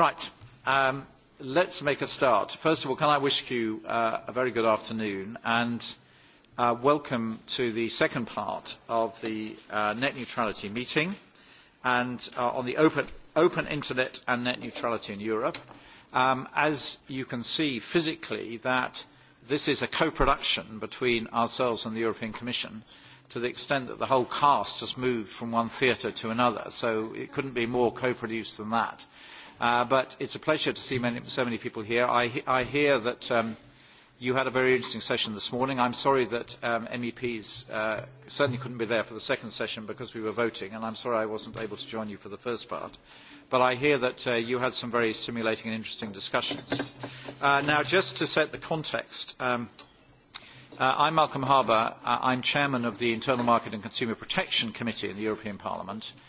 Right. Um, let's make a start. First of all, can I wish you uh, a very good afternoon and uh, welcome to the second part of the uh, net neutrality meeting and uh, on the open, open internet and net neutrality in Europe. Um, as you can see physically that this is a co-production between ourselves and the European Commission to the extent that the whole cast has moved from one theatre to another. So it couldn't be more co-produced than that. Uh, but it is a pleasure to see many, so many people here. I, I hear that um, you had a very interesting session this morning. I am sorry that um, MEPs uh, certainly couldn't be there for the second session because we were voting, and I am sorry I wasn't able to join you for the first part. But I hear that uh, you had some very stimulating and interesting discussions. Uh, now, just to set the context, um, uh, I'm Malcolm Harbour. Uh, I'm chairman of the Internal Market and Consumer Protection Committee in the European Parliament. Uh,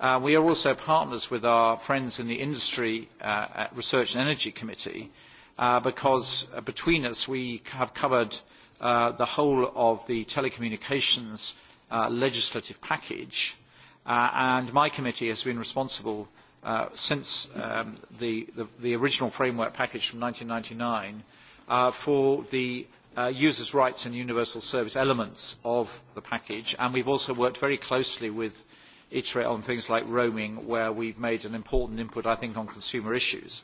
Uh, we are also partners with our friends in the industry uh, at Research and Energy Committee uh, because uh, between us we have covered uh, the whole of the telecommunications uh, legislative package uh, and my committee has been responsible uh, since um, the, the, the original framework package from 1999 uh, for the uh, users' rights and universal service elements of the package. And we've also worked very closely with uh, iterate on things like roaming, where we've made an important input, I think, on consumer issues.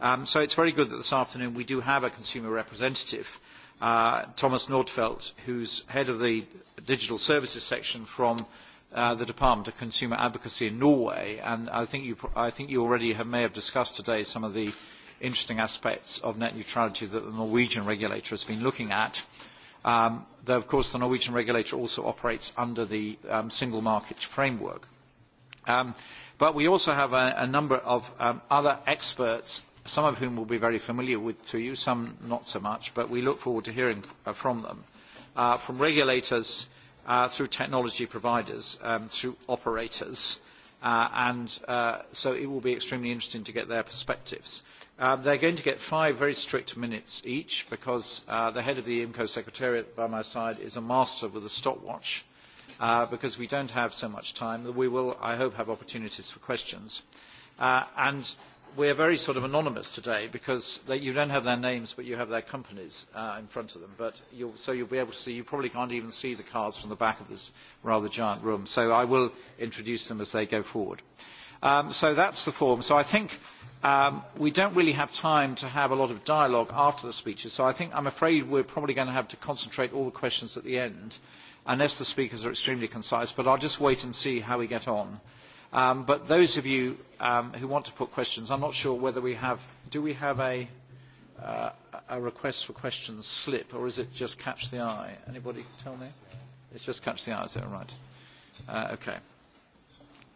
Um, so it's very good that this afternoon we do have a consumer representative, uh, Thomas Nordfeldt, who's head of the digital services section from uh, the Department of Consumer Advocacy in Norway. And I think you, I think you already have, may have discussed today some of the interesting aspects of net neutrality that the Norwegian regulator has been looking at um, though of course the Norwegian regulator also operates under the um, single market framework. Um, but we also have a, a number of um, other experts, some of whom will be very familiar with to you, some not so much, but we look forward to hearing uh, from them, uh, from regulators uh, through technology providers, um, through operators, uh, and uh, so it will be extremely interesting to get their perspectives. Um, they're going to get five very strict minutes each because uh, the head of the IMCO secretariat by my side is a master with a stopwatch uh, because we don't have so much time. We will, I hope, have opportunities for questions. Uh, and we are very sort of anonymous today because they, you don't have their names but you have their companies uh, in front of them. But you'll, so you'll be able to see, you probably can't even see the cards from the back of this rather giant room. So I will introduce them as they go forward. Um, so that's the form. So I think. Um, we don't really have time to have a lot of dialogue after the speeches, so I think I'm afraid we're probably going to have to concentrate all the questions at the end, unless the speakers are extremely concise, but I'll just wait and see how we get on. Um, but those of you um, who want to put questions, I'm not sure whether we have, do we have a, uh, a request for questions slip, or is it just catch the eye? Anybody tell me? It's just catch the eye, is that right? Uh, okay.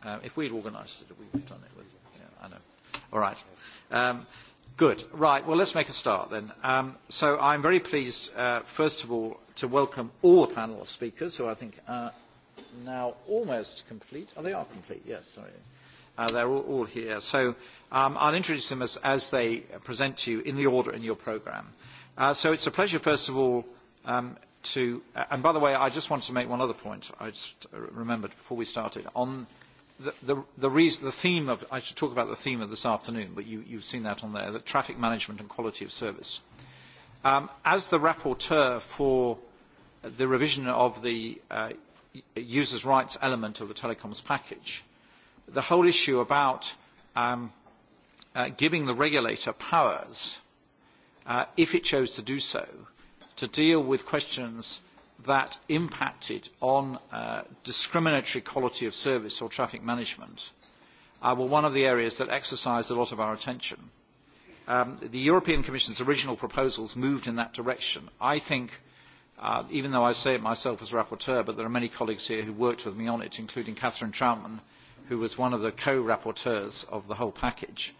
Uh, if we'd organized it, we'd have done it with you. All right. Um, good. Right. Well, let's make a start then. Um, so I'm very pleased, uh, first of all, to welcome all the panel of speakers who I think are now almost complete. Oh, they are complete. Yes, sorry. Uh, they're all, all here. So um, I'll introduce them as, as they present to you in the order in your program. Uh, so it's a pleasure, first of all, um, to... Uh, and by the way, I just want to make one other point I just remembered before we started. On the, the, the, reason, the theme of, I should talk about the theme of this afternoon, but you, you've seen that on there, the traffic management and quality of service. Um, as the rapporteur for uh, the revision of the uh, user's rights element of the telecoms package, the whole issue about um, uh, giving the regulator powers, uh, if it chose to do so, to deal with questions that impacted on uh, discriminatory quality of service or traffic management uh, were one of the areas that exercised a lot of our attention. Um, the European Commission's original proposals moved in that direction. I think, uh, even though I say it myself as rapporteur, but there are many colleagues here who worked with me on it, including Catherine Troutman, who was one of the co-rapporteurs of the whole package.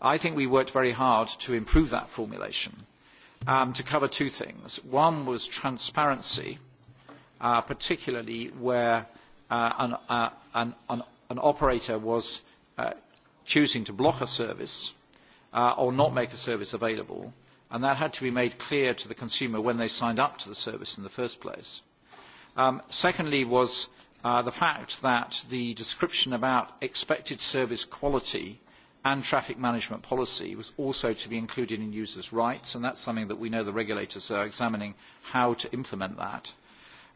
I think we worked very hard to improve that formulation um, to cover two things. One was transparency, uh, particularly where uh, an, uh, an, an, an operator was uh, choosing to block a service uh, or not make a service available, and that had to be made clear to the consumer when they signed up to the service in the first place. Um, secondly was uh, the fact that the description about expected service quality uh, and traffic management policy was also to be included in users' rights, and that's something that we know the regulators are examining how to implement that.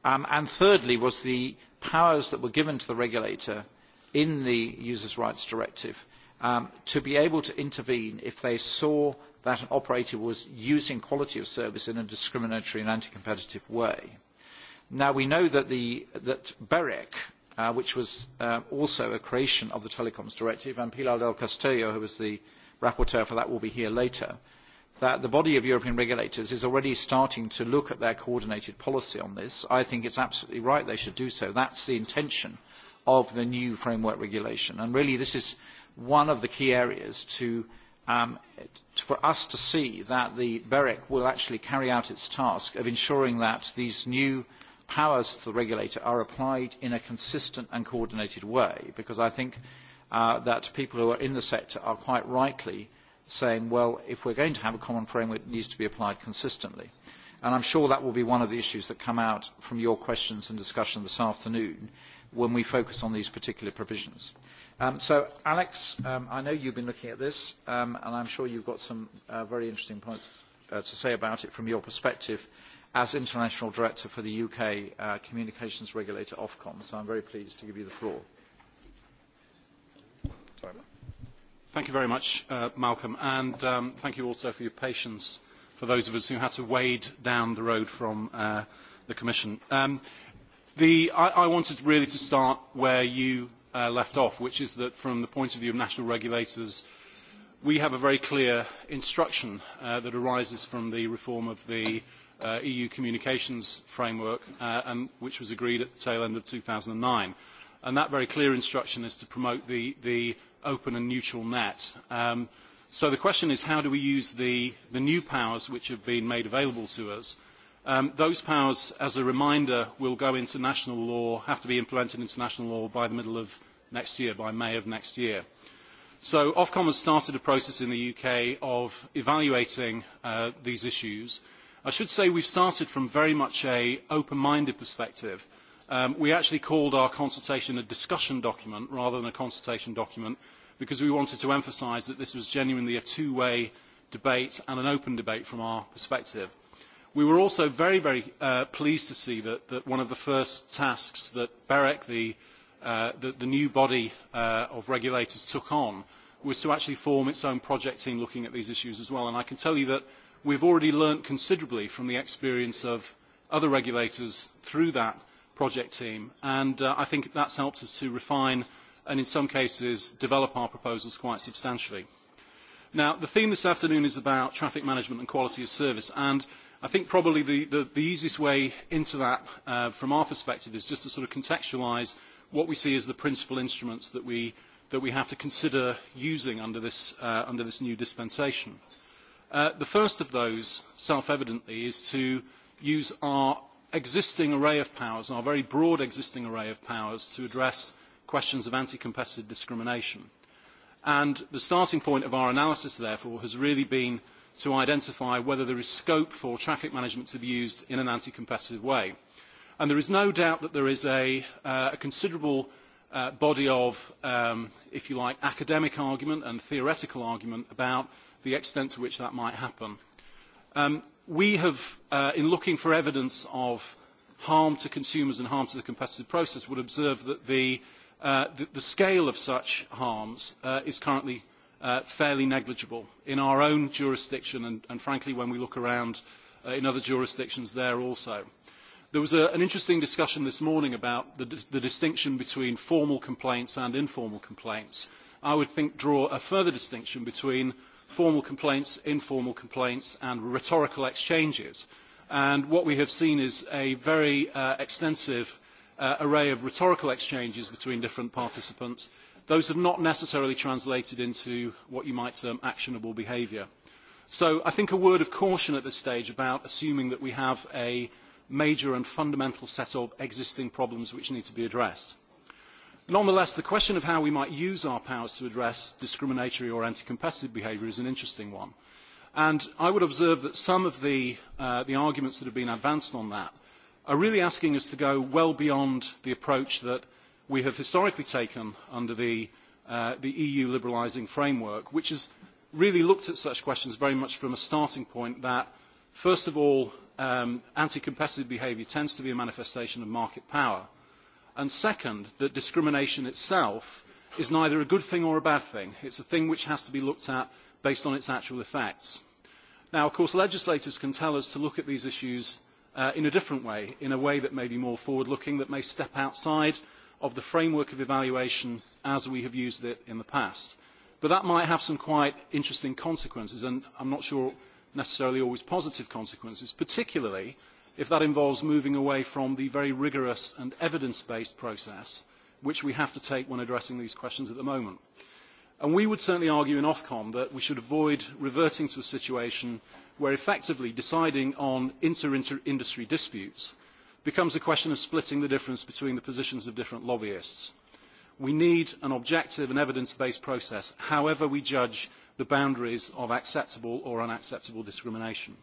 Um, and thirdly was the powers that were given to the regulator in the users' rights directive um, to be able to intervene if they saw that an operator was using quality of service in a discriminatory and anti-competitive way. Now, we know that, the, that BEREC, Uh, which was uh, also a creation of the Telecoms Directive, and Pilar del Castillo, who was the rapporteur for that, will be here later, that the body of European regulators is already starting to look at their coordinated policy on this. I think it's absolutely right they should do so. That's the intention of the new framework regulation. And really, this is one of the key areas to, um, for us to see that the BEREC will actually carry out its task of ensuring that these new powers to the regulator are applied in a consistent and coordinated way because I think uh, that people who are in the sector are quite rightly saying, well, if we're going to have a common framework, it needs to be applied consistently. And I'm sure that will be one of the issues that come out from your questions and discussion this afternoon when we focus on these particular provisions. Um, so, Alex, um, I know you've been looking at this, um, and I'm sure you've got some uh, very interesting points uh, to say about it from your perspective as International Director for the UK uh, Communications Regulator Ofcom. So I'm very pleased to give you the floor. Thank you very much, uh, Malcolm, and um, thank you also for your patience for those of us who had to wade down the road from uh, the Commission. Um, the, I, I wanted really to start where you uh, left off, which is that from the point of view of national regulators, we have a very clear instruction uh, that arises from the reform of the uh, EU communications framework, uh, and which was agreed at the tail end of 2009. And that very clear instruction is to promote the, the open and neutral net. Um, so the question is, how do we use the, the new powers which have been made available to us? Um, those powers, as a reminder, will go into national law, have to be implemented into national law by the middle of next year, by May of next year. So Ofcom has started a process in the UK of evaluating uh, these issues. I should say we've started from very much a open-minded perspective. Um, we actually called our consultation a discussion document rather than a consultation document because we wanted to emphasize that this was genuinely a two-way debate and an open debate from our perspective. We were also very, very uh, pleased to see that, that one of the first tasks that BEREC, the, uh, the, the new body uh, of regulators, took on was to actually form its own project team looking at these issues as well. And I can tell you that we've already learnt considerably from the experience of other regulators through that project team and uh, I think that's helped us to refine and in some cases develop our proposals quite substantially. Now the theme this afternoon is about traffic management and quality of service and I think probably the, the, the easiest way into that uh, from our perspective is just to sort of contextualise what we see as the principal instruments that we, that we have to consider using under this, uh, under this new dispensation. Uh, the first of those, self-evidently, is to use our existing array of powers, our very broad existing array of powers, to address questions of anti-competitive discrimination. The starting point of our analysis, therefore, has really been to identify whether there is scope for traffic management to be used in an anti-competitive way. There is no doubt that there is a uh, considerable uh, body of, um, if you like, academic argument and theoretical argument about the extent to which that might happen. Um, we have, uh, in looking for evidence of harm to consumers and harm to the competitive process, would observe that the, uh, the, the scale of such harms uh, is currently uh, fairly negligible. In our own jurisdiction, and, and frankly when we look around uh, in other jurisdictions there also, there was a, an interesting discussion this morning about the, the distinction between formal complaints and informal complaints. I would think draw a further distinction between formal complaints, informal complaints, and rhetorical exchanges. And what we have seen is a very uh, extensive uh, array of rhetorical exchanges between different participants. Those have not necessarily translated into what you might term actionable behavior. So I think a word of caution at this stage about assuming that we have a major and fundamental set of existing problems which need to be addressed. Nonetheless, the question of how we might use our powers to address discriminatory or anti-competitive behaviour is an interesting one. And I would observe that some of the, uh, the arguments that have been advanced on that are really asking us to go well beyond the approach that we have historically taken under the, uh, the EU liberalising framework, which has really looked at such questions very much from a starting point that, first of all, um, anti-competitive behaviour tends to be a manifestation of market power and second, that discrimination itself is neither a good thing or a bad thing. It's a thing which has to be looked at based on its actual effects. Now, of course, legislators can tell us to look at these issues uh, in a different way, in a way that may be more forward-looking, that may step outside of the framework of evaluation as we have used it in the past. But that might have some quite interesting consequences, and I'm not sure necessarily always positive consequences, particularly if that involves moving away from the very rigorous and evidence-based process which we have to take when addressing these questions at the moment. And we would certainly argue in Ofcom that we should avoid reverting to a situation where effectively deciding on inter-industry -inter disputes becomes a question of splitting the difference between the positions of different lobbyists. We need an objective and evidence-based process, however we judge the boundaries of acceptable or unacceptable discrimination.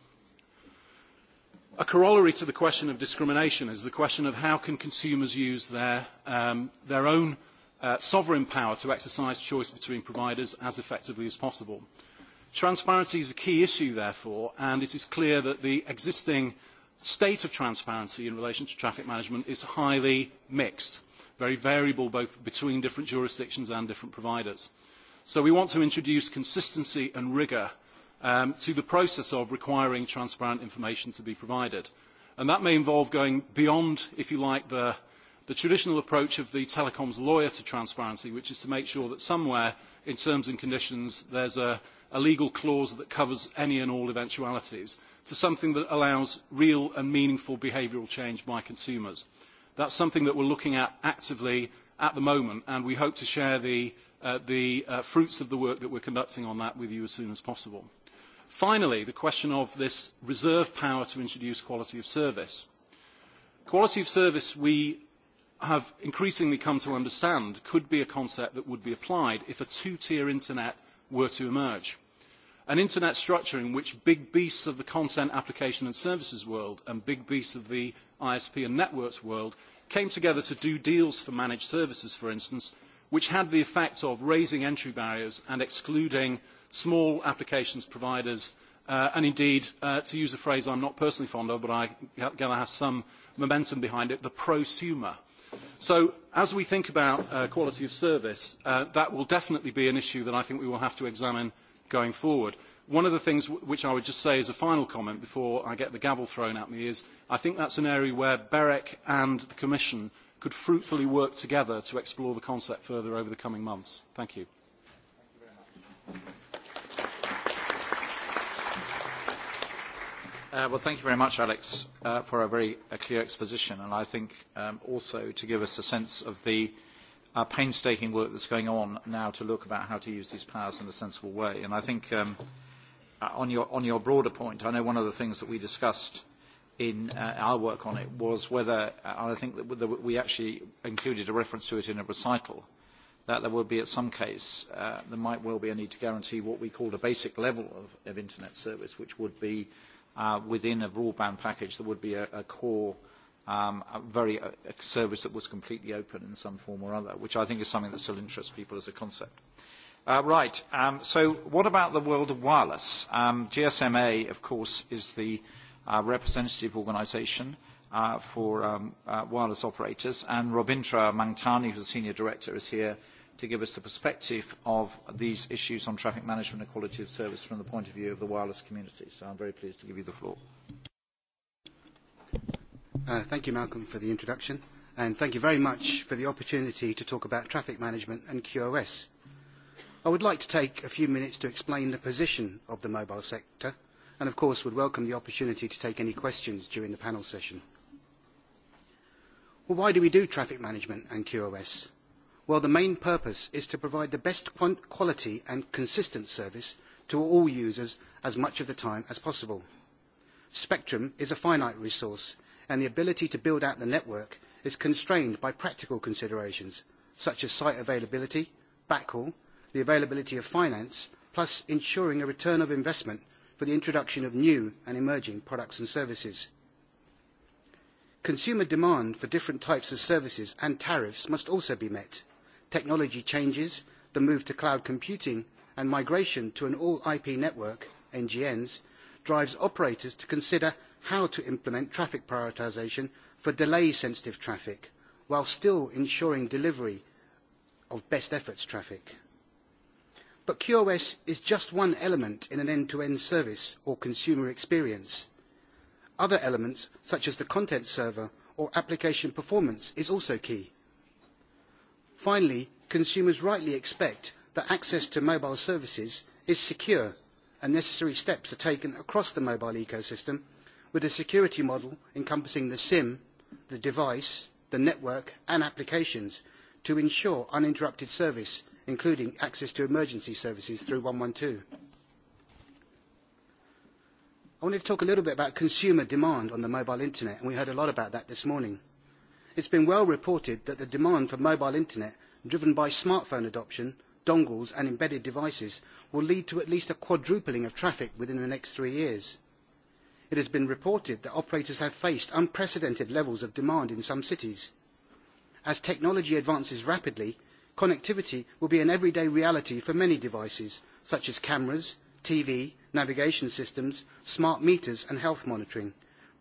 A corollary to the question of discrimination is the question of how can consumers use their, um, their own uh, sovereign power to exercise choice between providers as effectively as possible. Transparency is a key issue, therefore, and it is clear that the existing state of transparency in relation to traffic management is highly mixed, very variable both between different jurisdictions and different providers. So we want to introduce consistency and rigour um, to the process of requiring transparent information to be provided. And that may involve going beyond, if you like, the, the traditional approach of the telecoms lawyer to transparency, which is to make sure that somewhere in terms and conditions there's a, a legal clause that covers any and all eventualities, to something that allows real and meaningful behavioural change by consumers. That's something that we're looking at actively at the moment, and we hope to share the, uh, the uh, fruits of the work that we're conducting on that with you as soon as possible finally the question of this reserve power to introduce quality of service. quality of service we have increasingly come to understand could be a concept that would be applied if a two tier internet were to emerge an internet structure in which big beasts of the content application and services world and big beasts of the ISP and networks world came together to do deals for managed services for instance which had the effect of raising entry barriers and excluding small applications providers uh, and indeed, uh, to use a phrase I'm not personally fond of, but I gather has some momentum behind it, the prosumer. So as we think about uh, quality of service, uh, that will definitely be an issue that I think we will have to examine going forward. One of the things w which I would just say as a final comment before I get the gavel thrown at me is I think that's an area where BEREC and the Commission could fruitfully work together to explore the concept further over the coming months. Thank you. Thank you very much. Uh, well, thank you very much, Alex, uh, for a very a clear exposition, and I think um, also to give us a sense of the uh, painstaking work that's going on now to look about how to use these powers in a sensible way. And I think um, uh, on, your, on your broader point, I know one of the things that we discussed in uh, our work on it was whether, uh, and I think that we actually included a reference to it in a recital, that there would be at some case, uh, there might well be a need to guarantee what we called a basic level of, of internet service, which would be Uh, within a broadband package that would be a, a core um, a very a, a service that was completely open in some form or other, which I think is something that still interests people as a concept. Uh, right, um, so what about the world of wireless? Um, GSMA, of course, is the uh, representative organization uh, for um, uh, wireless operators, and Robintra Mangtani, who's the senior director, is here to give us the perspective of these issues on traffic management and quality of service from the point of view of the wireless community. So I'm very pleased to give you the floor. Uh, thank you, Malcolm, for the introduction. And thank you very much for the opportunity to talk about traffic management and QoS. I would like to take a few minutes to explain the position of the mobile sector and, of course, would welcome the opportunity to take any questions during the panel session. Well, why do we do traffic management and QoS? while the main purpose is to provide the best quality and consistent service to all users as much of the time as possible. Spectrum is a finite resource and the ability to build out the network is constrained by practical considerations such as site availability, backhaul, the availability of finance plus ensuring a return of investment for the introduction of new and emerging products and services. Consumer demand for different types of services and tariffs must also be met technology changes, the move to cloud computing, and migration to an all-IP network, NGNs, drives operators to consider how to implement traffic prioritization for delay-sensitive traffic while still ensuring delivery of best efforts traffic. QoS is just one element in an end-to-end service or consumer experience. Other elements, such as the content server or application performance, is also key. Finally, consumers rightly expect that access to mobile services is secure and necessary steps are taken across the mobile ecosystem with a security model encompassing the SIM, the device, the network and applications to ensure uninterrupted service including access to emergency services through 112. I wanted to talk a little bit about consumer demand on the mobile internet and we heard a lot about that this morning it has been well reported that the demand for mobile internet driven by smartphone adoption dongles and embedded devices will lead to at least a quadrupling of traffic within the next three years. it has been reported that operators have faced unprecedented levels of demand in some cities. as technology advances rapidly connectivity will be an everyday reality for many devices such as cameras tv navigation systems smart meters and health monitoring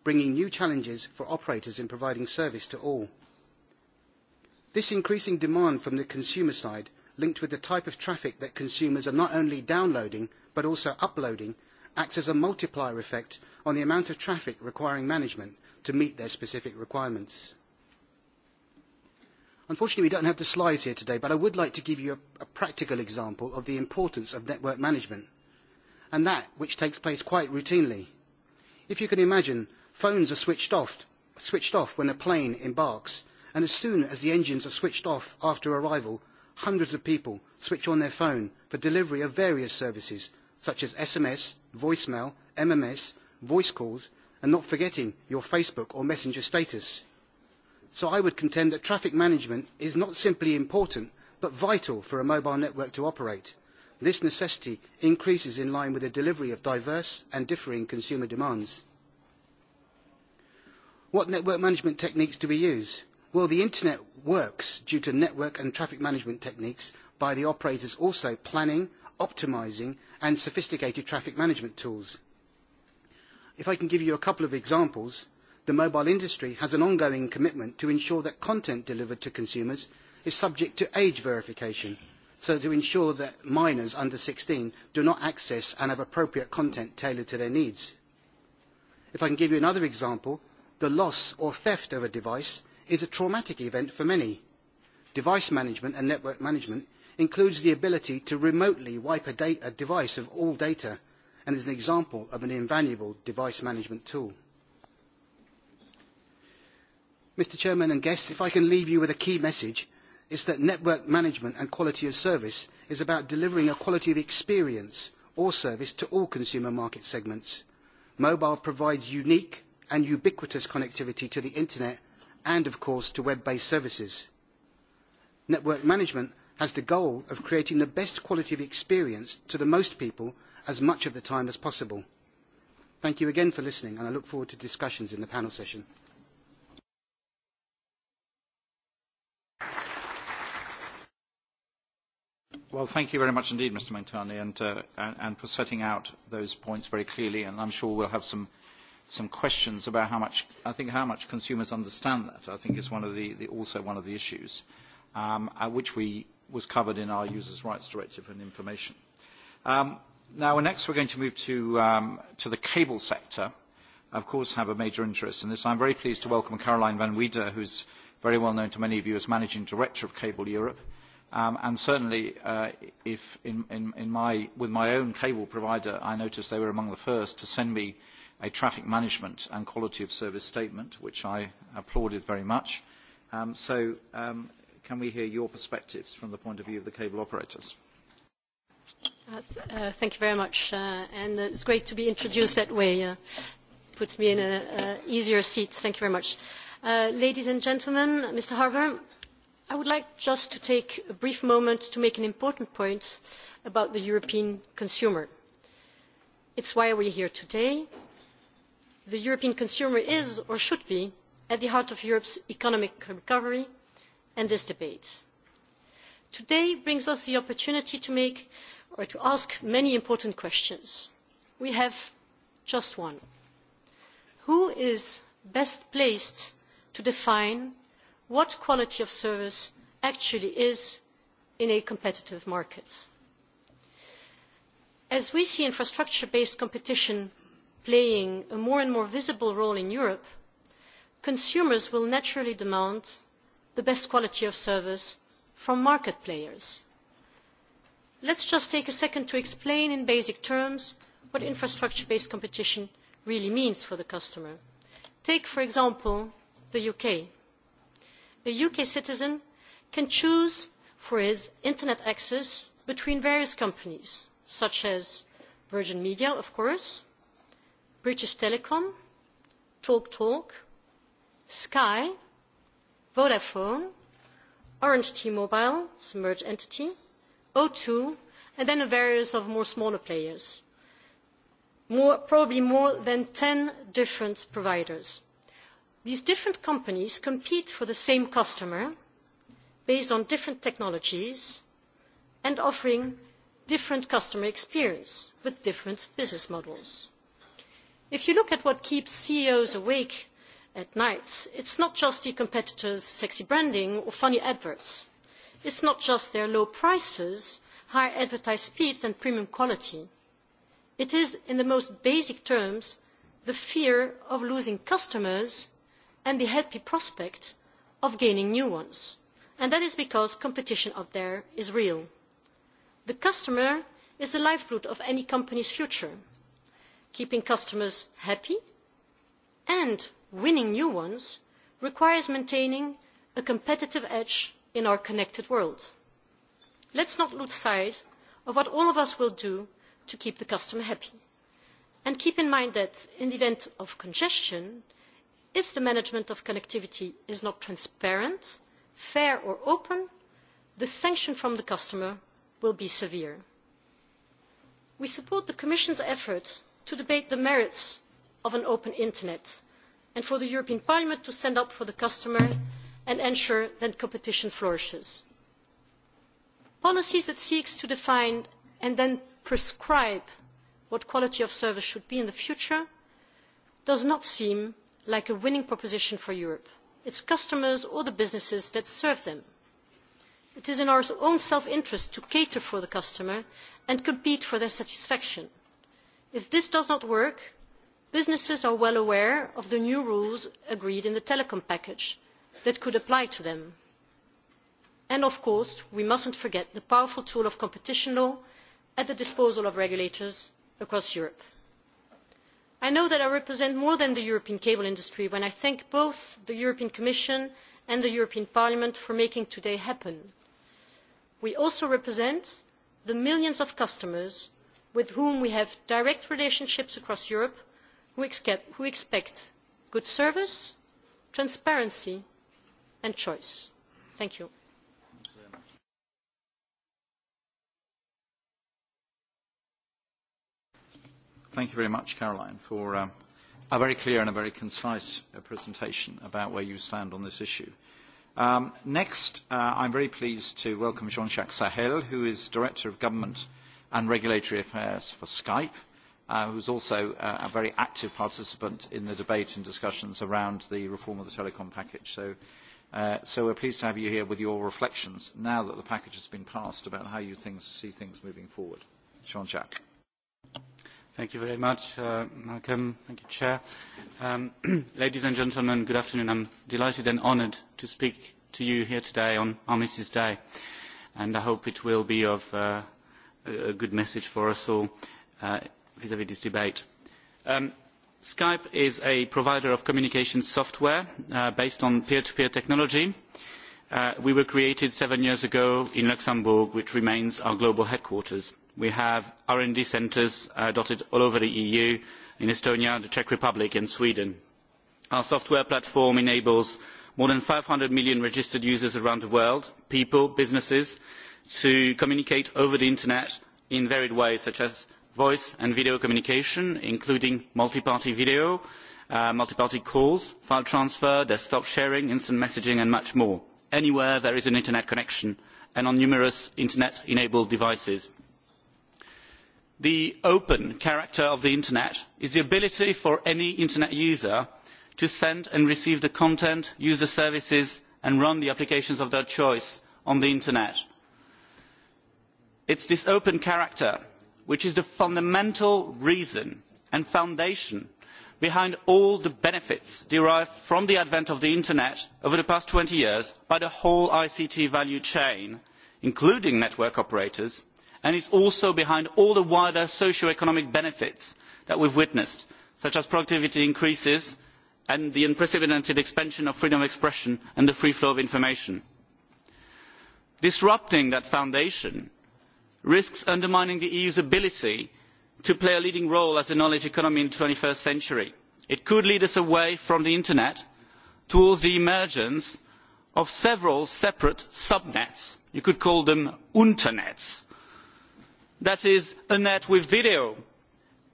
bringing new challenges for operators in providing service to all. This increasing demand from the consumer side, linked with the type of traffic that consumers are not only downloading but also uploading, acts as a multiplier effect on the amount of traffic requiring management to meet their specific requirements. Unfortunately, we don't have the slides here today, but I would like to give you a, a practical example of the importance of network management, and that which takes place quite routinely. If you can imagine phones are switched off, switched off when a plane embarks, and as soon as the engines are switched off after arrival, hundreds of people switch on their phone for delivery of various services, such as SMS, voicemail, MMS, voice calls, and not forgetting your Facebook or Messenger status. So I would contend that traffic management is not simply important, but vital for a mobile network to operate. This necessity increases in line with the delivery of diverse and differing consumer demands. What network management techniques do we use? Well, the internet works due to network and traffic management techniques by the operators also planning, optimizing, and sophisticated traffic management tools. If I can give you a couple of examples, the mobile industry has an ongoing commitment to ensure that content delivered to consumers is subject to age verification, so to ensure that minors under 16 do not access and have appropriate content tailored to their needs. If I can give you another example, the loss or theft of a device is a traumatic event for many. Device management and network management includes the ability to remotely wipe a, data, a device of all data and is an example of an invaluable device management tool. Mr Chairman and guests, if I can leave you with a key message, it's that network management and quality of service is about delivering a quality of experience or service to all consumer market segments. Mobile provides unique and ubiquitous connectivity to the internet and, of course, to web-based services. Network management has the goal of creating the best quality of experience to the most people as much of the time as possible. Thank you again for listening, and I look forward to discussions in the panel session. Well, thank you very much indeed, Mr. Mantani, and, uh, and, and for setting out those points very clearly, and I'm sure we'll have some some questions about how much I think how much consumers understand that I think is one of the, the also one of the issues um, at which we was covered in our users rights directive and information um, now next we're going to move to um, to the cable sector I of course have a major interest in this I'm very pleased to welcome Caroline van Wieder who's very well known to many of you as managing director of cable Europe um, and certainly uh, if in, in, in my with my own cable provider I noticed they were among the first to send me a traffic management and quality of service statement, which I applauded very much. Um, so um, can we hear your perspectives from the point of view of the cable operators? Uh, th uh, thank you very much. Uh, and uh, it's great to be introduced that way. Uh, puts me in an easier seat. Thank you very much. Uh, ladies and gentlemen, Mr. Harver, I would like just to take a brief moment to make an important point about the European consumer. It's why we're here today, the european consumer is or should be at the heart of europe's economic recovery and this debate. today brings us the opportunity to ask many important questions. we have just one who is best placed to define what quality of service actually is in a competitive market? as we see infrastructure based competition playing a more and more visible role in Europe, consumers will naturally demand the best quality of service from market players. Let's just take a second to explain in basic terms what infrastructure-based competition really means for the customer. Take, for example, the UK. A UK citizen can choose for his internet access between various companies, such as Virgin Media, of course, British Telecom, TalkTalk, Sky, Vodafone, Orange T-Mobile, submerged entity, O2, and then a various of more smaller players. More, probably more than 10 different providers. These different companies compete for the same customer based on different technologies and offering different customer experience with different business models. If you look at what keeps CEOs awake at night, it's not just your competitors' sexy branding or funny adverts. It's not just their low prices, high advertised speeds, and premium quality. It is, in the most basic terms, the fear of losing customers and the happy prospect of gaining new ones. And that is because competition out there is real. The customer is the lifeblood of any company's future. Keeping customers happy and winning new ones requires maintaining a competitive edge in our connected world. Let's not lose sight of what all of us will do to keep the customer happy. Keep in mind that in the event of congestion, if the management of connectivity is not transparent, fair, or open, the sanction from the customer will be severe. We support the Commission's effort to debate the merits of an open internet and for the european parliament to stand up for the customer and ensure that competition flourishes. policies that seek to define and then prescribe what quality of service should be in the future does not seem like a winning proposition for europe. it is customers or the businesses that serve them. it is in our own self interest to cater for the customer and compete for their satisfaction if this does not work businesses are well aware of the new rules agreed in the telecom package that could apply to them. and of course we must not forget the powerful tool of competition law at the disposal of regulators across europe. i know that i represent more than the european cable industry when i thank both the european commission and the european parliament for making today happen. we also represent the millions of customers with whom we have direct relationships across Europe, who expect, who expect good service, transparency and choice. Thank you. Thank you very much, Caroline, for um, a very clear and a very concise uh, presentation about where you stand on this issue. Um, next, uh, I'm very pleased to welcome Jean-Jacques Sahel, who is Director of Government and Regulatory Affairs for Skype, uh, who's also uh, a very active participant in the debate and discussions around the reform of the telecom package. So, uh, so we're pleased to have you here with your reflections now that the package has been passed about how you things, see things moving forward. Sean Chat. Thank you very much, uh, Malcolm. Thank you, Chair. Um, ladies and gentlemen, good afternoon. I'm delighted and honored to speak to you here today on Armistice Day, and I hope it will be of uh, a good message for us all uh, vis-à-vis uh, -vis this debate. Um, Skype is a provider of communication software uh, based on peer-to-peer -peer technology. Uh, we were created seven years ago in Luxembourg, which remains our global headquarters. We have R&D centres uh, dotted all over the EU, in Estonia, the Czech Republic and Sweden. Our software platform enables more than 500 million registered users around the world, people, businesses, to communicate over the internet in varied ways such as voice and video communication including multi party video uh, multi party calls file transfer desktop sharing instant messaging and much more anywhere there is an internet connection and on numerous internet enabled devices the open character of the internet is the ability for any internet user to send and receive the content use the services and run the applications of their choice on the internet it is this open character which is the fundamental reason and foundation behind all the benefits derived from the advent of the internet over the past twenty years by the whole ict value chain including network operators and it is also behind all the wider socio economic benefits that we have witnessed such as productivity increases and the unprecedented expansion of freedom of expression and the free flow of information. disrupting that foundation risks undermining the eu's ability to play a leading role as a knowledge economy in the twenty first century. it could lead us away from the internet towards the emergence of several separate subnets you could call them unternets that is a net with video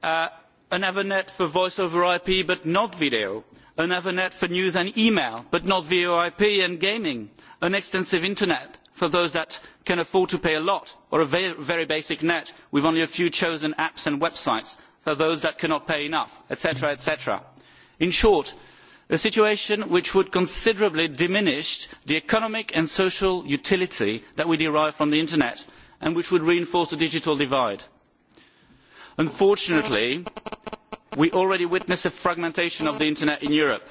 uh, another net for voice over ip but not video another net for news and email but not voip and gaming an extensive internet for those that can afford to pay a lot or a very basic net with only a few chosen apps and websites for those that cannot pay enough etc. in short a situation which would considerably diminish the economic and social utility that we derive from the internet and which would reinforce the digital divide. unfortunately we already witness a fragmentation of the internet in europe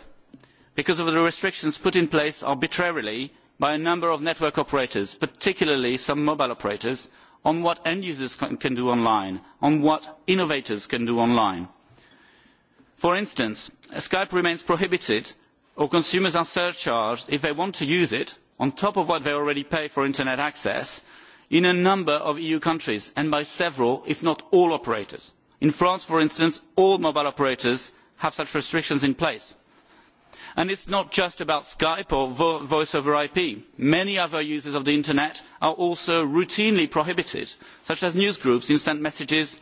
because of the restrictions put in place arbitrarily by a number of network operators particularly some mobile operators on what end users can do online on what innovators can do online. for instance skype remains prohibited or consumers are surcharged if they want to use it on top of what they already pay for internet access in a number of eu countries and by several if not all operators. in france for instance all mobile operators have such restrictions in place and it is not just about skype or voice over ip many other users of the internet are also routinely prohibited such as news groups instant messages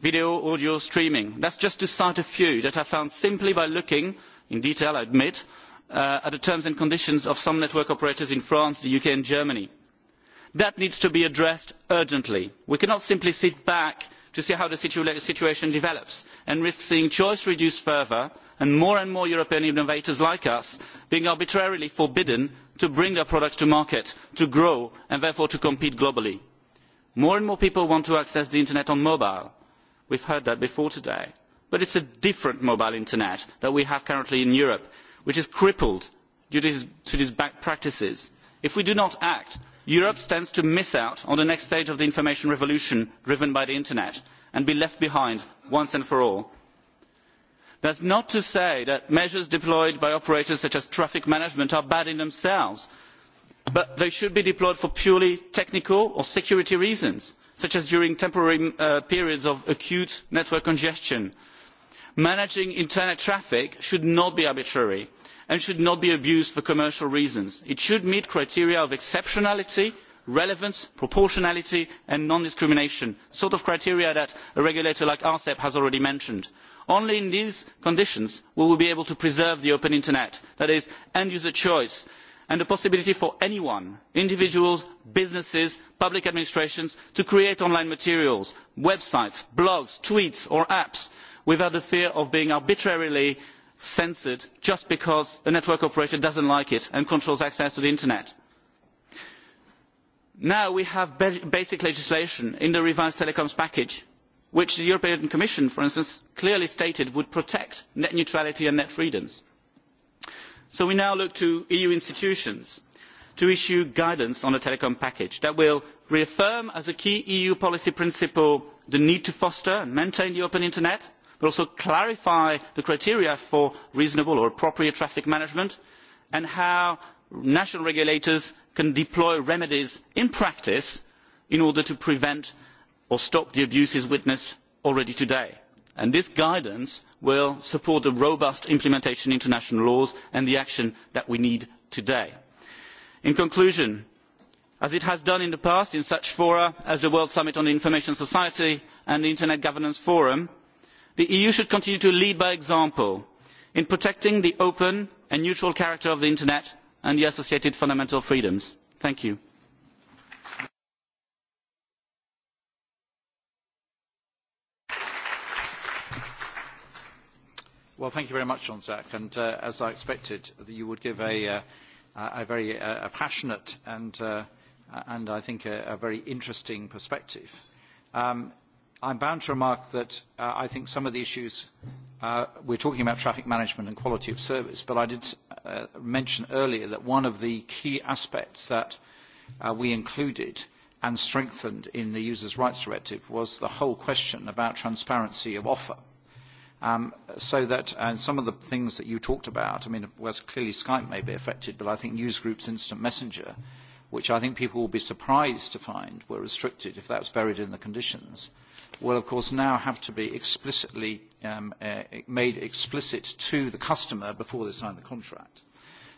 video and audio streaming. that is just to cite a few that i found simply by looking in detail i admit uh, at the terms and conditions of some network operators in france the uk and germany. that needs to be addressed urgently. we cannot simply sit back to see how the situation develops and risk seeing choice reduced further and more and more european innovators like us being arbitrarily forbidden to bring their products to market to grow and therefore to compete globally. more and more people want to access the internet on mobile we have heard that before today but it is a different mobile internet that we have currently in europe which is crippled due to these bad practices. if we do not act europe stands to miss out on the next stage of the information revolution driven by the internet and be left behind once and for all that is not to say that measures deployed by operators such as traffic management are bad in themselves but they should be deployed for purely technical or security reasons such as during temporary uh, periods of acute network congestion. managing internet traffic should not be arbitrary and should not be abused for commercial reasons. it should meet criteria of exceptionality relevance proportionality and non discrimination the sort of criteria that a regulator like the autorité des marchés has already mentioned only in these conditions will we be able to preserve the open internet that is end user choice and the possibility for anyone individuals businesses public administrations to create online materials websites blogs tweets or apps without the fear of being arbitrarily censored just because a network operator does not like it and controls access to the internet. now we have basic legislation in the revised telecoms package which the european commission for instance clearly stated would protect net neutrality and net freedoms. so we now look to eu institutions to issue guidance on a telecoms package that will reaffirm as a key eu policy principle the need to foster and maintain the open internet but also clarify the criteria for reasonable or appropriate traffic management and how national regulators can deploy remedies in practice in order to prevent or stop the abuses witnessed already today and this guidance will support the robust implementation of international laws and the action that we need today. in conclusion as it has done in the past in such fora as the world summit on information society and the internet governance forum the eu should continue to lead by example in protecting the open and neutral character of the internet and the associated fundamental freedoms. thank you. Well, thank you very much, John Zach. And uh, as I expected, you would give a, uh, a very uh, a passionate and, uh, and I think, a, a very interesting perspective. Um, I'm bound to remark that uh, I think some of the issues, uh, we're talking about traffic management and quality of service, but I did uh, mention earlier that one of the key aspects that uh, we included and strengthened in the User's Rights Directive was the whole question about transparency of offer um, so that and some of the things that you talked about, I mean, well, clearly Skype may be affected, but I think newsgroups, instant messenger, which I think people will be surprised to find were restricted if that's buried in the conditions, will of course now have to be explicitly um, uh, made explicit to the customer before they sign the contract.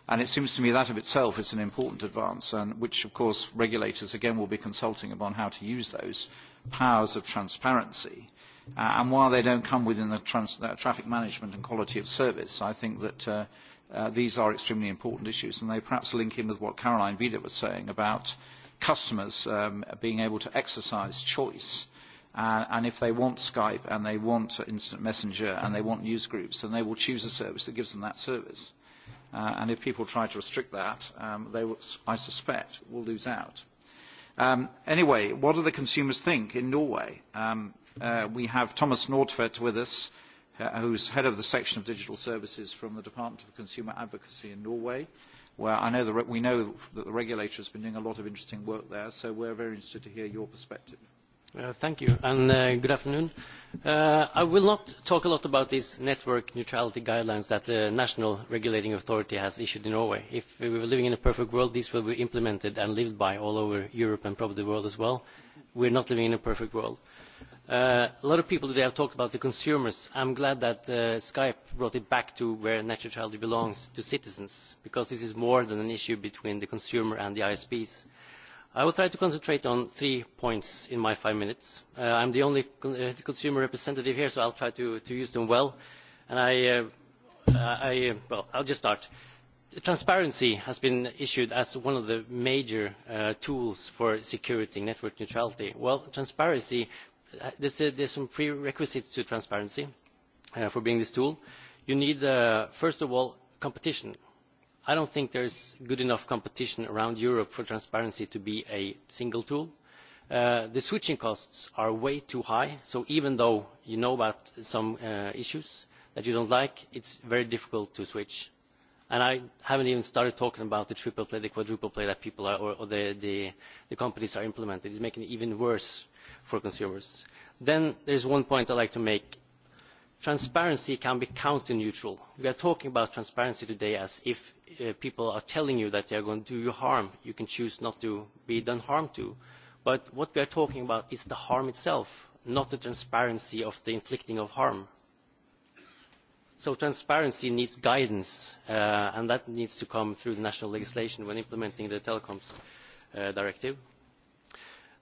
And it seems to me that of itself is an important advance, and which of course regulators again will be consulting upon how to use those powers of transparency. Uh, and while they don't come within the trans uh, traffic management and quality of service, I think that uh, uh, these are extremely important issues, and they perhaps link in with what Caroline Vida was saying about customers um, being able to exercise choice. Uh, and if they want Skype, and they want Instant Messenger, and they want news groups, then they will choose a service that gives them that service. Uh, and if people try to restrict that, um, they, will, I suspect, will lose out. Um, anyway, what do the consumers think in Norway? Um, uh, we have Thomas Nordfert with us, uh, who's head of the section of digital services from the Department of Consumer Advocacy in Norway, where I know the re- we know that the regulator has been doing a lot of interesting work there, so we're very interested to hear your perspective. Uh, thank you, and uh, good afternoon. Uh, I will not talk a lot about these network neutrality guidelines that the national regulating authority has issued in Norway. If we were living in a perfect world, these will be implemented and lived by all over Europe and probably the world as well. We're not living in a perfect world. A lot of people today have talked about the consumers. I'm glad that Skype brought it back to where net neutrality belongs, to citizens, because this is more than an issue between the consumer and the ISPs. I will try to concentrate on three points in my five minutes. Uh, I'm the only con uh, consumer representative here, so I'll try to, to use them well. And I, uh, I, uh, well, I'll just start. Transparency has been issued as one of the major uh, tools for security, network neutrality. Well, transparency, uh, this, uh, there's some prerequisites to transparency uh, for being this tool. You need, uh, first of all, competition. I don't think there's good enough competition around Europe for transparency to be a single tool. Uh, the switching costs are way too high, so even though you know about some uh, issues that you don't like, it's very difficult to switch. And I haven't even started talking about the triple play, the quadruple play that people are, or, or the, the, the companies are implementing. It's making it even worse for consumers. Then there's one point I'd like to make. Transparency can be counter-neutral. We are talking about transparency today as if Uh, people are telling you that they are going to do you harm, you can choose not to be done harm to. But what we are talking about is the harm itself, not the transparency of the inflicting of harm. So transparency needs guidance, uh, and that needs to come through the national legislation when implementing the telecoms uh, directive.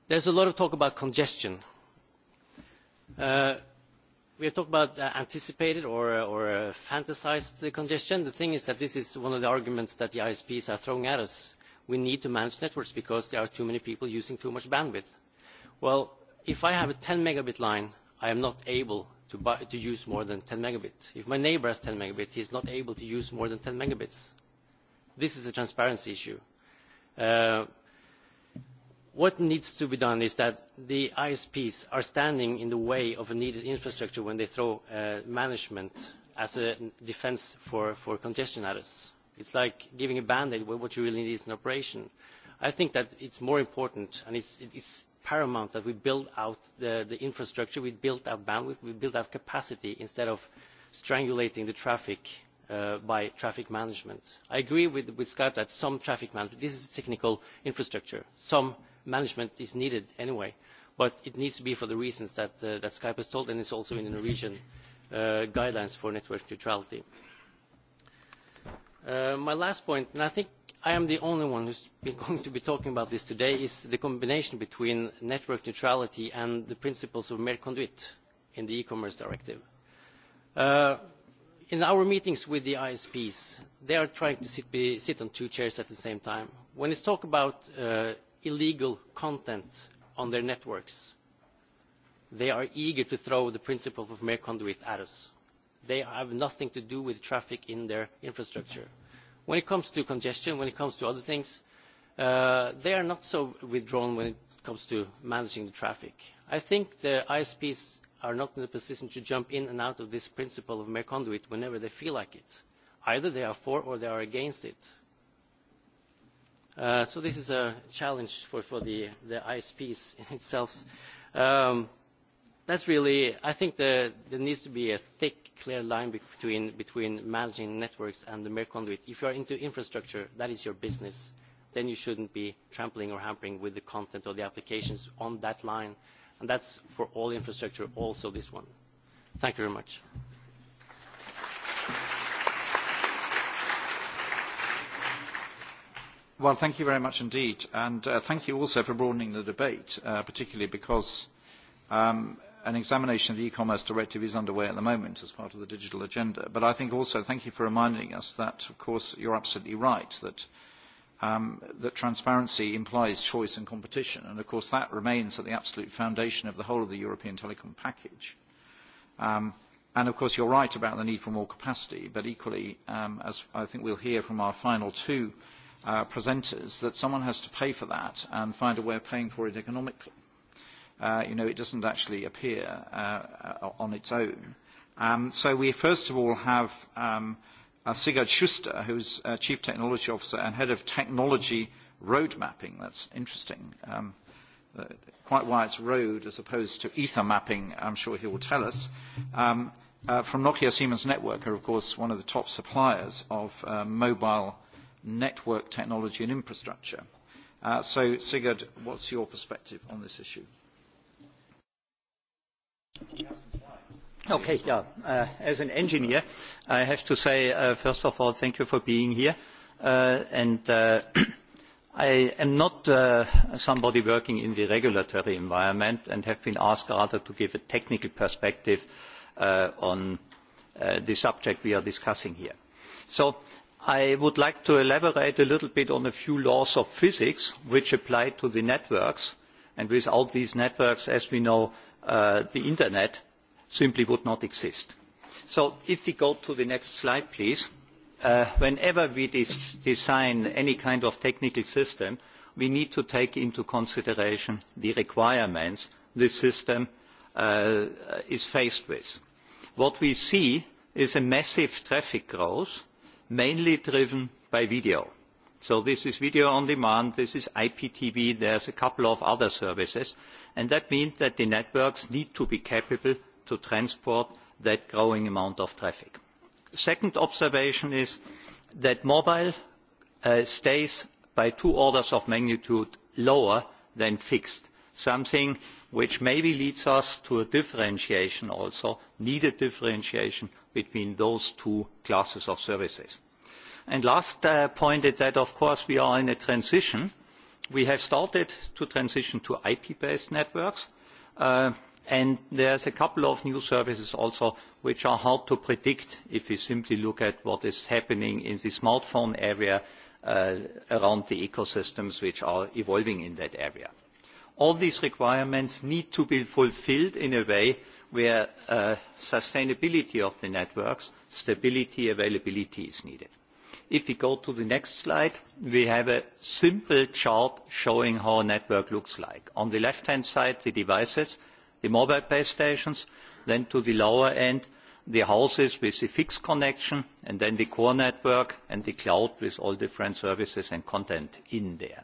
There's a lot of talk about congestion. Uh, we are talking about uh, anticipated or, uh, or uh, fantasized uh, congestion. The thing is that this is one of the arguments that the ISPs are throwing at us. We need to manage networks because there are too many people using too much bandwidth. Well, if I have a 10 megabit line, I am not able to, buy, to use more than 10 megabit. If my neighbor has 10 megabit, he is not able to use more than 10 megabits. This is a transparency issue. Uh, what needs to be done is that the isps are standing in the way of a needed infrastructure when they throw uh, management as a defence for congestion at us. it is like giving a bandaid when what you really need is an operation. i think that it is more important and it is paramount that we build out the infrastructure we build out bandwidth we build out capacity instead of strangulating the traffic uh, by traffic management. i agree with ms skype that some traffic management this is technical infrastructure management is needed anyway, but it needs to be for the reasons that, uh, that Skype has told, and it's also in the Norwegian uh, guidelines for network neutrality. Uh, my last point, and I think I am the only one who's been going to be talking about this today, is the combination between network neutrality and the principles of mere conduit in the e-commerce directive. Uh, in our meetings with the ISPs, they are trying to sit, be, sit on two chairs at the same time. When it's talk about uh, illegal content on their networks. They are eager to throw the principle of mere conduit at us. They have nothing to do with traffic in their infrastructure. When it comes to congestion, when it comes to other things, uh, they are not so withdrawn when it comes to managing the traffic. I think the ISPs are not in a position to jump in and out of this principle of mere conduit whenever they feel like it. Either they are for or they are against it. Uh, this is a challenge for the ISPs itself. Um, that's really, I think there needs to be a thick, clear line between managing networks and the mere conduit. If you are into infrastructure, that is your business, then you shouldn't be trampling or hampering with the content or the applications on that line, and that's for all infrastructure, also this one. Thank you very much. Well, thank you very much indeed. And uh, thank you also for broadening the debate, uh, particularly because um, an examination of the e-commerce directive is underway at the moment as part of the digital agenda. But I think also thank you for reminding us that, of course, you're absolutely right, that, um, that transparency implies choice and competition. And, of course, that remains at the absolute foundation of the whole of the European telecom package. Um, and, of course, you're right about the need for more capacity. But equally, um, as I think we'll hear from our final two uh, presenters that someone has to pay for that and find a way of paying for it economically. Uh, you know, it doesn't actually appear uh, uh on its own. Um, so we first of all have um, uh, Sigurd Schuster, who's uh, Chief Technology Officer and Head of Technology Road Mapping. That's interesting. Um, uh, quite why it's road as opposed to ether mapping, I'm sure he will tell us. Um, uh, from Nokia Siemens Network, are of course one of the top suppliers of uh, mobile uh, network technology and infrastructure. Uh, so Sigurd, what's your perspective on this issue? Okay, yeah. Uh, as an engineer, I have to say, uh, first of all, thank you for being here. Uh, and uh, I am not uh, somebody working in the regulatory environment and have been asked rather to give a technical perspective uh, on uh, the subject we are discussing here. So i would like to elaborate a little bit on a few laws of physics which apply to the networks and without these networks as we know uh, the internet simply would not exist so if we go to the next slide please uh, whenever we des design any kind of technical system we need to take into consideration the requirements the system uh, is faced with what we see is a massive traffic growth mainly driven by video. This is video on demand, this is IPTV, there's a couple of other services, and that means that the networks need to be capable to transport that growing amount of traffic. Second observation is that mobile uh, stays by two orders of magnitude lower than fixed something which maybe leads us to a differentiation also needed differentiation between those two classes of services. And last uh, point is that of course we are in a transition. We have started to transition to IP based networks. Uh, and there's a couple of new services also which are hard to predict if we simply look at what is happening in the smartphone area uh, around the ecosystems which are evolving in that area all these requirements need to be fulfilled in a way where uh, sustainability of the networks, stability, availability is needed. If we go to the next slide, we have a simple chart showing how a network looks like. On the left-hand side, the devices, the mobile base stations, then to the lower end, the houses with the fixed connection, and then the core network and the cloud with all different services and content in there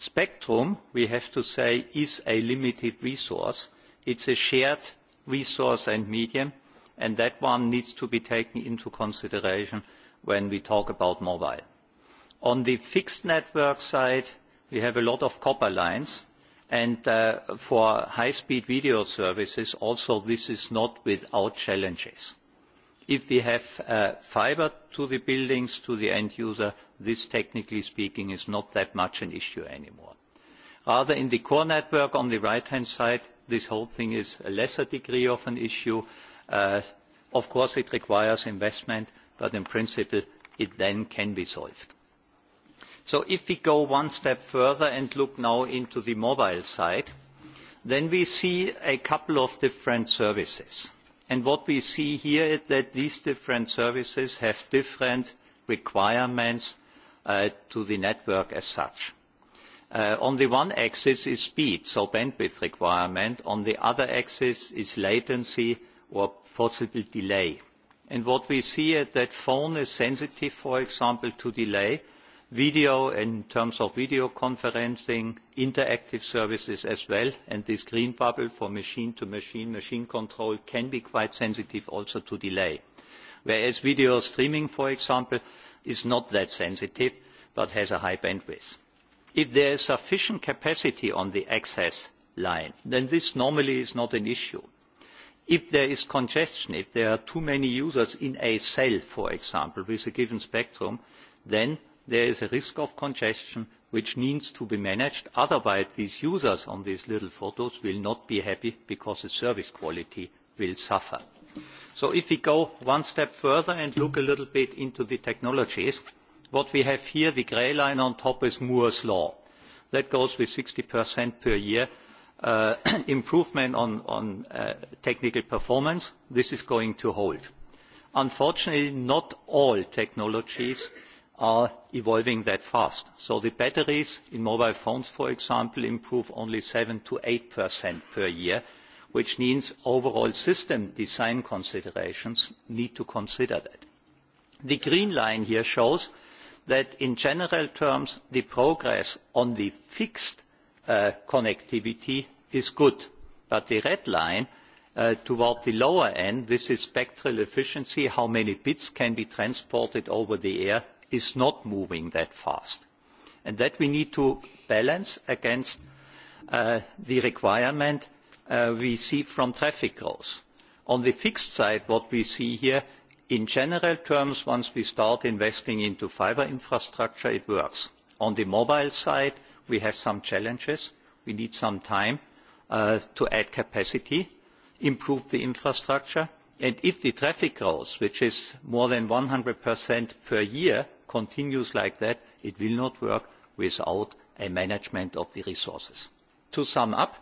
spectrum we have to say is a limited resource it is a shared resource and medium and that one needs to be taken into consideration when we talk about mobile. on the fixed network side we have a lot of copper lines and uh, for high speed video services also this is not without challenges if we have uh, fibre to the buildings to the end user this technically speaking is not that much an issue any more. rather in the core network on the right hand side this whole thing is a lesser degree of an issue. Uh, of course it requires investment but in principle it then can be solved. so if we go one step further and look now into the mobile side then we see a couple of different services. What we see here is that these different services have different requirements uh, to the network as such. Uh, on the one axis is speed, so bandwidth requirement. On the other axis is latency or possible delay. What we see is that phone is sensitive, for example, to delay, video in terms of video conferencing interactive services as well and this green bubble for machine to machine machine control can be quite sensitive also to delay whereas video streaming for example is not that sensitive but has a high bandwidth if there is sufficient capacity on the access line then this normally is not an issue if there is congestion if there are too many users in a cell for example with a given spectrum then there is a risk of congestion which needs to be managed otherwise these users on these little photos will not be happy because the service quality will suffer. So if we go one step further and look a little bit into the technologies, what we have here, the grey line on top is Moore's law. That goes with 60% per year uh, improvement on, on uh, technical performance. This is going to hold. Unfortunately, not all technologies are evolving that fast. So the batteries in mobile phones, for example, improve only 7 to 8 percent per year, which means overall system design considerations need to consider that. The green line here shows that in general terms, the progress on the fixed uh, connectivity is good. But the red line uh, toward the lower end, this is spectral efficiency, how many bits can be transported over the air is not moving that fast and that we need to balance against uh, the requirement uh, we see from traffic growth. On the fixed side, what we see here, in general terms, once we start investing into fiber infrastructure, it works. On the mobile side, we have some challenges. We need some time uh, to add capacity, improve the infrastructure. And if the traffic growth, which is more than 100% per year, continues like that, it will not work without a management of the resources. To sum up,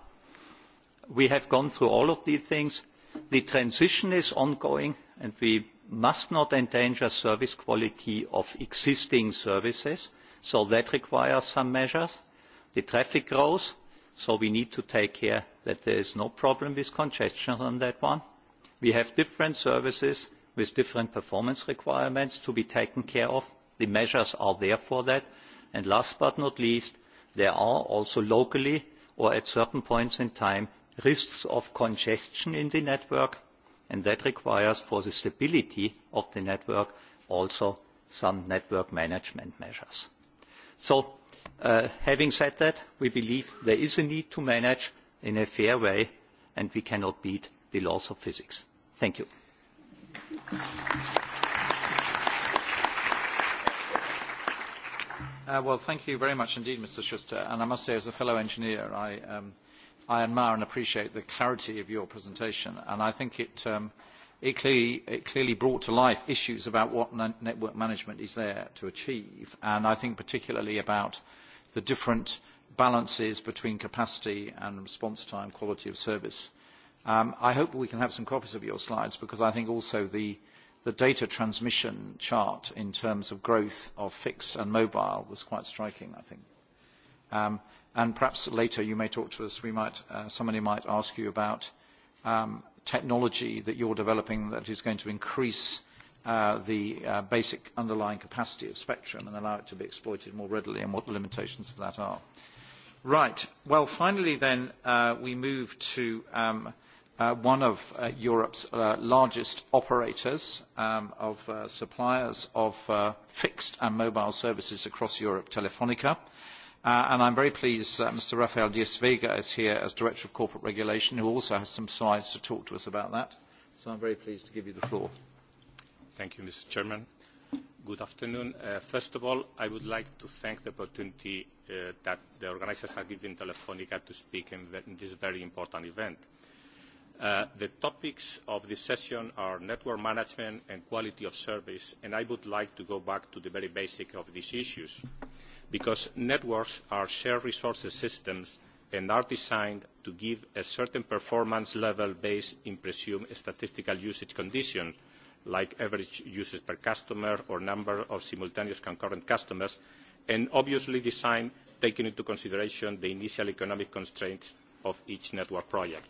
we have gone through all of these things. The transition is ongoing, and we must not endanger service quality of existing services, so that requires some measures. The traffic grows, so we need to take care that there is no problem with congestion on that one. We have different services with different performance requirements to be taken care of the measures are there for that and last but not least there are also locally or at certain points in time risks of congestion in the network and that requires for the stability of the network also some network management measures. So uh, having said that, we believe there is a need to manage in a fair way and we cannot beat the laws of physics. Thank you. Thank you. Uh, well, thank you very much indeed, Mr. Schuster. And I must say, as a fellow engineer, I, um, I admire and appreciate the clarity of your presentation. And I think it, um, it, clearly, it clearly brought to life issues about what na network management is there to achieve. And I think particularly about the different balances between capacity and response time, quality of service. Um, I hope we can have some copies of your slides because I think also the, uh, the data transmission chart in terms of growth of fixed and mobile was quite striking, I think. Um, perhaps later you may talk to us, we might, uh, somebody might ask you about um, technology that you're developing that is going to increase uh, the uh, basic underlying capacity of spectrum and allow it to be exploited more readily and what the limitations of that are. Right. Well, finally then, we move to um, uh, one of uh, Europe's uh, largest operators um, of uh, suppliers of uh, fixed and mobile services across Europe, Telefonica. Uh, and I'm very pleased that Mr. Rafael Diaz Vega is here as Director of Corporate Regulation, who also has some slides to talk to us about that. So I'm very pleased to give you the floor. Thank you, Mr. Chairman. Good afternoon. Uh, first of all, I would like to thank the opportunity uh, that the organizers have given Telefonica to speak in, the, in this very important event. Uh, Uh, the topics of this session are network management and quality of service, and I would like to go back to the very basic of these issues, because networks are shared resources systems and are designed to give a certain performance level based in presumed statistical usage conditions, like average usage per customer or number of simultaneous concurrent customers, and obviously designed taking into consideration the initial economic constraints of each network project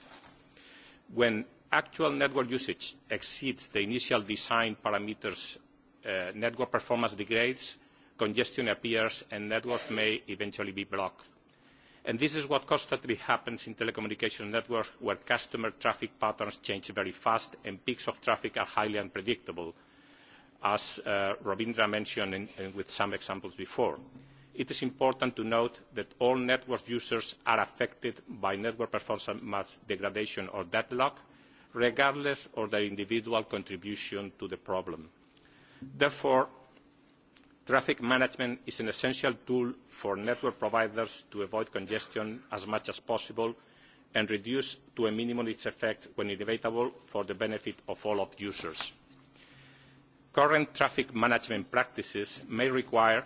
when actual network usage exceeds the initial design parameters uh, network performance degrades, congestion appears and networks may eventually be blocked. And this is what constantly happens in telecommunication networks where customer traffic patterns change very fast and peaks of traffic are highly unpredictable, as uh, Robindra mentioned in, in with some examples before. Mm-hmm it is important to note that all network users are affected by network performance degradation or deadlock regardless of their individual contribution to the problem. therefore traffic management is an essential tool for network providers to avoid congestion as much as possible and reduce to a minimum its effect when inevitable for the benefit of all users. current traffic management practices may require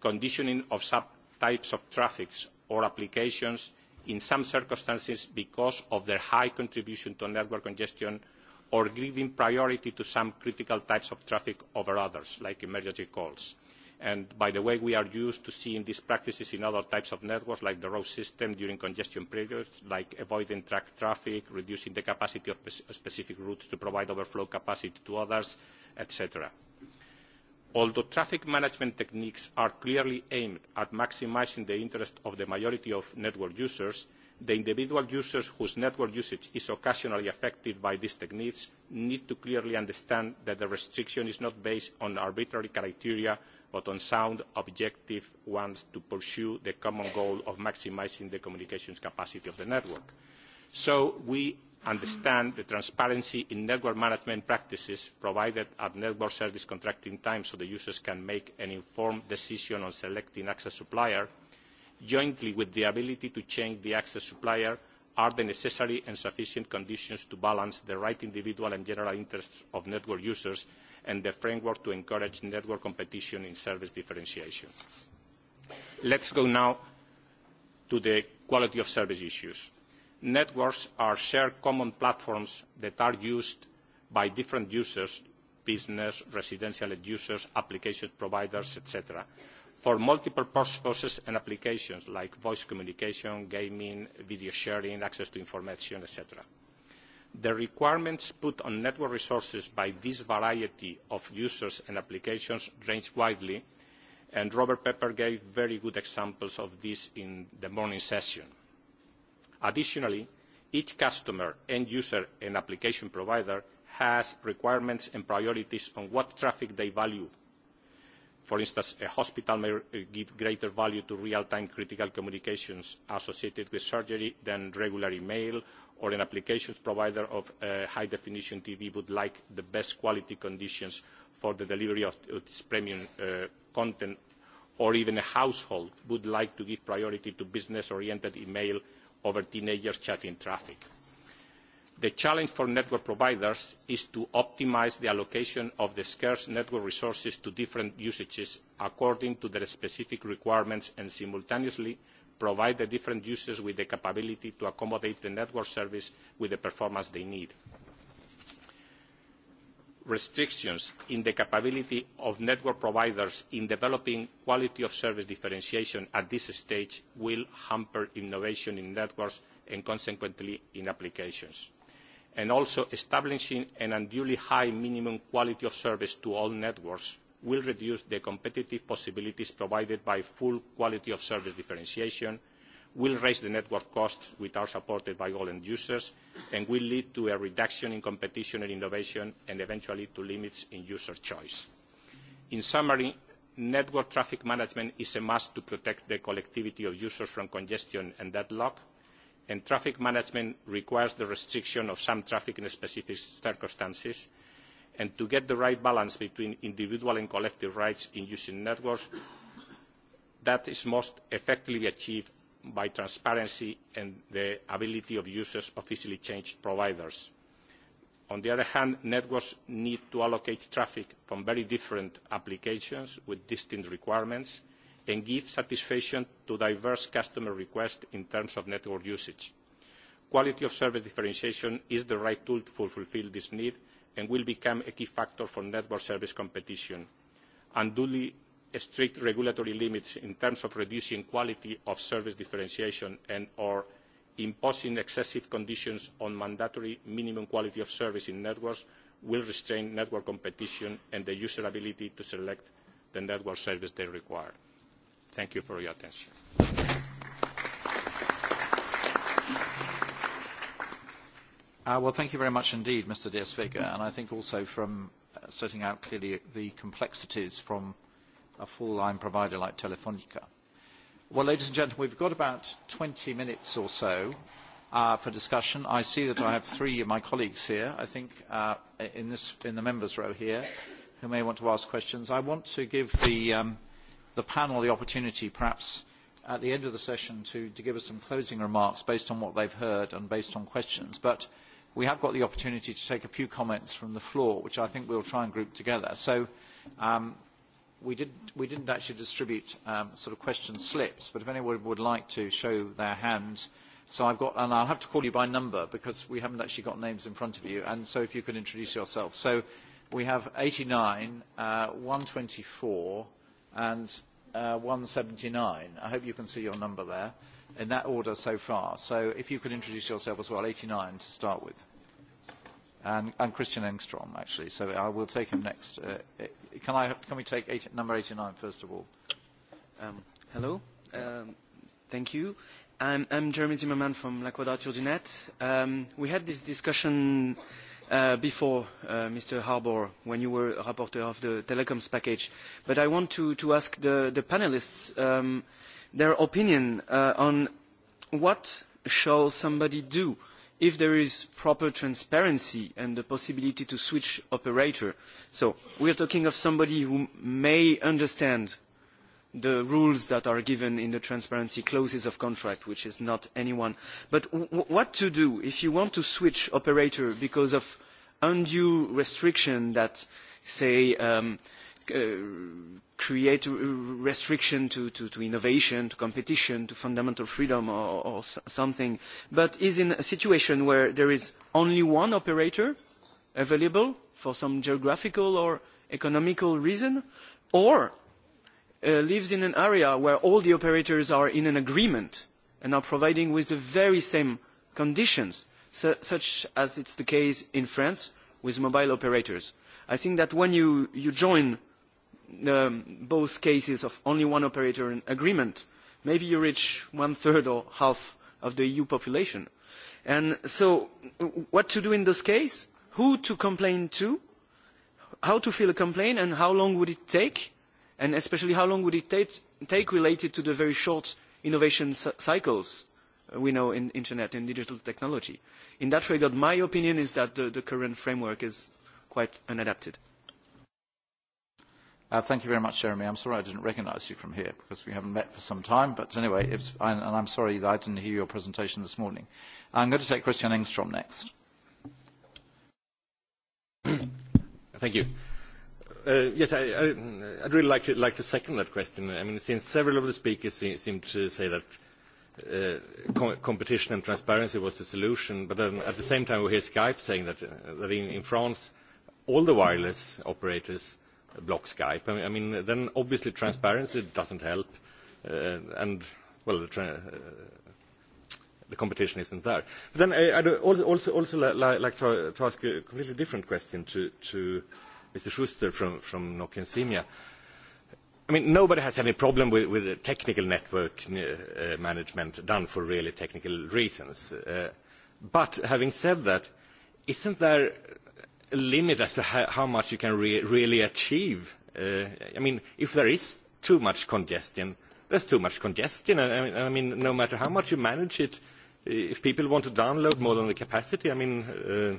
conditioning of some types of traffic or applications in some circumstances because of their high contribution to network congestion or giving priority to some critical types of traffic over others like emergency calls. by the way we are used to seeing these practices in other types of networks like the road system during congestion periods like avoiding track traffic reducing the capacity of specific routes to provide overflow capacity to others etc although traffic management techniques are clearly aimed at maximising the interests of the majority of network users the individual users whose network usage is occasionally affected by these techniques need to clearly understand that the restriction is not based on arbitrary criteria but on sound objective ones to pursue the common goal of maximising the communications capacity of the network. so understand the transparency in network management practices provided at network service contracting time so that users can make an informed decision on selecting access supplier jointly with the ability to change the access supplier are the necessary and sufficient conditions to balance the right individual and general interests of network users and the framework to encourage network competition in service differentiation. Let's go now to the quality of service issues networks are shared common platforms that are used by different users business, residential users, application providers, etc. for multiple purposes and applications like voice communication, gaming, video sharing, access to information, etc. The requirements put on network resources by this variety of users and applications range widely, and Robert Pepper gave very good examples of this in the morning session additionally each customer end user and application provider has requirements and priorities on what traffic they value for instance a hospital may eh, give greater value to real time critical communications associated with surgery than regular email or an applications provider of uh, high definition tv would like the best quality conditions for the delivery of its premium uh, content or even a household would like to give priority to business oriented email over teenagers chatting traffic. The challenge for network providers is to optimize the allocation of the scarce network resources to different usages according to their specific requirements and simultaneously provide the different users with the capability to accommodate the network service with the performance they need restrictions in the capability of network providers in developing quality of service differentiation at this stage will hamper innovation in networks and consequently in applications. And also establishing an unduly high minimum quality of service to all networks will reduce the competitive possibilities provided by full quality of service differentiation will raise the network cost, which are supported by all end users, and will lead to a reduction in competition and innovation, and eventually to limits in user choice. In summary, network traffic management is a must to protect the connectivity of users from congestion and deadlock, and traffic management requires the restriction of some traffic in specific circumstances. To get the right balance between individual and collective rights in using networks, that is most effectively achieved by transparency and the ability of users officially changed providers. On the other hand, networks need to allocate traffic from very different applications with distinct requirements and give satisfaction to diverse customer requests in terms of network usage. Quality of service differentiation is the right tool to fulfil this need and will become a key factor for network service competition. Unduly strict regulatory limits in terms of reducing quality of service differentiation and or imposing excessive conditions on mandatory minimum quality of service in networks will restrain network competition and the user ability to select the network service they require. Thank you for your attention. Uh, well, thank you very much indeed, Mr. Diaz-Vega, and I think also from uh, setting out clearly the complexities from a full line provider like Telefónica. Well, ladies and gentlemen, we've got about 20 minutes or so uh, for discussion. I see that I have three of my colleagues here, I think, uh, in, this, in the members' row here, who may want to ask questions. I want to give the, um, the panel the opportunity, perhaps, at the end of the session to, to give us some closing remarks based on what they've heard and based on questions. But we have got the opportunity to take a few comments from the floor, which I think we'll try and group together. So um, we did we didn't actually distribute um, sort of question slips but if anyone would like to show their hand so I've got and I'll have to call you by number because we haven't actually got names in front of you and so if you could introduce yourself so we have 89 uh, 124 and uh, 179 I hope you can see your number there in that order so far so if you could introduce yourself as well 89 to start with and, and Christian Engstrom, actually. So I will take him next. Uh, eh, can, I, can we take 80, number 89, first of all? Um, hello. Um, thank you. I'm, I'm Jeremy Zimmerman from La Quadrature um, We had this discussion uh, before, uh, Mr. Harbour, when you were a rapporteur of the telecoms package. But I want to, to ask the, the panelists um, their opinion uh, on what shall somebody do uh, if there is proper transparency and the possibility to switch operator so we are talking of somebody who may understand the rules that are given in the transparency clauses of contract which is not anyone but w what to do if you want to switch operator because of undue restriction that say um, uh, uh, create restriction to, to, to innovation, to competition, to fundamental freedom or, or s something, but is in a situation where there is only one operator available for some geographical or economical reason, or uh, lives in an area where all the operators are in an agreement and are providing with the very same conditions, su such as it's the case in France with mobile operators. I think that when you, you join Um, both cases of only one operator in agreement, maybe you reach one third or half of the EU population. And so what to do in this case? Who to complain to? How to fill a complaint and how long would it take? And especially how long would it take related to the very short innovation cycles uh, we know in internet and digital technology? In that regard, my opinion is that the, the current framework is quite unadapted. Uh, thank you very much, Jeremy. I'm sorry I didn't recognize you from here because we haven't met for some time. But anyway, it's, I, and I'm sorry that I didn't hear your presentation this morning. I'm going to take Christian Engstrom next. Thank you. Uh, yes, I, I, I'd really like to, like to second that question. I mean, since several of the speakers se seem to say that uh, com competition and transparency was the solution, but then at the same time we hear Skype saying that, uh, that in, in France all the wireless operators – block Skype. I mean, I mean then obviously transparency doesn't help, uh, and well, the, tra- uh, the competition isn't there. But then I, uh, I'd also, also, also li- like to, to ask a completely different question to, to Mr. Schuster from, from Nokia and Simia. I mean, nobody has any problem with, with technical network uh, management done for really technical reasons. Uh, but having said that, isn't there limit as to how, how much you can re- really achieve. Uh, I mean, if there is too much congestion, there's too much congestion. I, I mean, no matter how much you manage it, if people want to download more than the capacity, I mean, uh,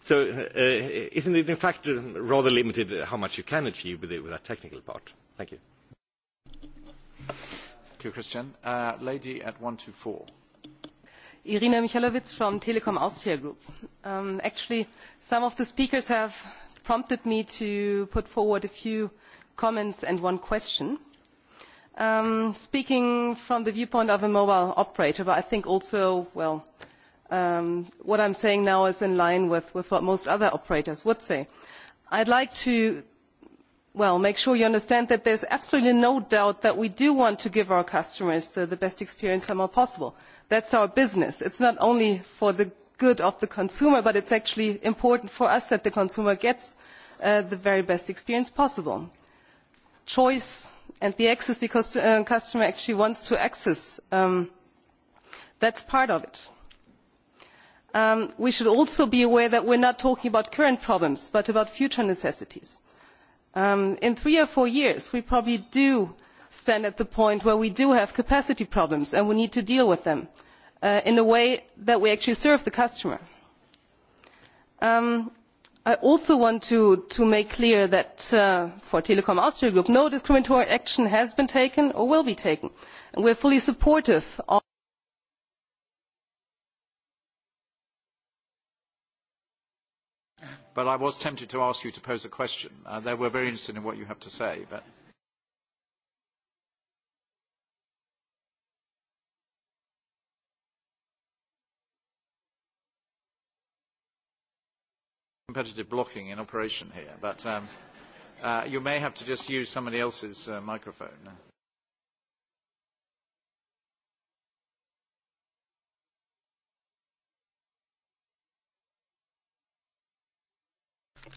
so uh, isn't it in fact rather limited how much you can achieve with, it, with that technical part? Thank you. Thank you, Christian. Uh, lady at 124 irina michalovic from telekom austria group. Um, actually some of the speakers have prompted me to put forward a few comments and one question. Um, speaking from the viewpoint of a mobile operator but i think also well um, what i am saying now is in line with what most other operators would say i would like to make sure you understand that there is absolutely no doubt that we do want to give our customers the best experience possible. that is our business. it is not only for the good of the consumer but it is actually important for us that the consumer gets uh, the very best experience possible. choice and the access the uh, customer actually wants to access um, that is part of it. Um, we should also be aware that we are not talking about current problems but about future necessities. Um, in three or four years we probably do stand at the point where we do have capacity problems and we need to deal with them uh, in a way that we actually serve the customer. Um, i also want to make clear that uh, for telekom austria group no discriminatory action has been taken or will be taken. we are fully supportive but I was tempted to ask you to pose a question. Uh, they were very interested in what you have to say. But. competitive blocking in operation here, but um, uh, you may have to just use somebody else's uh, microphone. Uh,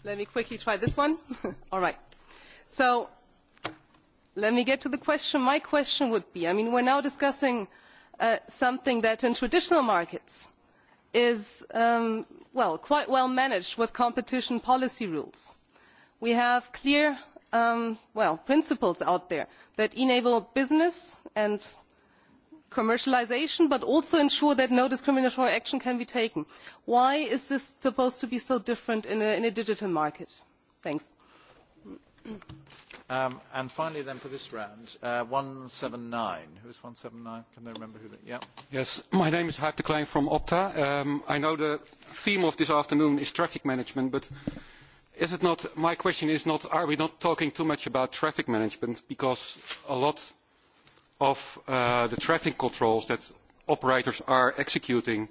Let me quickly try this one. All right. So let me get to the question. My question would be, I mean, we're now discussing uh, something that in traditional markets is, um, well, quite well managed with competition policy rules. We have clear, um, well, principles out there that enable business and commercialisation but also ensure that no discriminatory action can be taken. why is this supposed to be so different in a digital market? Um, finally for this round uh, one hundred and seventy nine my name is harte klein from opta. Um, i know the theme of this afternoon is traffic management but my question is are we not talking too much about traffic management because a lot of uh, the traffic controls that operators are executing,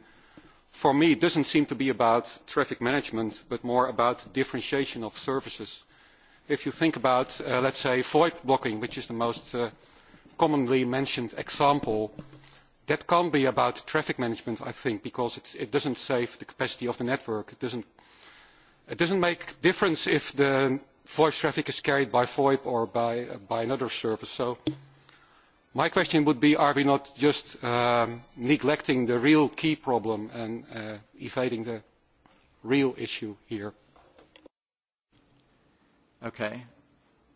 for me, doesn't seem to be about traffic management, but more about differentiation of services. If you think about, uh, let's say, VoIP blocking, which is the most uh, commonly mentioned example, that can't be about traffic management, I think, because it's, it doesn't save the capacity of the network. It doesn't, it doesn't make difference if the voice traffic is carried by VoIP or by, uh, by another service. So, my question would be are we not just um, neglecting the real key problem and uh, evading the real issue here? Okay,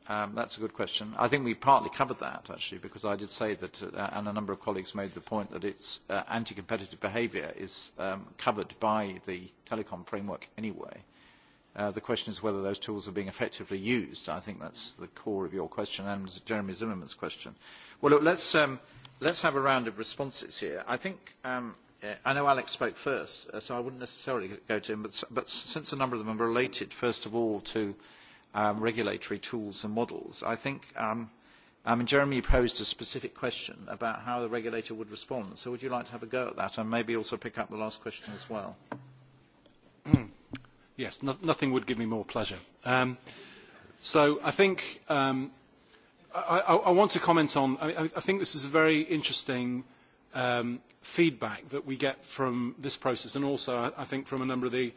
um, that's a good question. I think we partly covered that, actually, because I did say that, uh, and a number of colleagues made the point that its uh, anti-competitive behaviour is um, covered by the telecom framework anyway. Uh, Uh, the question is whether those tools are being effectively used. I think that's the core of your question and Jeremy Zimmerman's question. Well, look, let's, um, let's have a round of responses here. I think, um, I know Alex spoke first, uh, so I wouldn't necessarily go to him, but, but since a number of them are related, first of all, to um, regulatory tools and models, I think, um, I um, mean, Jeremy posed a specific question about how the regulator would respond. So would you like to have a go at that and maybe also pick up the last question as well? Yes, no, nothing would give me more pleasure. Um, so I think um, I, I, I want to comment on, I, I think this is a very interesting um, feedback that we get from this process and also I, I think from a number of the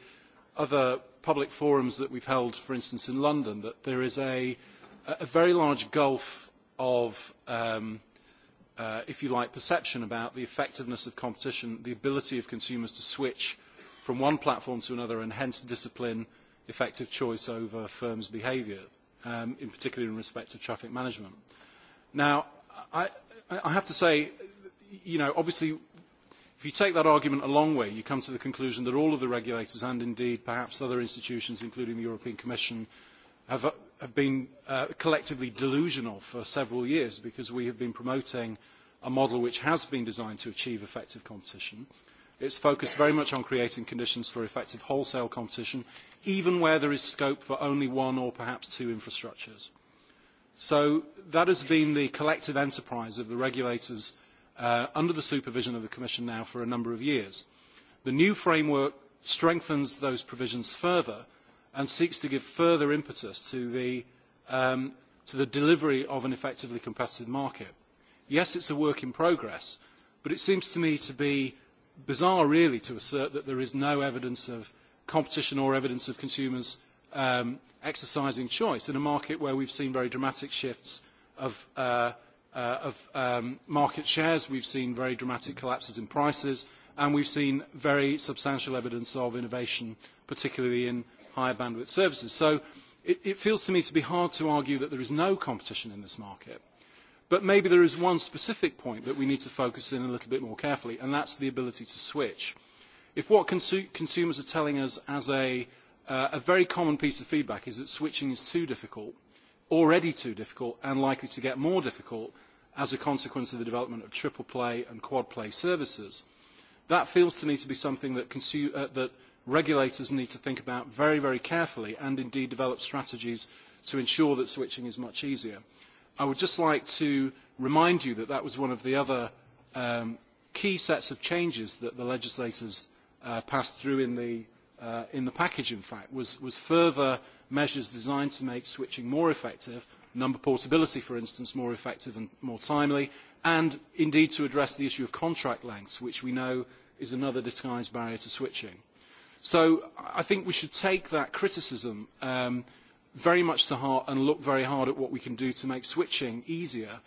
other public forums that we've held, for instance, in London, that there is a, a very large gulf of, um, uh, if you like, perception about the effectiveness of competition, the ability of consumers to switch uh, from one platform to another and hence discipline effective choice over firms' behaviour, um, in particular in respect to traffic management. Now, I, I have to say, you know, obviously, if you take that argument a long way, you come to the conclusion that all of the regulators and indeed perhaps other institutions, including the European Commission, have, have been uh, collectively delusional for several years because we have been promoting a model which has been designed to achieve effective competition. Uh, It's focused very much on creating conditions for effective wholesale competition, even where there is scope for only one or perhaps two infrastructures. So that has been the collective enterprise of the regulators uh, under the supervision of the Commission now for a number of years. The new framework strengthens those provisions further and seeks to give further impetus to the, um, to the delivery of an effectively competitive market. Yes, it's a work in progress, but it seems to me to be bizarre, really, to assert that there is no evidence of competition or evidence of consumers um, exercising choice in a market where we've seen very dramatic shifts of, uh, uh, of um, market shares, we've seen very dramatic collapses in prices, and we've seen very substantial evidence of innovation, particularly in higher bandwidth services. So it, it feels to me to be hard to argue that there is no competition in this market. But maybe there is one specific point that we need to focus in a little bit more carefully, and that's the ability to switch. If what consu- consumers are telling us as a, uh, a very common piece of feedback is that switching is too difficult, already too difficult, and likely to get more difficult as a consequence of the development of triple play and quad play services, that feels to me to be something that, consu- uh, that regulators need to think about very, very carefully and indeed develop strategies to ensure that switching is much easier. I would just like to remind you that that was one of the other um, key sets of changes that the legislators uh, passed through in the, uh, in the package, in fact, was, was further measures designed to make switching more effective, number portability, for instance, more effective and more timely, and indeed to address the issue of contract lengths, which we know is another disguised barrier to switching. So I think we should take that criticism um, uh, very much to heart and look very hard at what we can do to make switching easier.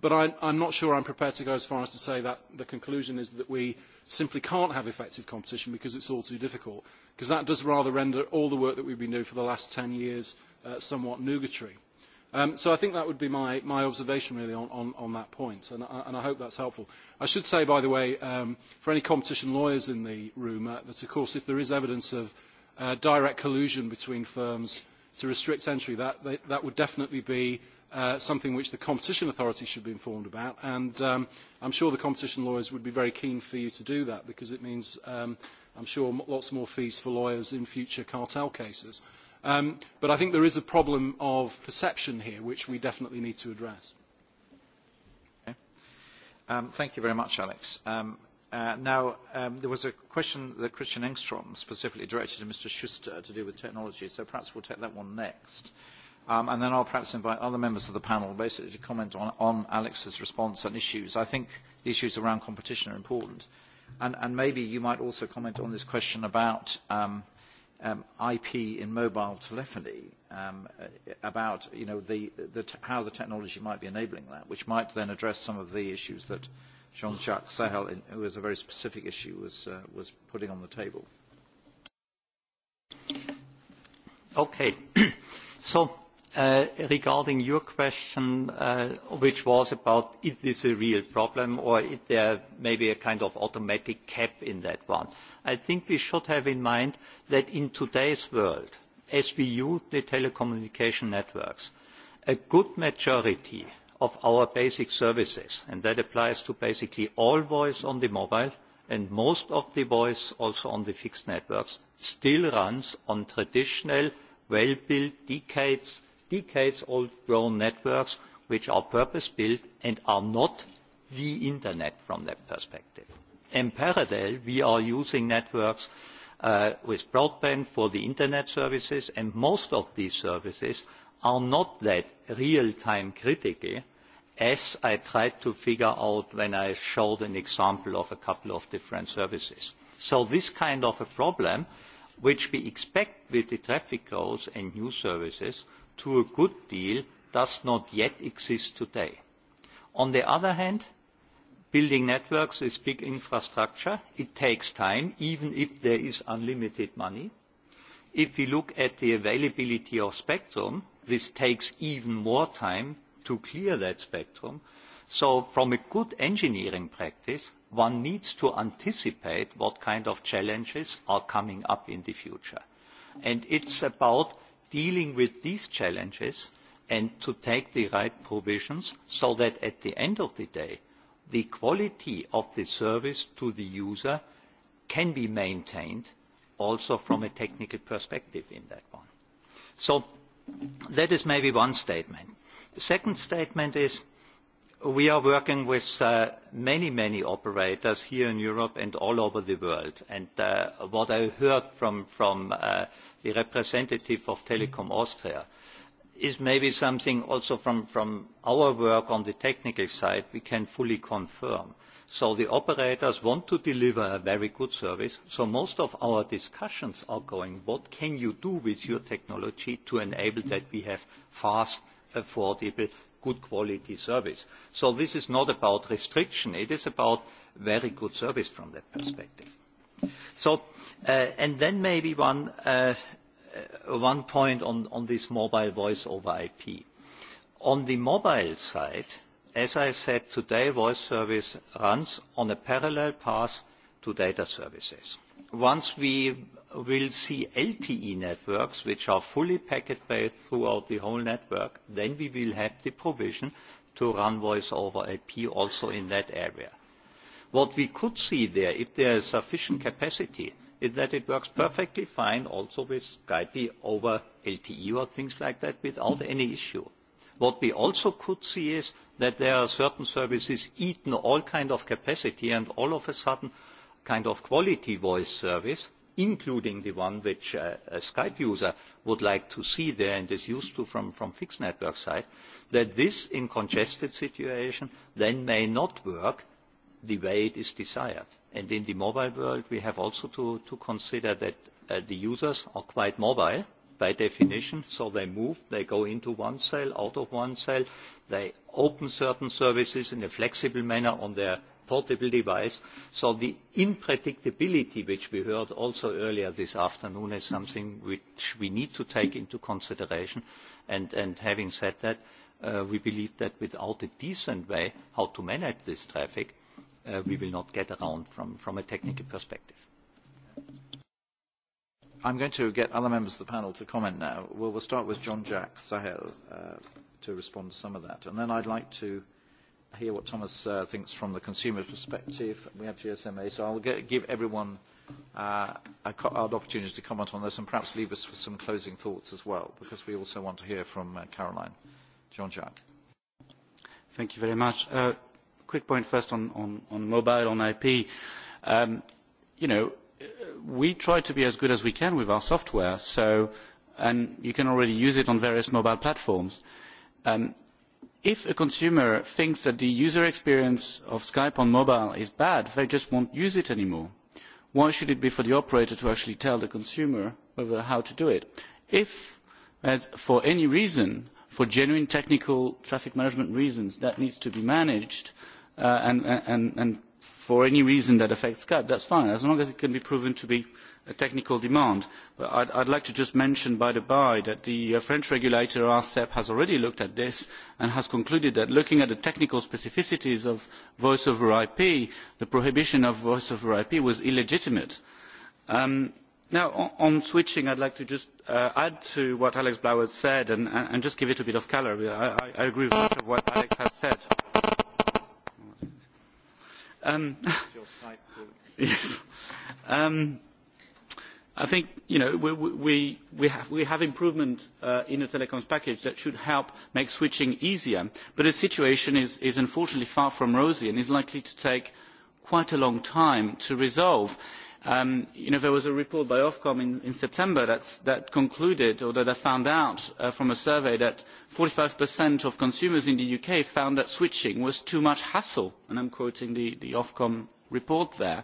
But I, I'm not sure I'm prepared to go as far as to say that the conclusion is that we simply can't have effective competition because it's all too difficult, because that does rather render all the work that we've been doing for the last 10 years uh, somewhat nugatory. Um, so I think that would be my, my observation really on, on, on that point, and I, and I hope that's helpful. I should say, by the way, um, for any competition lawyers in the room, uh, that of course if there is evidence of uh, direct collusion between firms to restrict entry. That, that would definitely be uh, something which the competition authority should be informed about. And um, I'm sure the competition lawyers would be very keen for you to do that because it means, um, I'm sure, lots more fees for lawyers in future cartel cases. Um, but I think there is a problem of perception here which we definitely need to address. Okay. Um, thank you very much, Alex. Um, Uh, now, um, there was a question that Christian Engstrom specifically directed to Mr. Schuster to do with technology, so perhaps we'll take that one next. Um, and then I'll perhaps invite other members of the panel basically to comment on, on Alex's response and issues. I think the issues around competition are important. And, and maybe you might also comment on this question about um, um, IP in mobile telephony, um, uh, about you know, the, the t how the technology might be enabling that, which might then address some of the issues that Jean-Jacques Sahel, in, who is a very specific issue, was, uh, was putting on the table. Okay. so, uh, regarding your question, uh, which was about is this a real problem or is there maybe a kind of automatic cap in that one, I think we should have in mind that in today's world, as we use the telecommunication networks, a good majority of our basic services and that applies to basically all voice on the mobile and most of the voice also on the fixed networks still runs on traditional well built decades decades old drone networks which are purpose built and are not the internet from that perspective in parallel we are using networks uh, with broadband for the internet services and most of these services are not that real time critical as I tried to figure out when I showed an example of a couple of different services. So this kind of a problem, which we expect with the traffic growth and new services to a good deal, does not yet exist today. On the other hand, building networks is big infrastructure. It takes time, even if there is unlimited money. If we look at the availability of spectrum, this takes even more time to clear that spectrum. So from a good engineering practice, one needs to anticipate what kind of challenges are coming up in the future. And it's about dealing with these challenges and to take the right provisions so that at the end of the day, the quality of the service to the user can be maintained also from a technical perspective in that one. So that is maybe one statement. The second statement is we are working with uh, many operators here in Europe and all over the world. Uh, what I heard from uh, the representative of Telekom Austria is maybe something also from our work on the technical side we can fully confirm. The operators want to deliver a very good service. Most of our discussions are going, what can you do with your technology to enable that we have fast affordable, good quality service. So this is not about restriction. It is about very good service from that perspective. So, uh, and then maybe one, uh, uh one point on, on this mobile voice over IP. On the mobile side, as I said, today voice service runs on a parallel path to data services. Once we will see LTE networks which are fully packet-based throughout the whole network, then we will have the provision to run voice over IP also in that area. What we could see there, if there is sufficient capacity, is that it works perfectly fine also with Skype over LTE or things like that without any issue. What we also could see is that there are certain services eaten all kind of capacity and all of a sudden kind of quality voice service including the one which a, uh, a Skype user would like to see there and is used to from, from fixed network side, that this in congested situation then may not work the way it is desired. And in the mobile world, we have also to, to consider that uh, the users are quite mobile by definition, so they move, they go into one cell, out of one cell, they open certain services in a flexible manner on their portable device. So the unpredictability, which we heard also earlier this afternoon, is something which we need to take into consideration. And, and having said that, uh, we believe that without a decent way how to manage this traffic, uh, we will not get around from, from a technical perspective. I'm going to get other members of the panel to comment now. We'll, we'll start with John Jack Sahel uh, to respond to some of that. And then I'd like to uh, hear what Thomas uh, thinks from the consumer perspective. We have GSMA, so I'll get, give everyone uh, an opportunity to comment on this and perhaps leave us with some closing thoughts as well, because we also want to hear from uh, Caroline. Jean-Jacques. Thank you very much. Uh, quick point first on, on, on mobile, on IP. Um, you know, we try to be as good as we can with our software, so, and you can already use it on various mobile platforms. Um, if a consumer thinks that the user experience of skype on mobile is bad they just won't use it any more. why should it be for the operator to actually tell the consumer how to do it? if for any reason for genuine technical traffic management reasons that needs to be managed uh, and for any reason that affects skype that is fine as long as it can be proven to technical demand. i would like to just mention by the by that the uh, french regulator arcep has already looked at this and has concluded that looking at the technical specificities of voice over ip the prohibition of voice over ip was illegitimate. Um, now on switching i would like to just uh, add to what alex bauer said and just give it a bit of colour. i agree with much of what alex has said. Um, I think you know we, we, we, have, we have improvement uh, in the telecoms package that should help make switching easier, but the situation is, is unfortunately far from rosy and is likely to take quite a long time to resolve. Um, you know, there was a report by Ofcom in, in September that's, that concluded, or that I found out uh, from a survey, that 45% of consumers in the UK found that switching was too much hassle. And I'm quoting the, the Ofcom report there.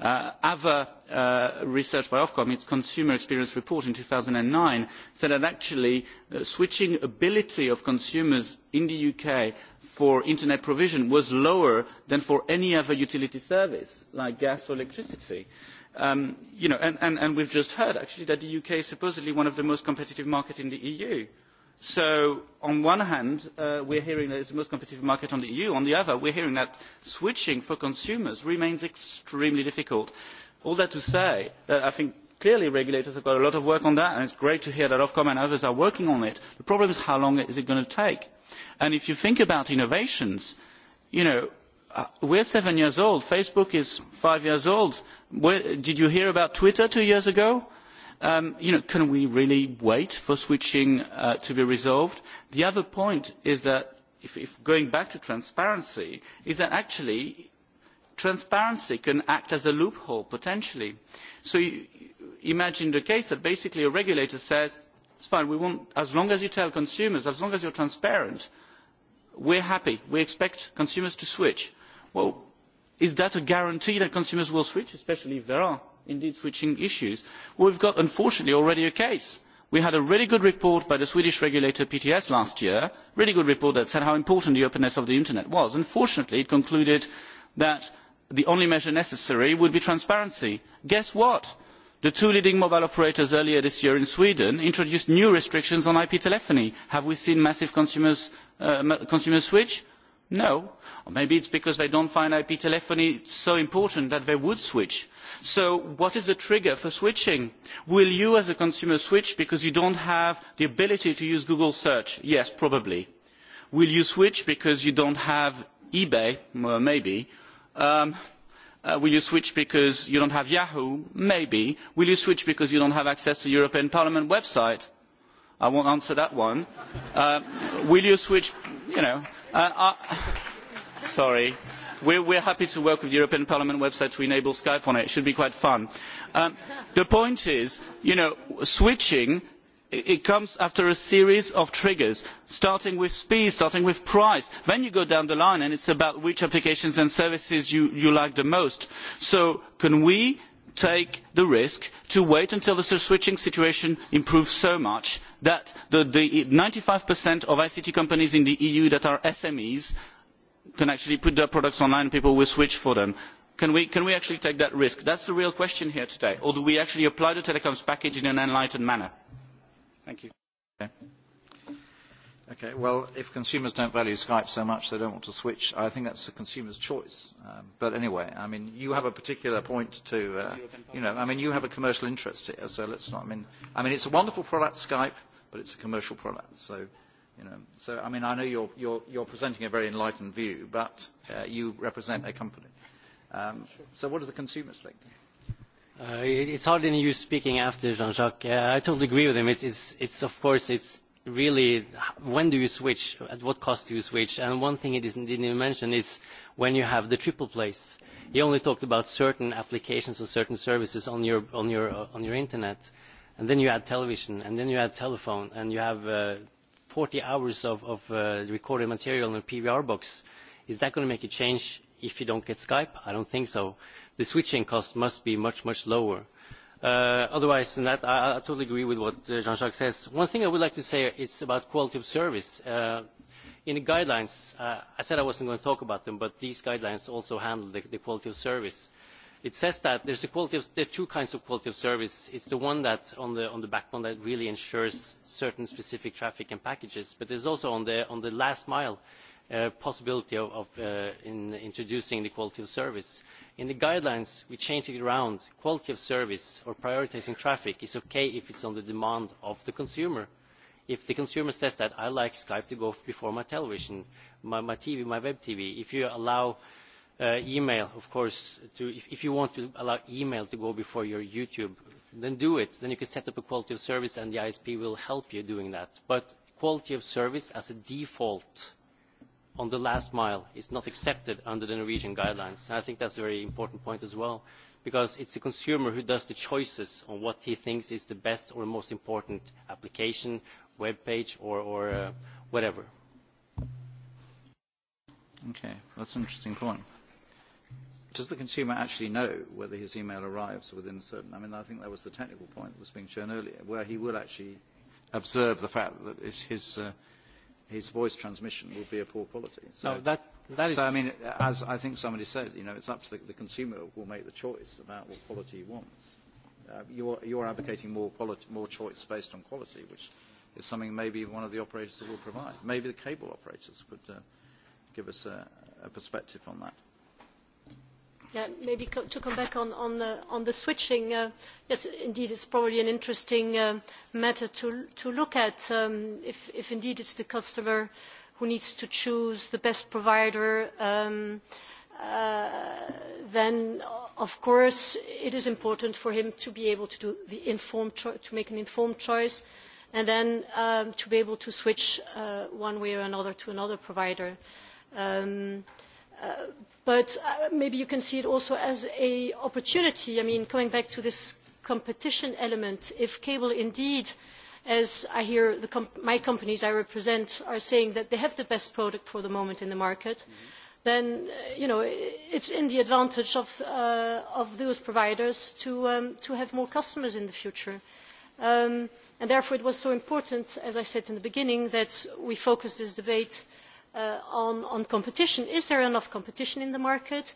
Uh, other uh, research by ofcom its consumer experience report in two thousand and nine said that actually uh, switching ability of consumers in the uk for internet provision was lower than for any other utility service like gas or electricity. Um, we have just heard actually that the uk is supposedly one of the most competitive markets in the eu so on the one hand uh, we are hearing that it is the most competitive market on the eu on the other we are hearing that switching for consumers remains extremely difficult all that to say that i think clearly regulators have got a lot of work on that and it is great to hear that ofcom and others are working on it the problem is how long is it going to take and if you think about innovations you know uh, we're seven years old. Facebook is five years old. Where, did you hear about Twitter two years ago? Um, can we really wait for switching uh, to be resolved? the other point going back to transparency is that actually transparency can act as a loophole potentially. so imagine the case that basically a regulator says it is fine we want as long as you tell consumers as long as you are transparent we are happy we expect consumers to switch. well is that a guarantee that consumers will switch especially if there indeed switching issues we have got unfortunately already a case. we had a really good report by the swedish regulator pts last year a really good report that said how important the openness of the internet was. unfortunately it concluded that the only measure necessary would be transparency. guess what the two leading mobile operators earlier this year in sweden introduced new restrictions on ip telephony. have we seen massive consumer uh, switch? no or maybe it is because they do not find ip telephony so important that they would switch. so what is the trigger for switching? will you as a consumer switch because you do not have the ability to use google search? yes probably. will you switch because you do not have ebay? Well, maybe. Um, uh, will you switch because you do not have yahoo? maybe. will you switch because you do not have access to the european parliament website? I won't answer that one. Uh, will you switch? You know, uh, uh, sorry. We're, we're happy to work with the European Parliament website to enable Skype on it. It should be quite fun. Um, the point is, you know, switching, it, it comes after a series of triggers, starting with speed, starting with price. Then you go down the line and it's about which applications and services you, you like the most. So can we take the risk of waiting until the switching situation improves so much that the ninety five of ict companies in the eu that are smes can actually put their products online and people will switch for them? can we actually take that risk? that is the real question here today or do we actually apply the telecoms package in an enlightened manner? Okay, well, if consumers don't value Skype so much they don't want to switch, I think that's the consumer's choice. Um, but anyway, I mean, you have a particular point to, uh, you know, I mean, you have a commercial interest here, so let's not, I mean, I mean, it's a wonderful product, Skype, but it's a commercial product, so, you know, so, I mean, I know you're, you're, you're presenting a very enlightened view, but uh, you represent a company. Um, so what do the consumers think? Uh, it's hardly any use speaking after Jean-Jacques. Uh, I totally agree with him. It's, it's, it's of course, it's, really when do you switch? At what cost do you switch? And one thing it isn't, didn't even mention is when you have the triple plays. You only talked about certain applications or certain services on your, on your, uh, on your internet, and then you add television, and then you add telephone, and you have uh, 40 hours of, of uh, recorded material in a PVR box. Is that going to make a change if you don't get Skype? I don't think so. The switching cost must be much, much lower. Uh, otherwise than that I, I totally agree with what uh, Jean-Jacques says. One thing I would like to say is about quality of service. Uh, in the guidelines, uh, I said I wasn't going to talk about them, but these guidelines also handle the, the quality of service. It says that there's a quality of, there are two kinds of quality of service. It's the one that on the, on the backbone that really ensures certain specific traffic and packages, but there's also on the, on the last mile uh, possibility of, of uh, in introducing the quality of service. Uh, in the guidelines we change it around quality of service or prioritising traffic is ok if it is on the demand of the consumer if the consumer says that i like skype to go before my television my, my tv my web tv if you allow uh, email of course to if, if you want to allow email to go before your youtube then do it then you can set up a quality of service and the isp will help you doing that but quality of service as a default uh, on the last mile is not accepted under the Norwegian guidelines. And I think that's a very important point as well, because it's the consumer who does the choices on what he thinks is the best or most important application, web page, or, or uh, whatever. Okay, that's an interesting point. Does the consumer actually know whether his email arrives within a certain... I mean, I think that was the technical point that was being shown earlier, where he will actually observe the fact that his... Uh, his voice transmission would be a poor quality. So, no, that, that is so, I mean, as I think somebody said, you know, it's up to the, the consumer will make the choice about what quality he wants. Uh, you're, you're advocating more, quality, more choice based on quality, which is something maybe one of the operators will provide. Maybe the cable operators could uh, give us a, a perspective on that. Maybe to come back on, on, the, on the switching, uh, yes, indeed, it's probably an interesting uh, matter to, to look at. Um, if, if indeed it's the customer who needs to choose the best provider, um, uh, then, of course, it is important for him to be able to, do the informed to make an informed choice and then um, to be able to switch uh, one way or another to another provider. Um, uh, but uh, maybe you can see it also as an opportunity. I mean, going back to this competition element, if cable indeed, as I hear the comp my companies I represent are saying that they have the best product for the moment in the market, mm -hmm. then uh, you know, it's in the advantage of, uh, of those providers to, um, to have more customers in the future. Um, and therefore it was so important, as I said in the beginning, that we focus this debate uh, on, on competition. Is there enough competition in the market?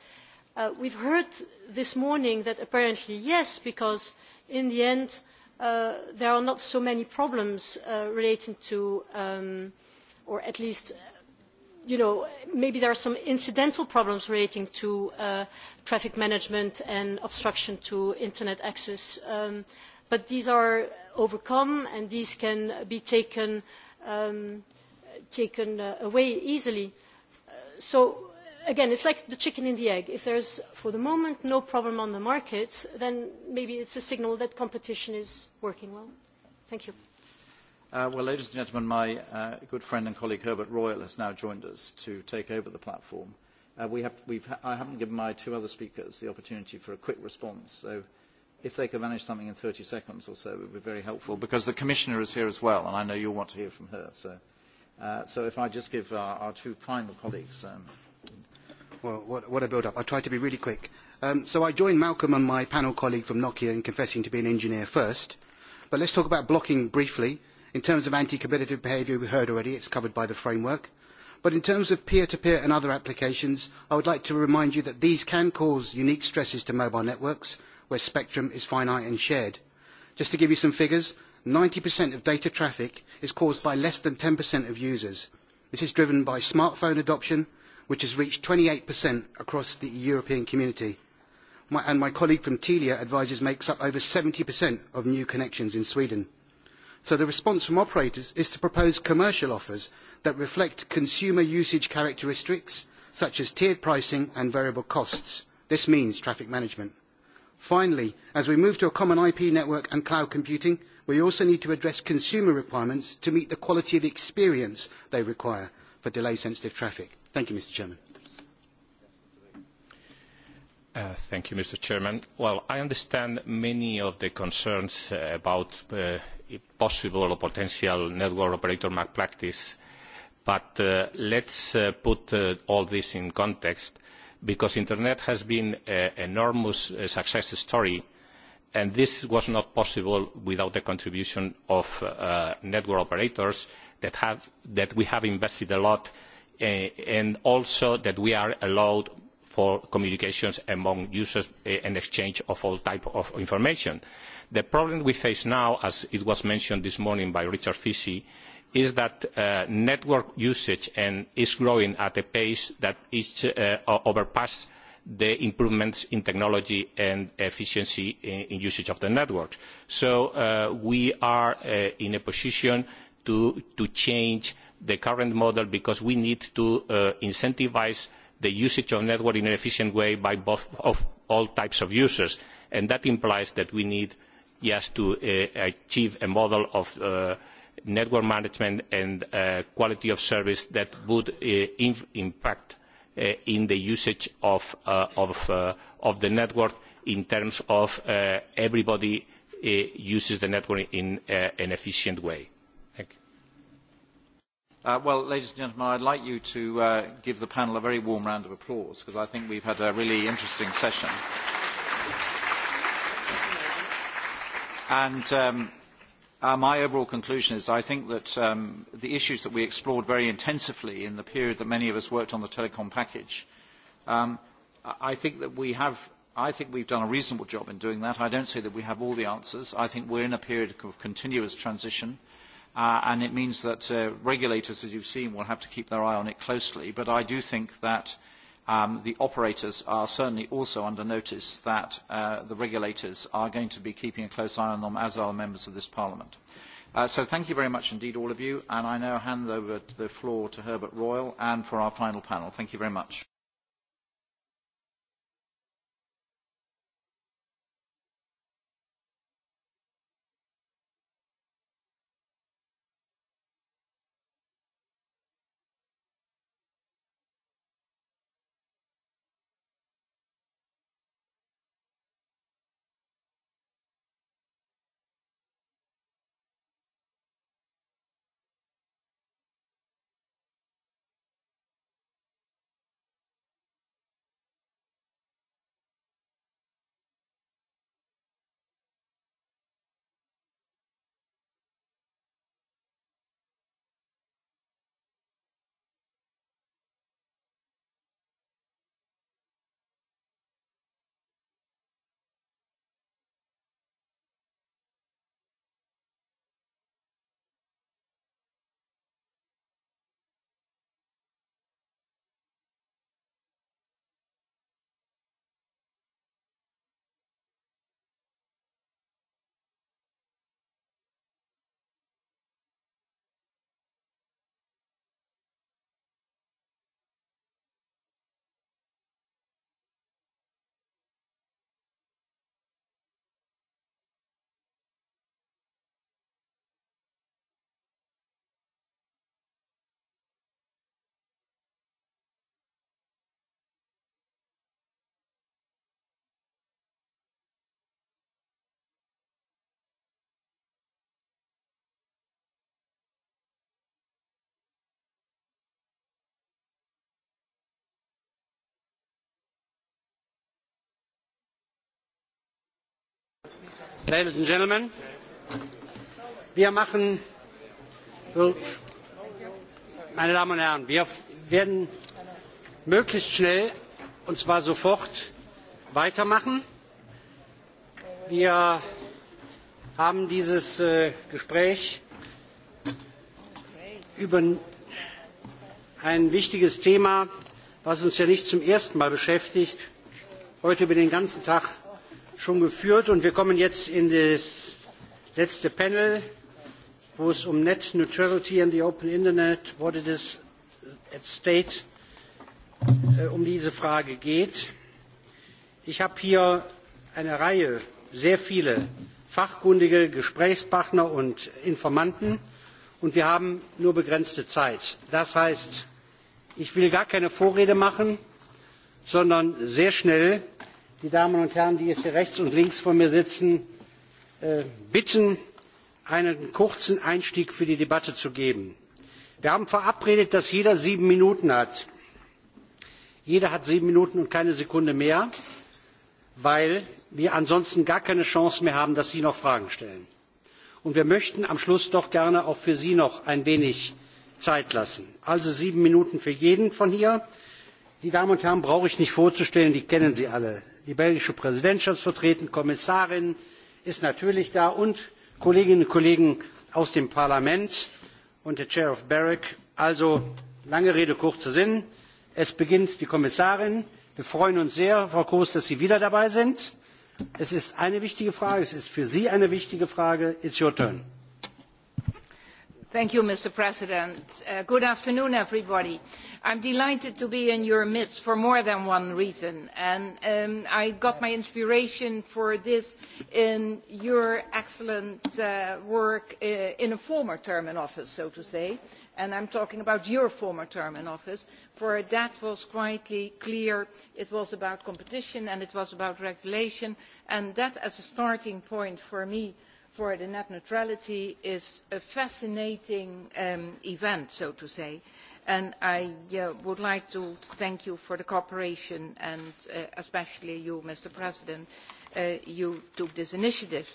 Uh, we've heard this morning that apparently yes, because in the end uh, there are not so many problems uh, relating to, um, or at least, you know, maybe there are some incidental problems relating to uh, traffic management and obstruction to internet access. Um, but these are overcome and these can be taken um, taken uh, away easily. Uh, so, again, it's like the chicken and the egg. If there's, for the moment, no problem on the market, then maybe it's a signal that competition is working well. Thank you. Uh, well, ladies and gentlemen, my uh, good friend and colleague Herbert Royal has now joined us to take over the platform. Uh, we have, we've ha- I haven't given my two other speakers the opportunity for a quick response, so if they could manage something in 30 seconds or so, it would be very helpful, because the Commissioner is here as well, and I know you'll want to hear from her. So. Uh, so if I just give our, uh, our two final colleagues. Um, well, what, what a build up. I'll try to be really quick. Um, so I joined Malcolm and my panel colleague from Nokia in confessing to be an engineer first. But let's talk about blocking briefly. In terms of anti-competitive behaviour, we heard already, it's covered by the framework. But in terms of peer-to-peer and other applications, I would like to remind you that these can cause unique stresses to mobile networks where spectrum is finite and shared. Just to give you some figures, 90% of data traffic is caused by less than 10% of users. This is driven by smartphone adoption, which has reached 28% across the European community. My, and my colleague from Telia Advisors makes up over 70% of new connections in Sweden. So the response from operators is to propose commercial offers that reflect consumer usage characteristics, such as tiered pricing and variable costs. This means traffic management. Finally, as we move to a common IP network and cloud computing, we also need to address consumer requirements to meet the quality of experience they require for delay sensitive traffic. Thank you, Mr. Chairman. Uh, thank you, Mr. Chairman. Well, I understand many of the concerns uh, about uh, possible or potential network operator malpractice, but uh, let's uh, put uh, all this in context because Internet has been an uh, enormous uh, success story and this was not possible without the contribution of uh, network operators that we have invested a lot in eh, and also that we are allowed for communications among users eh, and exchange of all types of information. the problem we face now as was mentioned this morning by richard fischi is that uh, network usage is growing at a pace that is far uh, surpassing the improvements in technology and efficiency in the usage of the networks. so uh, we are uh, in a position to change the current model because we need to uh, incentivise the usage of the network in an efficient way by all types of users and that implies that we need to achieve a model of network management and quality of service that would impact Uh, in the usage uh, uh, of the network in terms of everybody uses the network in an efficient way. Thank you. Well, ladies and gentlemen, I'd like you to give the panel a very warm round of applause because I think we've had a really interesting session. Um, Uh, my overall conclusion is I think that um, the issues that we explored very intensively in the period that many of us worked on the telecom package, um, I think that we have, I think we've done a reasonable job in doing that. I don't say that we have all the answers. I think we're in a period of continuous transition, uh, and it means that uh, regulators, as you've seen, will have to keep their eye on it closely. But I do think that uh, um, the operators are certainly also under notice that uh, the regulators are going to be keeping a close eye on them, as are members of this Parliament. Uh, so thank you very much indeed, all of you, and I now hand over the floor to Herbert Royal and for our final panel. Thank you very much. wir machen meine damen und herren wir werden uns möglichst schnell und zwar sofort weitermachen. wir haben dieses äh, gespräch über ein wichtiges thema das uns ja nicht zum ersten mal beschäftigt heute über den ganzen tag schon geführt und wir kommen jetzt in das letzte Panel, wo es um Net Neutrality and the Open Internet, what it is at state, äh, um diese Frage geht. Ich habe hier eine Reihe, sehr viele fachkundige Gesprächspartner und Informanten und wir haben nur begrenzte Zeit. Das heißt, ich will gar keine Vorrede machen, sondern sehr schnell die Damen und Herren, die jetzt hier rechts und links von mir sitzen, äh, bitten, einen kurzen Einstieg für die Debatte zu geben. Wir haben verabredet, dass jeder sieben Minuten hat. Jeder hat sieben Minuten und keine Sekunde mehr, weil wir ansonsten gar keine Chance mehr haben, dass Sie noch Fragen stellen. Und wir möchten am Schluss doch gerne auch für Sie noch ein wenig Zeit lassen. Also sieben Minuten für jeden von hier. Die Damen und Herren brauche ich nicht vorzustellen, die kennen Sie alle die belgische präsidentschaft vertreten die kommissarin ist natürlich da und kolleginnen und kollegen aus dem parlament und der herr berec. also lange rede kurzer sinn es beginnt die kommissarin. wir freuen uns sehr frau kroes dass sie wieder dabei sind. es ist eine wichtige frage es ist für sie eine wichtige frage it's your turn mr president uh, good afternoon everybody. i am delighted to be in your midst for more than one reason and um, i got my inspiration for this in your excellent uh, work uh, in a former term in office so to say and i am talking about your former term in office for that was quite clear it was about competition and it was about regulation and that as a starting point for me for the net neutrality is a fascinating um, event, so to say. And I uh, would like to thank you for the cooperation and uh, especially you, Mr. President, uh, you took this initiative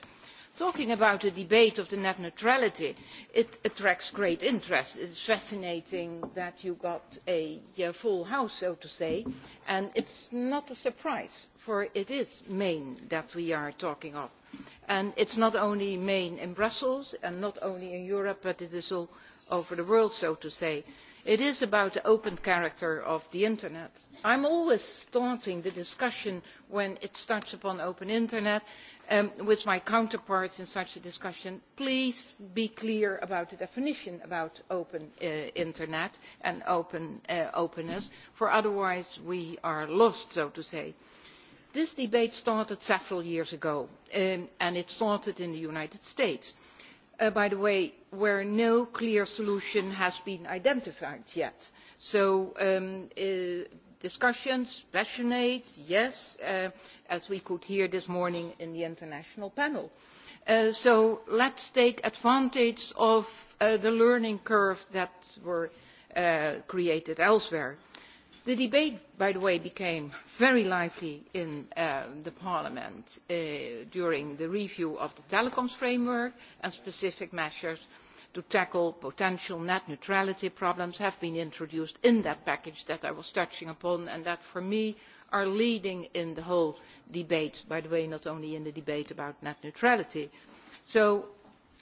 talking about a debate on net neutrality it attracts great interest. it is fascinating that you got a full house so to say and it is not a surprise for it is maine that we are talking of and it is not only maine in brussels and not only in europe but it is all over the world so to say. it is about the open character of the internet. i am always starting the discussion when it starts upon open internet um, with my counterparts in such a discussion, please be clear about the definition about open uh, internet and open uh, openness, for otherwise we are lost, so to say. This debate started several years ago, um, and it started in the United States, uh, by the way, where no clear solution has been identified yet. So um, uh, discussions passionate yes uh, as we could hear this morning in the international panel. Uh, so let us take advantage of uh, the learning curve that was created elsewhere. the debate by the way became very lively in parliament during the review of the telecoms framework and specific measures to tackle potential net neutrality problems have been introduced in that package that i was touching upon and that for me are leading in the whole debate by the way not only in the debate about net neutrality. so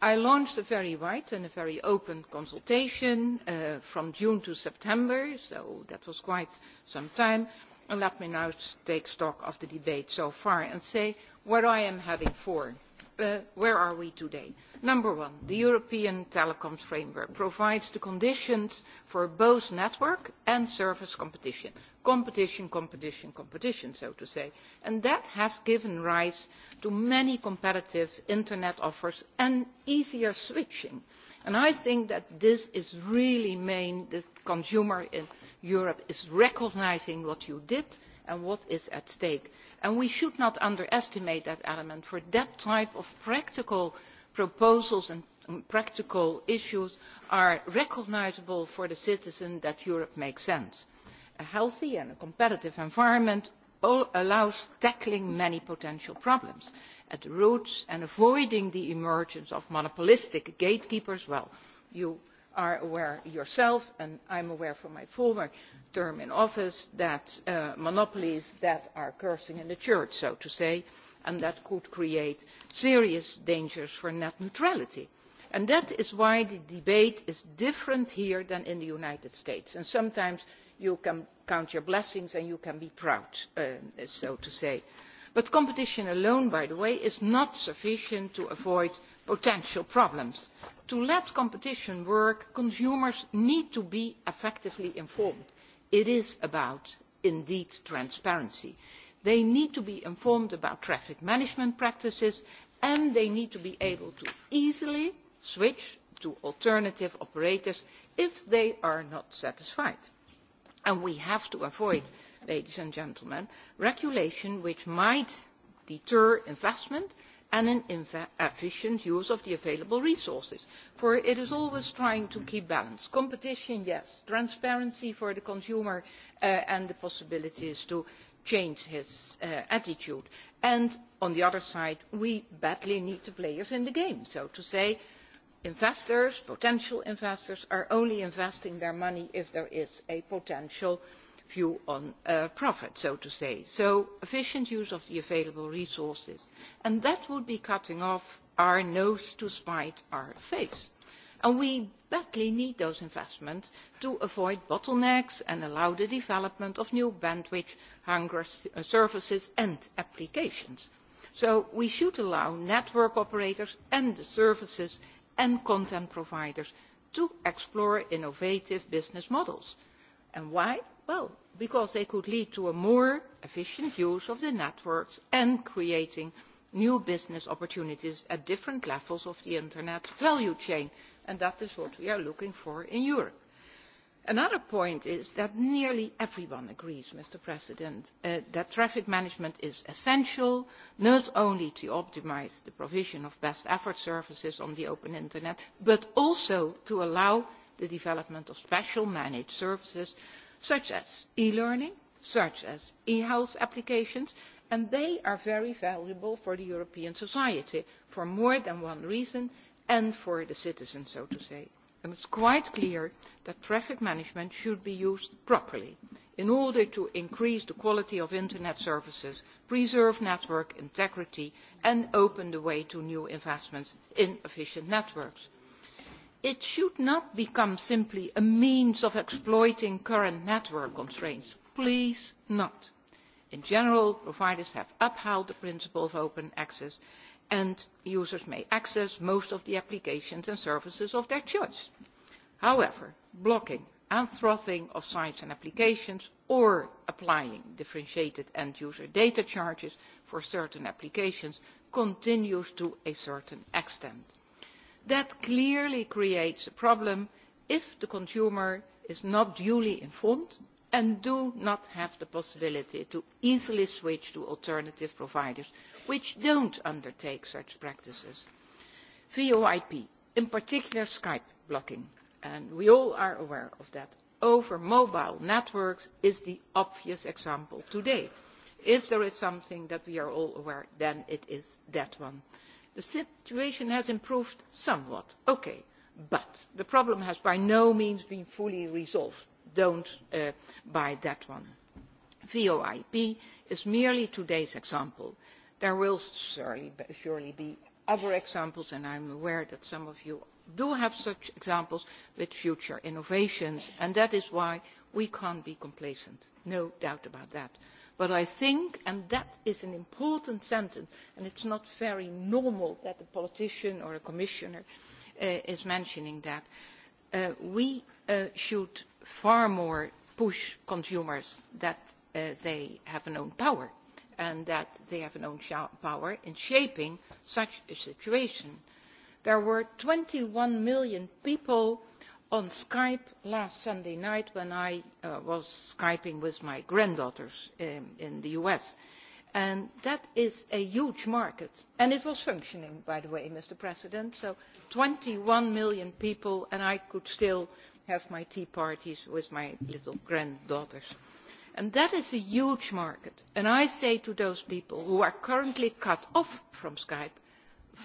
i launched a very wide and a very open consultation uh, from june to september so that was quite some time and let me now take stock of the debate so far and say what i am heading for. Uh, where are we today? number one, the european telecoms framework provides the conditions for both network and service competition competition, competition, competition, so to say. And that has given rise to many competitive internet offers and easier switching. And I think that this is really main the consumer in Europe is recognizing what you did and what is at stake. we should not underestimate that element for that type of practical proposals and practical issues are recognisable for the citizen that europe makes sense. a healthy and competitive environment allows tackling many potential problems at the roots and avoiding the emergence of monopolistic gatekeepers you are aware yourself and i am aware from my former term in office that uh, monopolies that are cursing in the church so to say and that could create serious dangers for net neutrality. that is why the debate is different here than in the united states and sometimes you can count your blessings and you can be proud uh, so to say. but competition alone by the way is not sufficient to avoid potential problems to let competition work consumers need to be effectively informed. it is about transparency. they need to be informed about traffic management practices and they need to be able to easily switch to alternative operators if they are not satisfied. we have to avoid regulation which might deter investment and an efficient use of the available resources for it is always trying to keep balance competition yes transparency for the consumer uh, and the possibilities to change his uh, attitude and on the other side we badly need the players in the game so to say investors potential investors are only investing their money if there is a potential view on uh, profit, so to say. So efficient use of the available resources. And that would be cutting off our nose to spite our face. And we badly need those investments to avoid bottlenecks and allow the development of new bandwidth hunger uh, services and applications. So we should allow network operators and the services and content providers to explore innovative business models. And why? well because they could lead to a more efficient use of the networks and creating new business opportunities at different levels of the internet value chain and that is what we are looking for in europe. another point is that nearly everyone agrees mr president uh, that traffic management is essential not only to optimise the provision of best effort services on the open internet but also to allow the development of special managed services such as e-learning, such as e-health applications, and they are very valuable for the European society for more than one reason and for the citizen, so to say. And it's quite clear that traffic management should be used properly in order to increase the quality of Internet services, preserve network integrity and open the way to new investments in efficient networks it should not become simply a means of exploiting current network constraints please not. in general providers have upheld the principle of open access and users may access most of the applications and services of their choice. however blocking and throttling of sites and applications or applying differentiated end user data charges for certain applications continues to a certain extent that clearly creates a problem if the consumer is not duly informed and does not have the possibility to easily switch to alternative providers which do not undertake such practices voip in particular skype blocking and we are all aware of that over mobile networks is the obvious example today. if there is something that we are all aware of then it is that one the situation has improved somewhat but the problem has by no means been fully resolved do not uh, buy that one. voip is merely today's example there will surely be other examples and i am aware that some of you do have such examples with future innovations and that is why we cannot be complacent no doubt about that but i think and that is an important sentence and it is not very normal that a politician or a commissioner uh, is mentioning that uh, we uh, should far more push consumers that they have an own power and that they have an own power in shaping such a situation. there were twenty one million people on skype last sunday night when i uh, was skyping with my granddaughters um, in the us and that is a huge market and it was functioning by the way mr president so twenty one million people and i could still have my tea parties with my little granddaughters. that is a huge market and i say to those people who are currently cut off from skype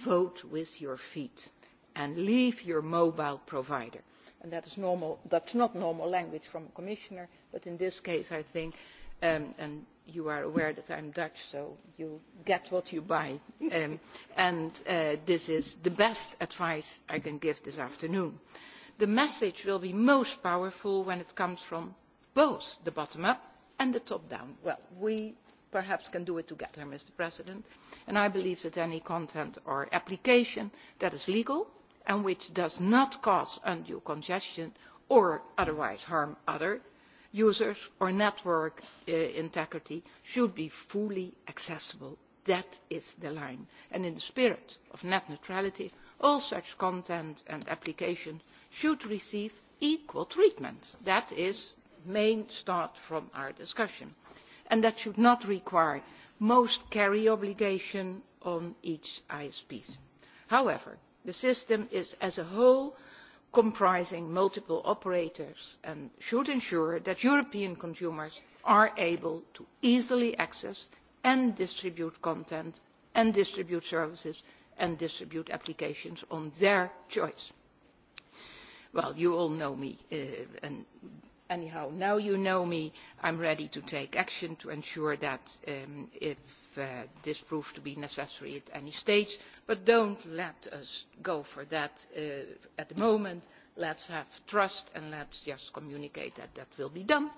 vote with your feet and leave your mobile provider. that is not normal language from a commissioner but in this case i think um, and you are aware that i am dutch so you get what you buy um, and uh, this is the best advice i can give this afternoon. the message will be most powerful when it comes from both the bottom up and the top down. well we perhaps can do it together mr president and i believe that any content or application that is legal and which does not cause undue congestion or otherwise harm other users or network eh, integrity should be fully accessible. that is the line and in the spirit of net neutrality all such content and applications should receive equal treatment. that is the main start from our discussion and that should not require most carry obligation on each isp. however the system is as a whole comprising multiple operators and should ensure that european consumers are able to easily access and distribute content and distribute services and distribute applications on their choice. well you all know me uh, and anyhow now you know me i am ready to take action to ensure that um, Uh, this proved to be necessary at any stage. But don't let us go for that uh, at the moment. Let's have trust and let's just communicate that that will be done.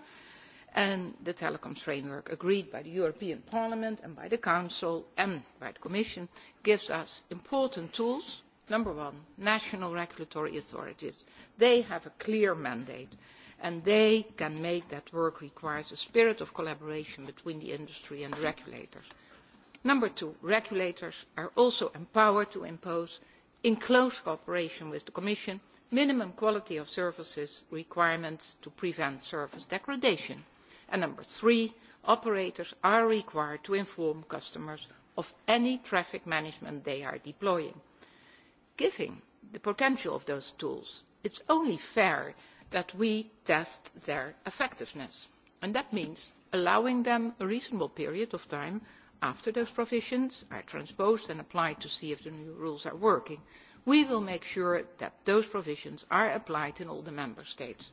And the telecoms framework agreed by the European Parliament and by the Council and by the Commission gives us important tools. Number one, national regulatory authorities. They have a clear mandate and they can make that work requires a spirit of collaboration between the industry and the regulators number two regulators are also empowered to impose in close cooperation with the commission minimum quality of services requirements to prevent service degradation and number three operators are required to inform customers of any traffic management they are deploying. given the potential of those tools it is only fair that we test their effectiveness and that means allowing them a reasonable period of time after those provisions are transposed and applied to see if the new rules are working, we will make sure that those provisions are applied in all the member states.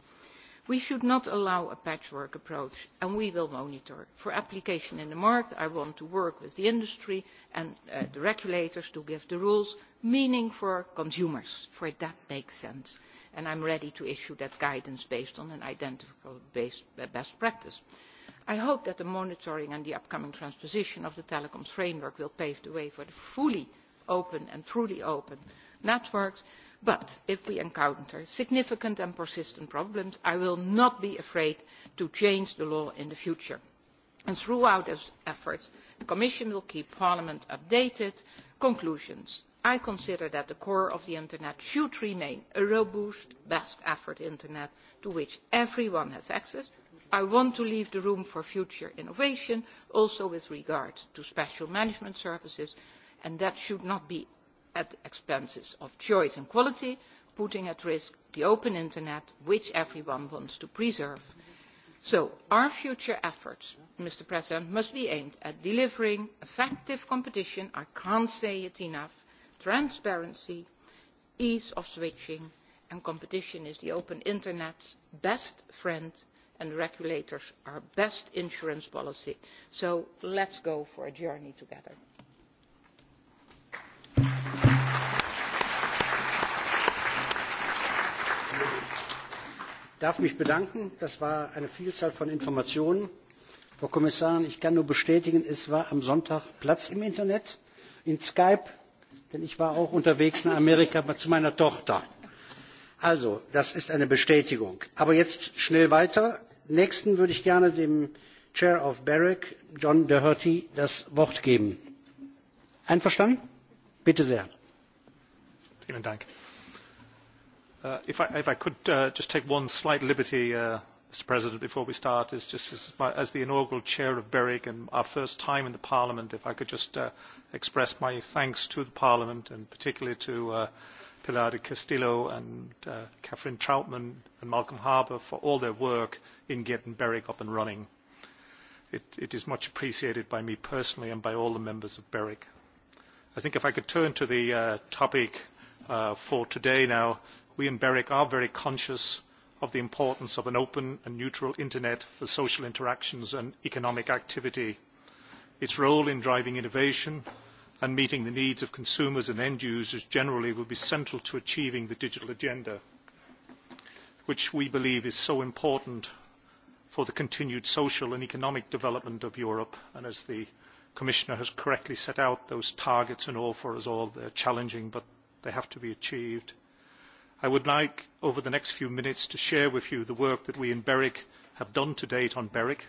We should not allow a patchwork approach, and we will monitor. For application in the market, I want to work with the industry and uh, the regulators to give the rules meaning for consumers, for that makes sense. And I'm ready to issue that guidance based on an identical based, uh, best practice i hope that the monitoring and the upcoming transposition of the telecoms framework will pave the way for fully open and truly open networks but if we encounter significant and persistent problems i will not be afraid to change the law in the future. throughout this effort the commission will keep parliament updated. conclusions i consider that the core of the internet should remain a robust best effort internet to which everyone has access i want to leave room for future innovation also with regard to special management services and that should not be at the expense of choice and quality putting at risk the open internet which everyone wants to preserve. so our future efforts must be aimed at delivering effective competition i cannot say it enough transparency ease of switching and competition is the open internet's best friend and regulators our best insurance policy so let us go for a journey together. ich darf mich bedanken das war eine vielzahl von informationen. frau kommissarin ich kann nur bestätigen es war am sonntag platz im internet in skype denn ich war auch unterwegs in amerika zu meiner tochter. also das ist eine bestätigung. aber jetzt schnell weiter nächsten würde ich gerne dem Chair of BEREC, John Doherty, das Wort geben. Einverstanden? Bitte sehr. Vielen Dank. Uh, if, I, if I could uh, just take one slight liberty, uh, Mr. President, before we start, is just as, my, as the inaugural chair of BEREC and our first time in the Parliament, if I could just uh, express my thanks to the Parliament and particularly to uh, Pilar de Castillo and uh, Catherine Troutman and Malcolm Harbour for all their work in getting Berwick up and running. It, it is much appreciated by me personally and by all the members of Berwick. I think if I could turn to the uh, topic uh, for today now, we in Berwick are very conscious of the importance of an open and neutral internet for social interactions and economic activity. Its role in driving innovation and meeting the needs of consumers and end users generally will be central to achieving the digital agenda, which we believe is so important for the continued social and economic development of Europe. And as the Commissioner has correctly set out, those targets and offer us all, they're challenging, but they have to be achieved. I would like, over the next few minutes, to share with you the work that we in BEREC have done to date on BEREC,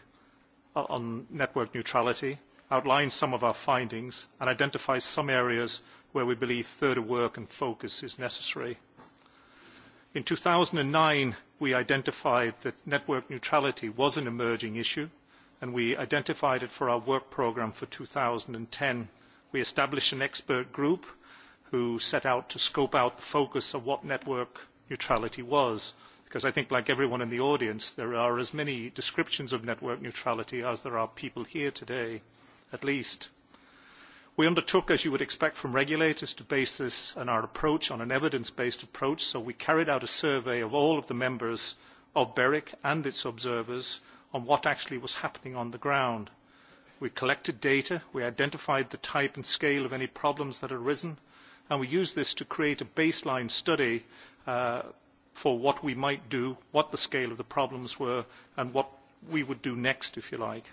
uh, on network neutrality, outlines some of our findings and identifies some areas where we believe further work and focus is necessary. In 2009, we identified that network neutrality was an emerging issue, and we identified it for our work programme for 2010. We established an expert group who set out to scope out the focus of what network neutrality was, because I think, like everyone in the audience, there are as many descriptions of network neutrality as there are people here today at least. We undertook, as you would expect from regulators, to base this and our approach on an evidence-based approach, so we carried out a survey of all of the members of BEREC and its observers on what actually was happening on the ground. We collected data, we identified the type and scale of any problems that had arisen, and we used this to create a baseline study uh, for what we might do, what the scale of the problems were, and what we would do next, if you like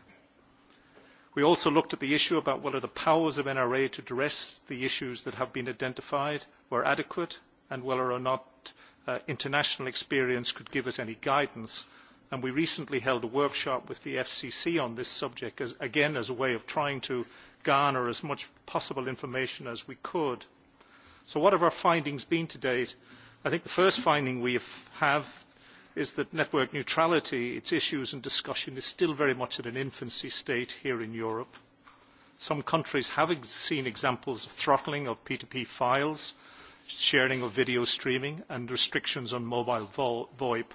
we also looked at the issue about whether the powers of nra to address the issues that have been identified were adequate and whether or not uh, international experience could give us any guidance and we recently held a workshop with the fcc on this subject again as a way of trying to garner as much possible information as we could. so what have our findings been to date? i think the first finding we have is that network neutrality, its issues and discussion is still very much at an infancy state here in Europe. Some countries have ex seen examples of throttling of P2P files, sharing of video streaming and restrictions on mobile vo VoIP.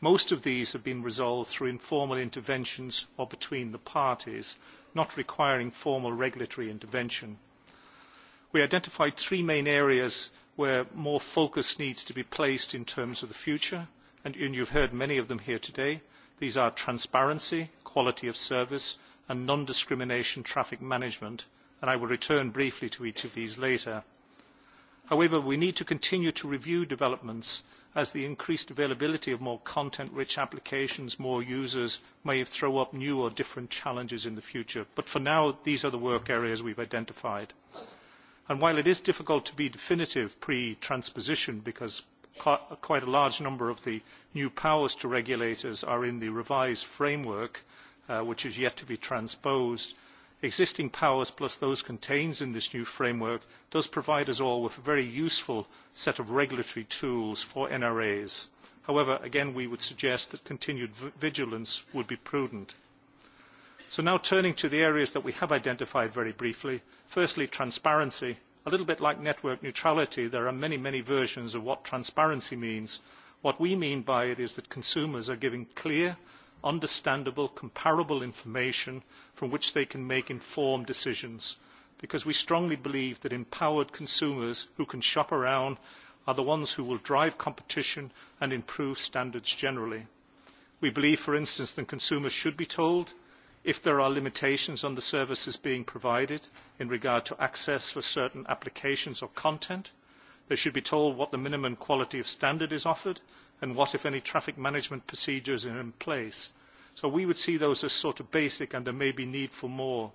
Most of these have been resolved through informal interventions or between the parties, not requiring formal regulatory intervention. We identified three main areas where more focus needs to be placed in terms of the future, and you have heard many of them here today these are transparency quality of service and non discrimination traffic management and i will return briefly to each of these later. however we need to continue to review developments as the increased availability of more content rich applications and more users may throw up new or different challenges in the future but for now these are the work areas we have identified. while it is difficult to be definitive pre transposition because quite a large number of the new powers to regulators are in the revised framework, uh, which is yet to be transposed. Existing powers plus those contained in this new framework does provide us all with a very useful set of regulatory tools for NRAs. However, again, we would suggest that continued vigilance would be prudent. So now turning to the areas that we have identified very briefly. Firstly, transparency, a little bit like network neutrality, there are many, many versions of what transparency means. What we mean by it is that consumers are giving clear, understandable, comparable information from which they can make informed decisions. Because we strongly believe that empowered consumers who can shop around are the ones who will drive competition and improve standards generally. We believe, for instance, that consumers should be told if there are limitations on the services being provided in regard to access for certain applications or content. They should be told what the minimum quality of standard is offered and what, if any, traffic management procedures are in place. So we would see those as sort of basic and there may be need for more.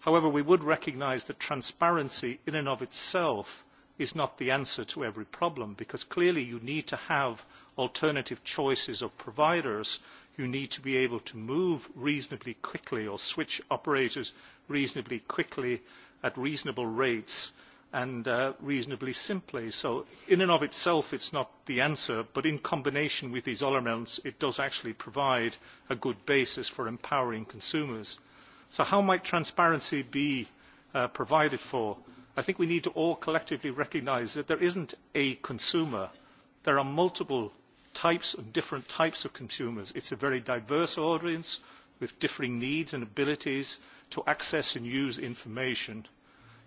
However, we would recognize that transparency in and of itself is not the answer to every problem because clearly you need to have alternative choices of providers you need to be able to move reasonably quickly or switch operators reasonably quickly at reasonable rates and uh, reasonably simply. So in and of itself, it's not the answer, but in combination with these elements, it does actually provide a good basis for empowering consumers. So how might transparency be uh, provided for? I think we need to all collectively recognize that there isn't a consumer. There are multiple types and different types of consumers. It's a very diverse audience with differing needs and abilities to access and use information.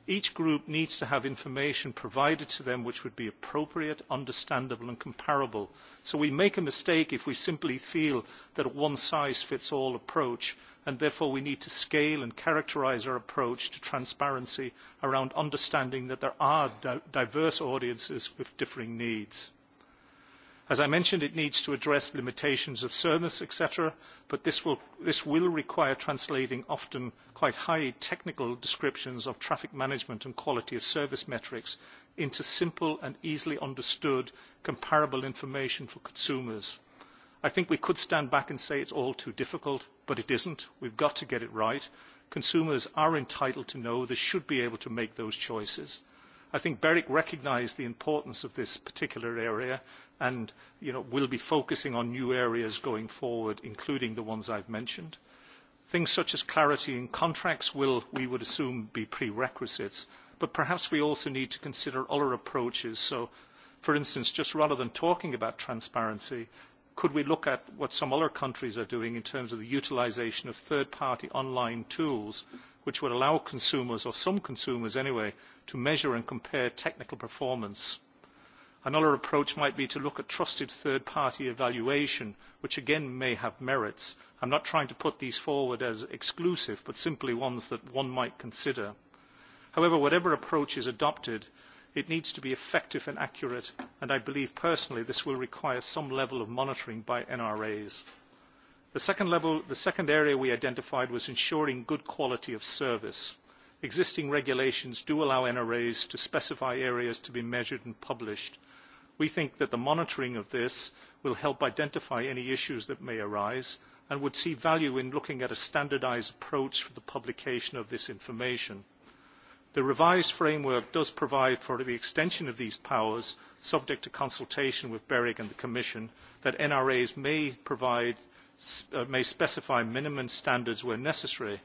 Each group needs to have information provided to them which would be appropriate, understandable and comparable. So we make a mistake if we simply feel that a one-size-fits-all approach and therefore we need to scale and characterise our approach to transparency around understanding that there are di diverse audiences with differing needs as i mentioned it needs to address limitations of service etc but this will require translating often quite high technical descriptions of traffic management and quality of service metrics into simple and easily understood comparable information for consumers. i think we could stand back and say it is all too difficult but it is not we have got to get it right. consumers are entitled to know they should be able to make those choices. I think Berwick recognized the importance of this particular area and you know, will be focusing on new areas going forward, including the ones I've mentioned. Things such as clarity in contracts will, we would assume, be prerequisites, but perhaps we also need to consider other approaches. So, for instance, just rather than talking about transparency, could we look at what some other countries are doing in terms of the utilization of third-party online tools which would allow consumers, or some consumers anyway, to measure and compare technical performance. Another approach might be to look at trusted third-party evaluation, which again may have merits. I'm not trying to put these forward as exclusive, but simply ones that one might consider. However, whatever approach is adopted, it needs to be effective and accurate, and I believe personally this will require some level of monitoring by NRAs. The second, level, the second area we identified was ensuring good quality of service. Existing regulations do allow NRAs to specify areas to be measured and published. We think that the monitoring of this will help identify any issues that may arise and would see value in looking at a standardised approach for the publication of this information. The revised framework does provide for the extension of these powers, subject to consultation with Berwick and the Commission, that NRAs may provide Uh, may specify minimum standards where necessary.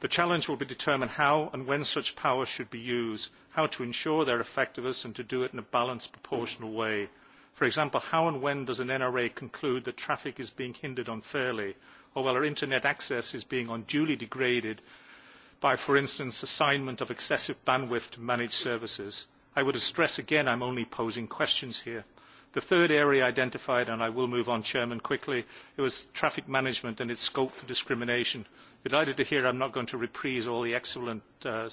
The challenge will be to determine how and when such powers should be used, how to ensure their effectiveness and to do it in a balanced, proportional way. For example, how and when does an NRA conclude that traffic is being hindered unfairly or whether internet access is being unduly degraded by, for instance, assignment of excessive bandwidth to managed services? I would stress again I'm only posing questions here the third area identified and i will move on quickly was traffic management and its scope for discrimination. i am delighted to hear i am not going to reprise all the excellent uh,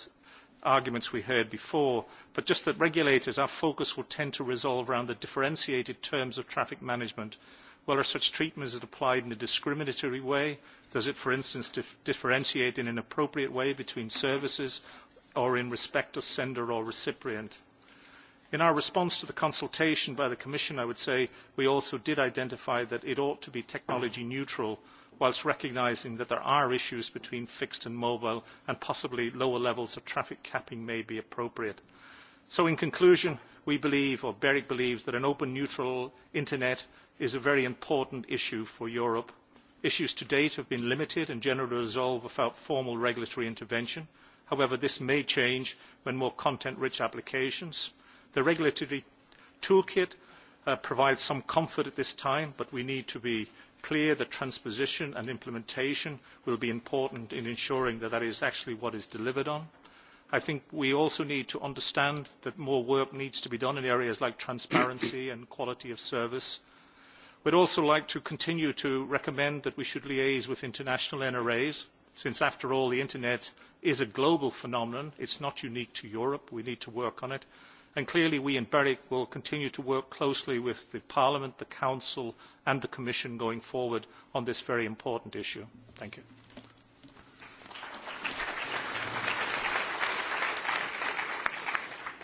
arguments we heard before but just that regulators our focus will tend to revolve around the differentiated terms of traffic management whether such treatment is applied in a discriminatory way does it for instance differentiate in an appropriate way between services or in respect of sender or recipient? In our response to the consultation by the Commission, I would say we also did identify that it ought to be technology neutral whilst recognising that there are issues between fixed and mobile and possibly lower levels of traffic capping may be appropriate. So in conclusion, we believe, or Beric believes, that an open neutral internet is a very important issue for Europe. Issues to date have been limited and generally resolved without formal regulatory intervention. However, this may change when more content-rich applications, the regulatory toolkit uh, provides some comfort at this time, but we need to be clear that transposition and implementation will be important in ensuring that that is actually what is delivered on. I think we also need to understand that more work needs to be done in areas like transparency and quality of service. We'd also like to continue to recommend that we should liaise with international NRAs, since after all, the internet is a global phenomenon. It's not unique to Europe. We need to work on it and clearly we in berec will continue to work closely with parliament the council and the commission going forward on this very important issue. thank you.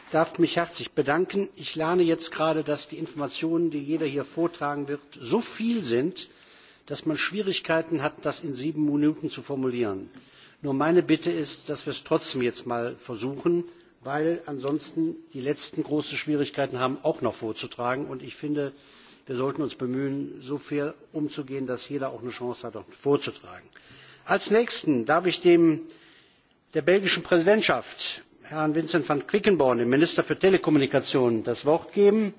Ich darf mich herzlich bedanken. Ich lerne jetzt gerade, dass die Informationen, die jeder hier vortragen wird, so viel sind, dass man Schwierigkeiten hat, das in sieben Minuten zu formulieren. Nur meine Bitte ist, dass wir es trotzdem jetzt mal versuchen weil ansonsten die letzten große Schwierigkeiten haben, auch noch vorzutragen. Und ich finde, wir sollten uns bemühen, so fair umzugehen, dass jeder auch eine Chance hat, auch vorzutragen. Als Nächsten darf ich dem der belgischen Präsidentschaft, Herrn Vincent van Quickenborn, dem Minister für Telekommunikation, das Wort geben.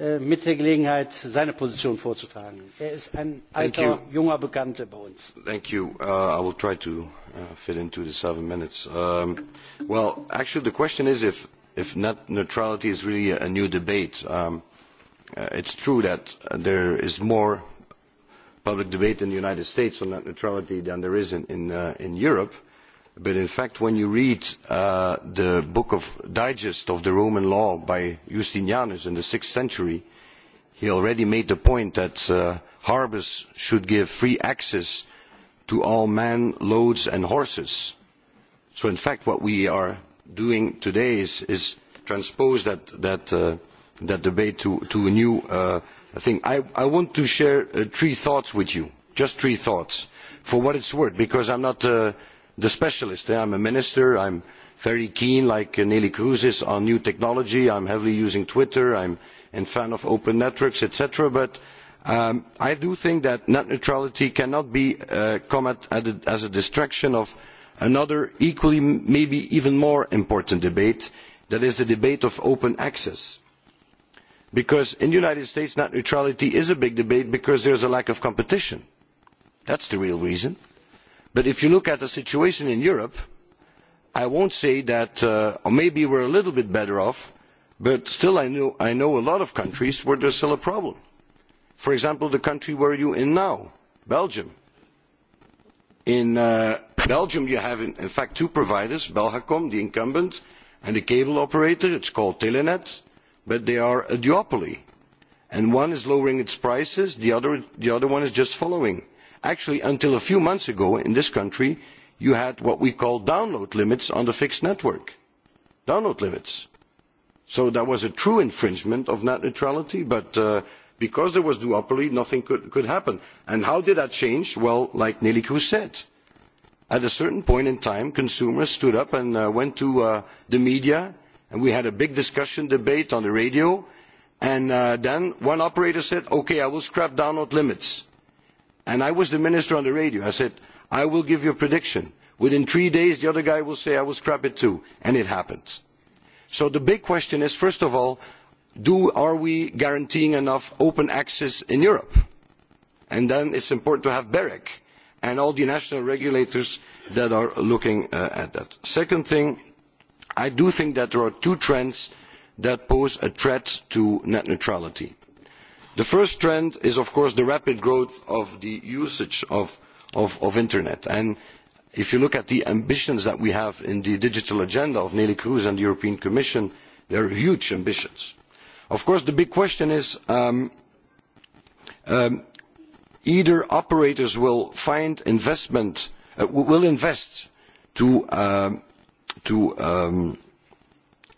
Äh, mit der Gelegenheit, seine Position vorzutragen. Er ist ein Thank alter, you. junger Bekannter bei uns. Thank you. Uh, I will try to uh, fit into the seven minutes. Um, well, actually, the question is if, if net neutrality is really a new debate. Um, uh, it's true that uh, there is more public debate in the United States on net neutrality than there is in, in, uh, in Europe but in fact when you read uh, the book of digest of the roman law by justinianus in the sixth century he already made the point that uh, harbours should give free access to all men loads and horses. so in fact what we are doing today is, is transpose that, that, uh, that debate to, to a new uh, thing. I, I want to share uh, three thoughts with you, just three thoughts, for what it's worth, because i'm not uh, the specialist. i am a minister i am very keen like uh, neelie kroes is on new technology i am heavily using twitter i am a fan of open networks etc. but um, i do think that net neutrality cannot be regarded uh, as a distraction from another equally maybe even more important debate that is the debate of open access because in the united states net neutrality is a big debate because there is a lack of competition. that is the real reason but if you look at the situation in europe i will not say that uh, maybe we are a little bit better off but still i know a lot of countries where there is still a problem for example the country where you are now belgium. in uh, belgium you have in fact two providers belgacom the incumbent and a cable operator it is called telenet but they are a duopoly and one is lowering its prices the other one is just following actually until a few months ago in this country you had what we call download limits on the fixed network download limits so that was a true infringement of net neutrality but uh, because there was duopoly nothing could, could happen and how did that change well like neliku said at a certain point in time consumers stood up and uh, went to uh, the media and we had a big discussion debate on the radio and uh, then one operator said okay i will scrap download limits and i was the minister on the radio i said i will give you a prediction within three days the other guy will say i was crappy too and it happened. so the big question is first of all do, are we guaranteeing enough open access in europe? and then it's important to have berec and all the national regulators that are looking uh, at that. second thing, i do think that there are two trends that pose a threat to net neutrality the first trend is of course the rapid growth of the usage of, of, of internet and if you look at the ambitions that we have in the digital agenda of Nelly Cruz and the European Commission, they are huge ambitions. Of course, the big question is um, um, either operators will find investment, uh, will invest to, um, to um,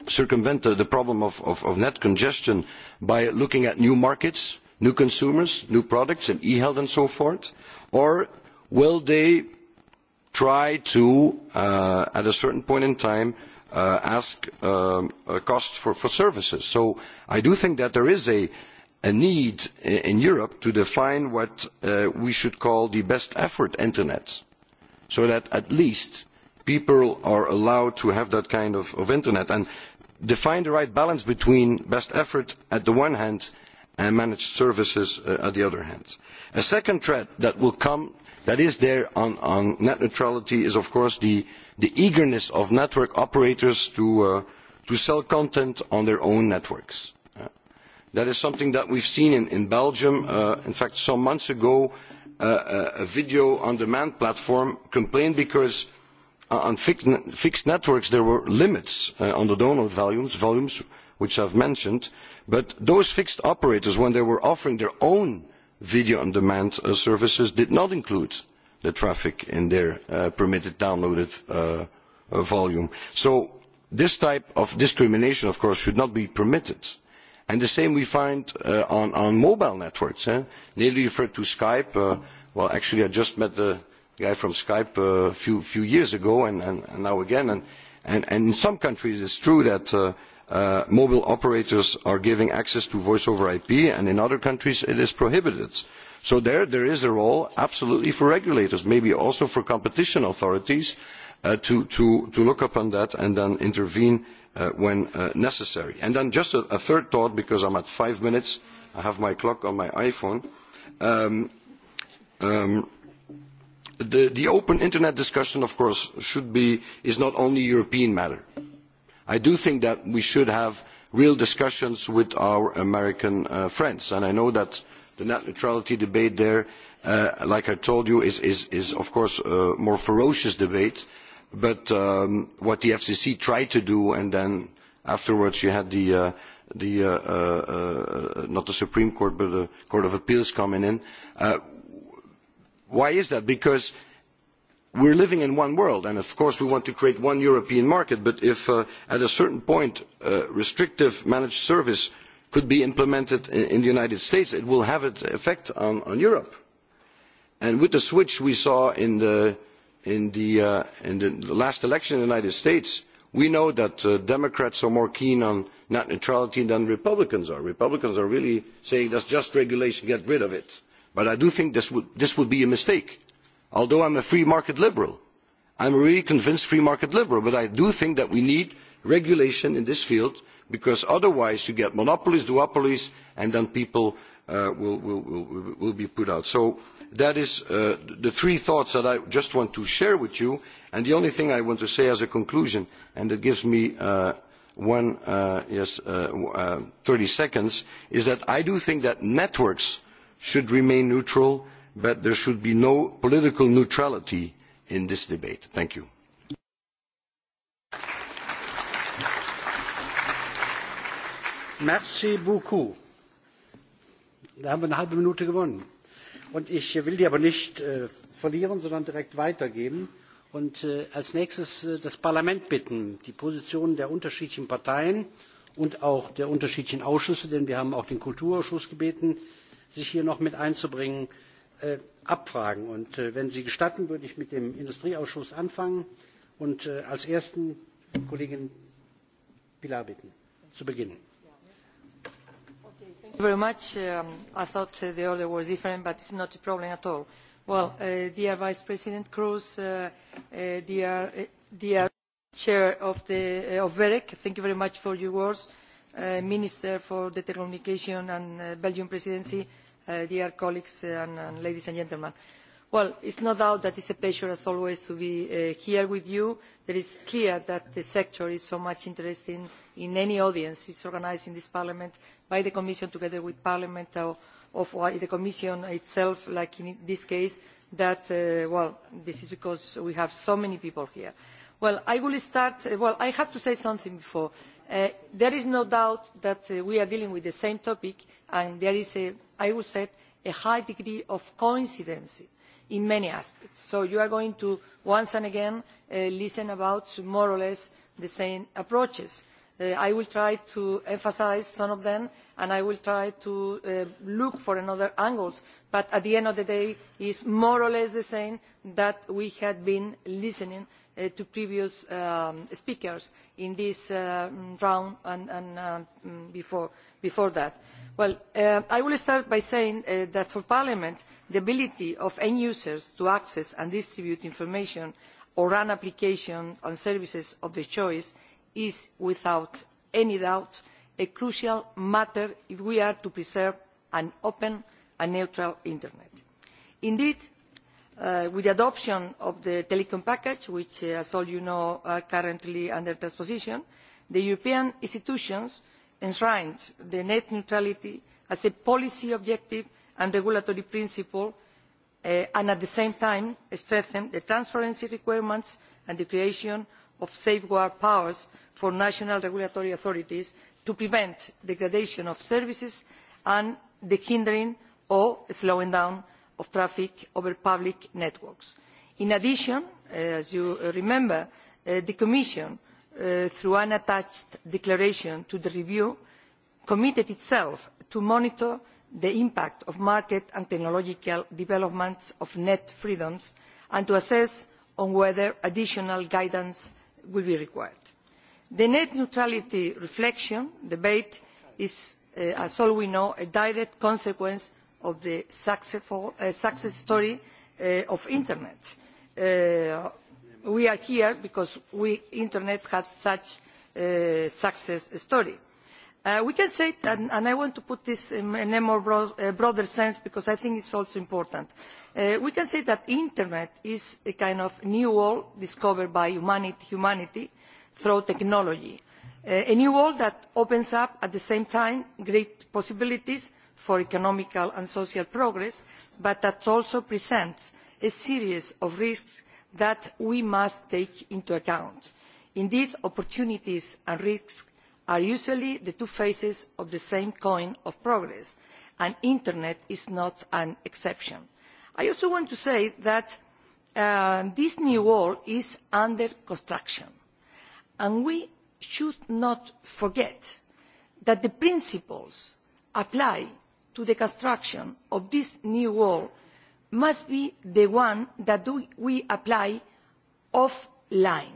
circumvent the, the problem of, of, of net congestion by looking at new markets, new consumers, new products and e-health and so forth? Or will they try to, uh, at a certain point in time, uh, ask um, a cost for, for services? So I do think that there is a, a need in Europe to define what uh, we should call the best effort internet, so that at least people are allowed to have that kind of, of internet. And to find the right balance between best effort on the one hand and managed services on uh, the other hand. a second threat that will come that is there on, on net neutrality is of course the, the eagerness of network operators to, uh, to sell content on their own networks. Uh, that is something that we've seen in, in Belgium. Uh, in fact, some months ago, uh, a, uh, a video on demand platform complained because Uh, on fixed networks there were limits uh, on the donor volumes which i have mentioned but those fixed operators when they were offering their own video on demand uh, services did not include the traffic in their permitted downloaded volume. so this type of discrimination of course should not be permitted and the same we find on mobile networks eh? namely you referred to skype well actually i just met the guy from Skype a uh, few few years ago and, and, and now again and, and and in some countries it's true that uh, uh, mobile operators are giving access to voice over IP and in other countries it is prohibited so there there is a role absolutely for regulators maybe also for competition authorities uh, to to to look upon that and then intervene uh, when uh, necessary and then just a, a third thought because I'm at 5 minutes I have my clock on my iPhone um, um, the open internet discussion of course is not only a european matter. i do think that we should have real discussions with our american uh, friends and i know that the net neutrality debate there uh, like i told you is of course a uh, more ferocious debate but um, what the fcc tried to do and then afterwards you had the the not the supreme court but the court of appeals coming in why is that? because we are living in one world and of course we want to create one european market but if uh, at a certain point a uh, restrictive managed service could be implemented in, in the united states it will have an effect on, on europe and with the switch we saw in the, in the, uh, in the last election in the united states we know that uh, Democrats are more keen on net neutrality than Republicans are. Republicans are really saying that's just regulation, get rid of it but i think this would be a mistake. although i am a free market liberal i am a really convinced free market liberal but i do think that we need regulation in this field because otherwise you get monopolies duopolies and then people uh, will be put out. so that is uh, the three thoughts that i just want to share with you and the only thing i want to say as a conclusion and it gives me uh, thirty seconds is that i do think that networks should remain neutral but there should be no political neutrality in this debate. Thank you. Merci beaucoup. Da haben wir eine halbe Minute gewonnen. Und ich will die aber nicht äh, verlieren, sondern direkt weitergeben und äh, als nächstes äh, das Parlament bitten, die Positionen der unterschiedlichen Parteien und auch der unterschiedlichen Ausschüsse, denn wir haben auch den Kulturausschuss gebeten, äh, sich hier noch mit einzubringen, äh, abfragen. Und äh, wenn Sie gestatten, würde ich mit dem Industrieausschuss anfangen und äh, als Ersten Kollegin Pilar bitten, zu beginnen. Thank you very much. Um, I thought uh, the order was different, but it's not a problem at all. Well, uh, dear Vice President Cruz, uh, uh, dear, uh, dear Chair of, the, uh, of BEREC, thank you very much for your words. Uh, Uh, minister for the telecommunications and uh, belgian presidency uh, dear colleagues ladies and gentlemen it is no doubt that it is a pleasure as always to be here with you. it is clear that the sector is very much interested in any audience that is organised in this parliament by the commission together with parliament or by the commission itself like in this case and this is because we have so many people here. Uh, i have to say something before uh, there is no doubt that uh, we are dealing with the same topic and there is i would say a high degree of coincidence in many aspects so you are going to once again listen to more or less the same approaches. i will try to emphasise some of them and i will try to look for other angles but at the end of the day it is more or less the same that we have been listening to Uh, to previous um, speakers in this uh, round and uh, mm, before that. i will start by saying that for parliament the ability of end users to access and distribute information or run applications and services of their choice is without any doubt a crucial matter if we are to preserve an open and neutral internet. indeed Uh, with the adoption of the telecoms package which uh, as all you know is currently under transposition the european institutions enshrined net neutrality as a policy objective and regulatory principle uh, and at the same time strengthened the transparency requirements and the creation of safeguard powers for national regulatory authorities to prevent degradation of services and the hindering or slowing down of traffic over public networks. in addition as you remember uh, the commission uh, through an attached declaration to the review committed itself to monitoring the impact of market and technological developments on net freedoms and to assessing whether additional guidance will be required. the net neutrality reflection debate is uh, as all know a direct consequence of the uh, success story uh, of the internet. Uh, we are here because the internet has such a success story. we can say and i want to put this in a more broader sense because i think it is also important we can say that the internet is a kind of new world discovered by humanity through technology a new world that opens up at the same time great possibilities for economic and social progress but that also presents a series of risks that we must take into account. indeed opportunities and risks are usually the two faces of the same coin of progress and the internet is not an exception. i also want to say that uh, this new world is under construction and we should not forget that the principles apply to the construction of this new wall must be the one that we apply offline.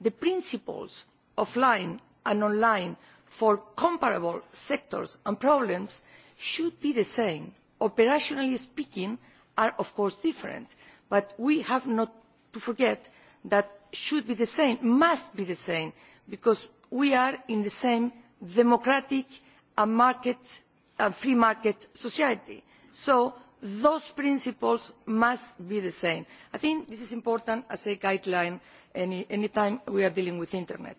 the principles offline and online for comparable sectors and problems should be the same. operationally speaking are of course different but we have not to forget that should be the same must be the same because we are in the same democratic and market and free market society. so those principles must be the same. i think this is important as a guideline any time we are dealing with the internet.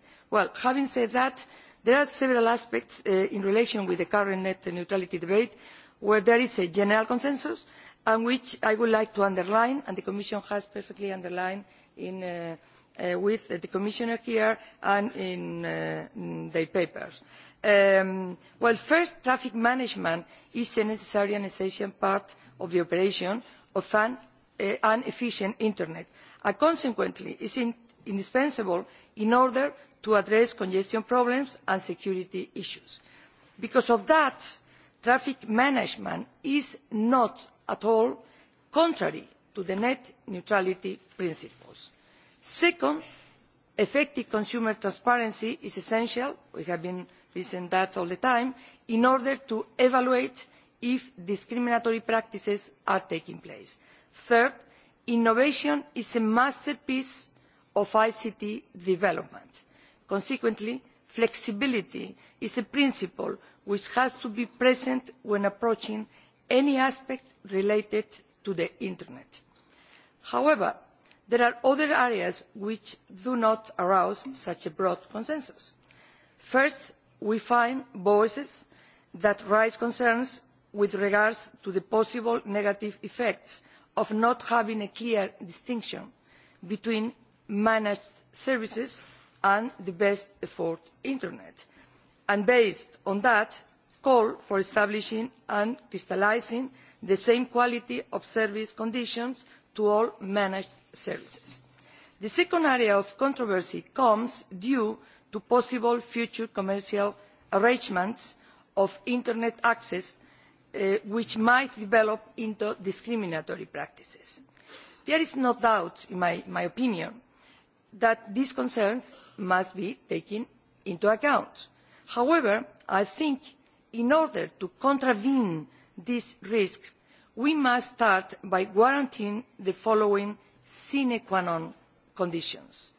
having said that there are several aspects uh, in relation to the current net neutrality debate where there is a general consensus and which i would like to underline and the commission has perfectly underlined uh, Uh, with uh, the commissioner here and in uh, their papers. Um, first traffic management is a necessary and essential part of the operation of an efficient internet and consequently is indispensable in order to address congestion problems and security issues. because of that traffic management is not at all contrary to the net neutrality principle second effective consumer transparency is essential we have been saying that all the time in order to evaluate if discriminatory practices are taking place. third innovation is a masterpiece of ict development. consequently flexibility is a principle which has to be present when approaching any aspect related to the internet. however there are other areas which do not arouse such a broad consensus. first we find voices that raise concerns with regard to the possible negative effects of not having a clear distinction between managed services and the best effort internet and based on that call for establishing and crystallising the same quality of service conditions to all managed services. the second area of controversy comes due to possible future commercial arrangements of internet access uh, which might develop into discriminatory practices. there is no doubt in my opinion that these concerns must be taken into account. however i think in order to contravene these risks we must start by guaranteeing the following sine qua non conditions.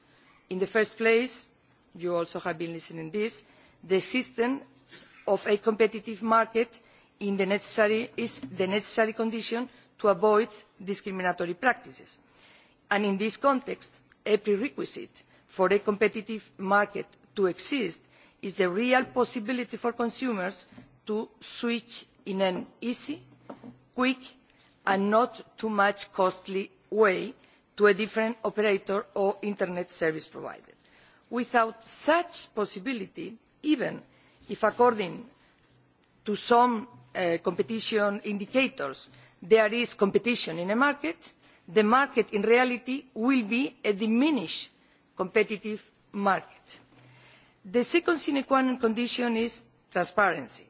in the first place you also have been listening to this the existence of a competitive market is the necessary condition to avoid discriminatory practices and in this context a prerequisite for a competitive market to exist is the real possibility for consumers to switch in an easy quick and not too much costly way to a different operator or internet service provider. without such a possibility even if according to some uh, competition indicators there is competition in a market the market in reality will be a diminished competitive market. the second sine qua non condition is transparency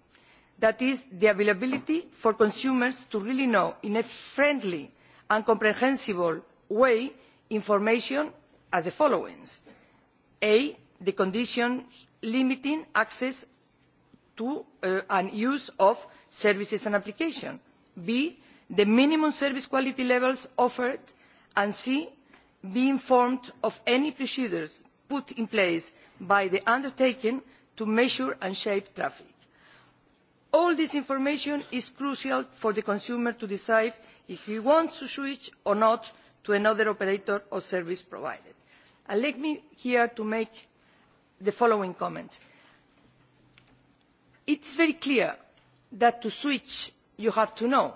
that is the availability for consumers to really know in a friendly and comprehensible way information as follows a the conditions limiting access to uh, and use of services and applications b the minimum service quality levels offered and c be informed of any procedures put in place by the undertaking to measure and shape traffic. all this information is crucial for the consumer to decide if he wants to switch or to another operator or service provider. let me here make the following comments it is very clear that to switch you have to know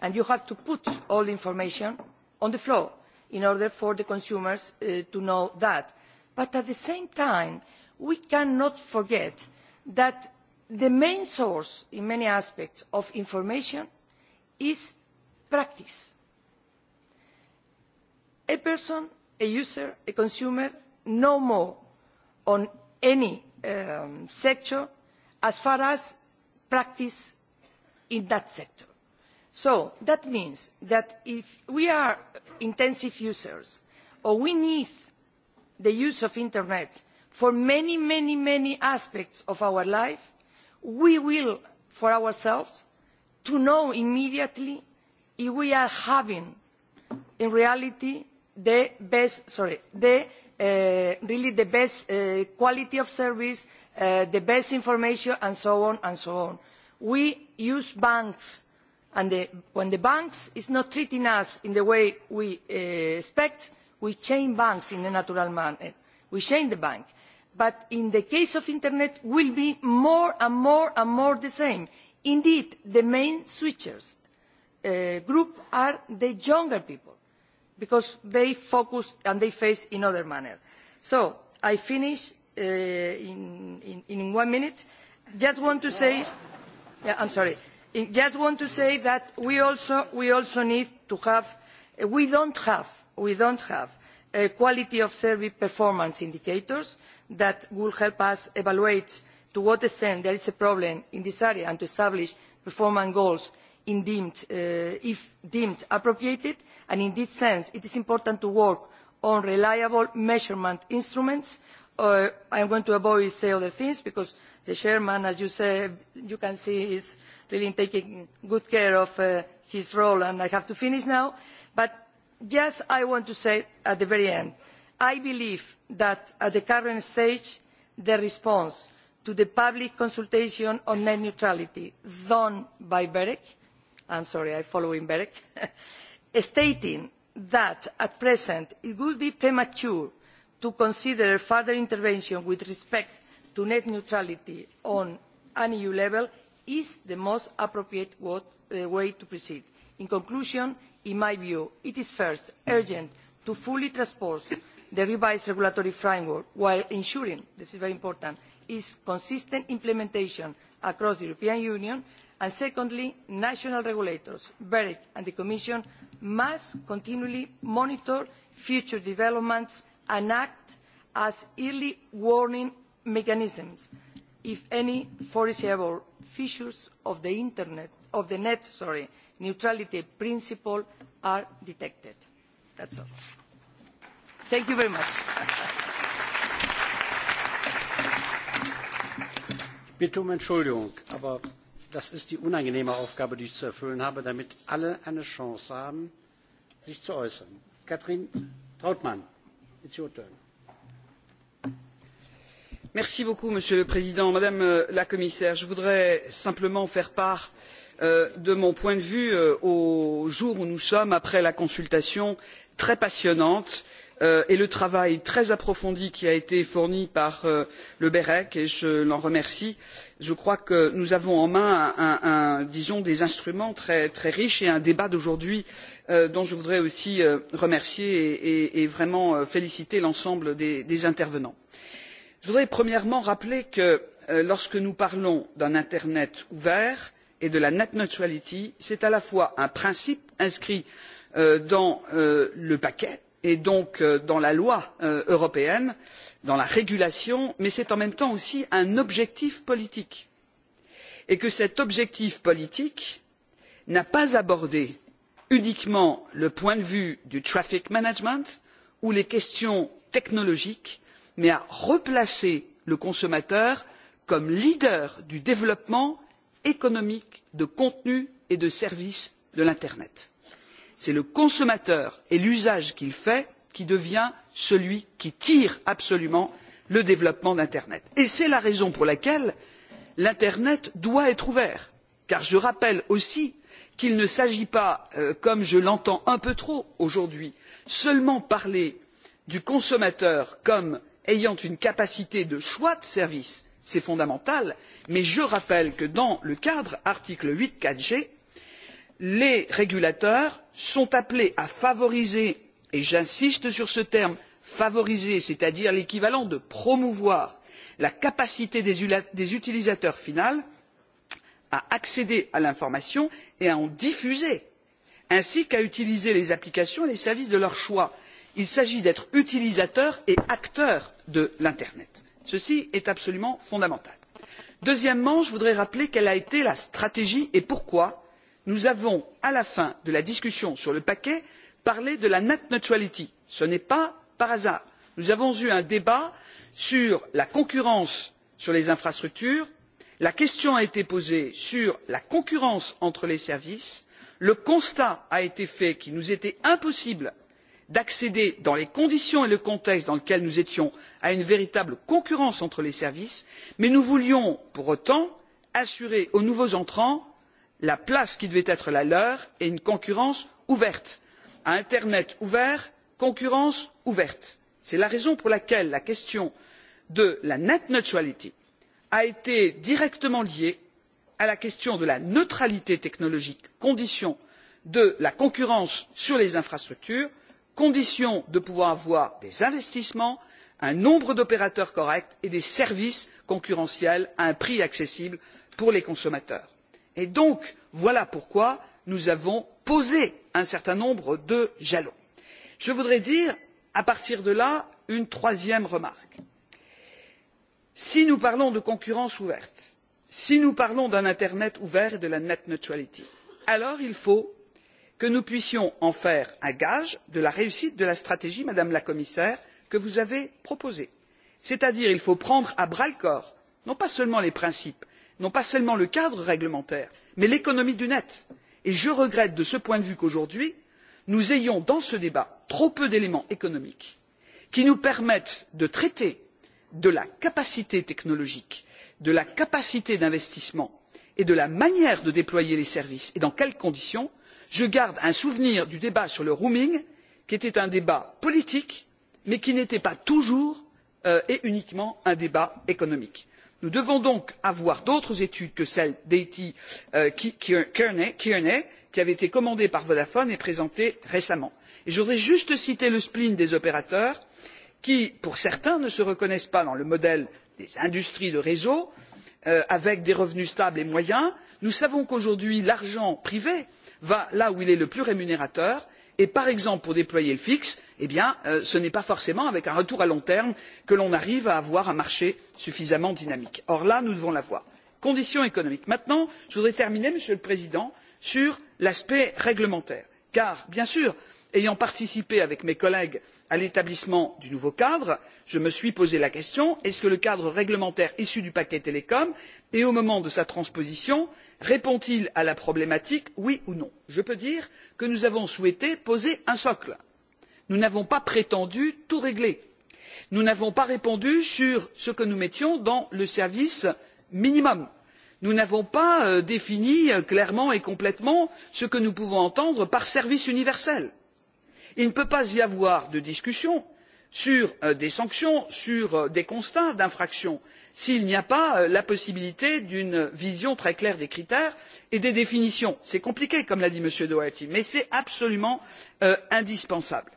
and you have to put all the information on the floor in order for the consumers uh, to know that but at the same time we cannot forget that the main source in many aspects of information is practice a person a user a consumer no more on any um, sector as far as practice in that sector. so that means that if we are intensive users or we need the use of the internet for many many many aspects of our life we will for ourselves to know immediately if we are having in reality Uh, really the best uh, quality of service uh, the best information and so on and so on. we use banks and when the banks are not treating us in the way we expect we change banks in a natural manner we change the bank. but in the case of the internet it will be more and more and more the same. indeed the main switchers group are the younger people because they focus and they face in other manner. so i finish uh, in one minute. just want to say i'm sorry just want to say that we also we also need to have uh, we don't have we don't have a quality of service performance indicators that will help us evaluate to what extent there is a problem in this area and to establish performance goals Uh, if deemed appropriate and in this sense it is important to work on reliable measurement instruments. Uh, i am going to avoid saying other things because the chairman as you can see is really taking good care of uh, his role and i have to finish now but i want to say at the very end that i believe that at the current stage the response to the public consultation on net neutrality done by berec i am sorry i follow him better stating that at present it would be premature to consider further intervention with respect to net neutrality on an eu level is the most appropriate uh, way to proceed. in conclusion in my view it is first urgent to fully transpose the revised regulatory framework while ensuring this is very important its consistent implementation across the european union and secondly national regulators berec and the commission must continually monitor future developments and act as early warning mechanisms if any foreseeable features of the net neutrality principle are detected. that is all. thank you very much das ist die unangenehme Aufgabe, die ich zu erfüllen habe, damit alle eine Chance haben, sich zu äußern. Katrin Trautmann, it's your turn. Merci beaucoup, Monsieur le Président. Madame euh, la Commissaire, je voudrais simplement faire part euh, de mon point de vue euh, au jour où nous sommes après la consultation très passionnante euh, Euh, et le travail très approfondi qui a été fourni par euh, le berec et je l'en remercie je crois que nous avons en main disons des instruments très riches et un débat d'aujourd'hui euh, dont je voudrais aussi remercier et vraiment féliciter l'ensemble des intervenants. je voudrais premièrement rappeler que lorsque nous parlons d'un internet ouvert et de la net neutrality c'est à la fois un principe inscrit dans le paquet et donc euh, dans la loi euh, européenne dans la régulation mais c'est en même temps aussi un objectif politique et que cet objectif politique n'a pas abordé uniquement le point de vue du traffic management ou les questions technologiques mais a replacé le consommateur comme leader du développement économique de contenus et de services de l'internet c'est le consommateur et l'usage qu'il en fait qui devient celui qui tire absolument le développement d'internet. et c'est la raison pour laquelle l'internet doit être ouvert car je rappelle aussi qu'il ne s'agit pas euh, comme je l'entends un peu trop aujourd'hui seulement de parler du consommateur comme ayant une capacité de choix de service c'est fondamental mais je rappelle que dans le cadre article huit paragraphe quatre g les régulateurs sont appelés à favoriser et j'insiste sur ce terme favoriser c'est à dire l'équivalent de promouvoir la capacité des utilisateurs finaux à accéder à l'information et à en diffuser ainsi qu'à utiliser les applications et les services de leur choix. il s'agit d'être utilisateurs et acteurs de l'internet. ceci est absolument fondamental. deuxièmement je voudrais rappeler quelle a été la stratégie et pourquoi nous avons à la fin de la discussion sur le paquet parlé de la net neutrality ce n'est pas par hasard. nous avons eu un débat sur la concurrence sur les infrastructures la question a été posée sur la concurrence entre les services le constat a été fait qu'il nous était impossible d'accéder dans les conditions et le contexte dans lesquels nous étions à une véritable concurrence entre les services mais nous voulions pour autant assurer aux nouveaux entrants la place qui devait être la leur et une concurrence ouverte à internet ouvert concurrence ouverte. c'est la raison pour laquelle la question de la net neutrality a été directement liée à la question de la neutralité technologique condition de la concurrence sur les infrastructures condition de pouvoir avoir des investissements un nombre d'opérateurs correct et des services concurrentiels à un prix accessible pour les consommateurs et donc voilà pourquoi nous avons posé un certain nombre de jalons. je voudrais dire à partir de là une troisième remarque si nous parlons de concurrence ouverte si nous parlons d'un internet ouvert et de la net neutrality alors il faut que nous puissions en faire un gage de la réussite de la stratégie madame la commissaire que vous avez proposée c'est à dire il faut prendre à bras le corps non pas seulement les principes non pas seulement le cadre réglementaire mais l'économie du net et je regrette de ce point de vue qu'aujourd'hui nous ayons dans ce débat trop peu d'éléments économiques qui nous permettent de traiter de la capacité technologique de la capacité d'investissement et de la manière de déployer les services et dans quelles conditions. je garde un souvenir du débat sur le roaming qui était un débat politique mais qui n'était pas toujours euh, et uniquement un débat économique nous devons donc avoir d'autres études que celle d'eighty euh, kearney qui avait été commandée par vodafone et présentée récemment. je voudrais juste citer le spleen des opérateurs qui pour certains ne se reconnaissent pas dans le modèle des industries de réseaux euh, avec des revenus stables et moyens. nous savons qu'aujourd'hui l'argent privé va là où il est le plus rémunérateur et par exemple pour déployer le fixe eh euh, ce n'est pas forcément avec un retour à long terme que l'on arrive à avoir un marché suffisamment dynamique. or là nous devons l'avoir. conditions économiques. maintenant je voudrais terminer monsieur le président sur l'aspect réglementaire car bien sûr ayant participé avec mes collègues à l'établissement du nouveau cadre je me suis posé la question est ce que le cadre réglementaire issu du paquet télécom et au moment de sa transposition répond il à la problématique oui ou non? je peux dire que nous avons souhaité poser un socle. nous n'avons pas prétendu tout régler. nous n'avons pas répondu sur ce que nous mettions dans le service minimum. nous n'avons pas euh, défini euh, clairement et complètement ce que nous pouvons entendre par service universel. il ne peut pas y avoir de discussion sur euh, des sanctions sur des constats d'infraction s'il n'y a pas euh, la possibilité d'une vision très claire des critères et des définitions. c'est compliqué comme l'a dit m. doherty mais c'est absolument euh, indispensable.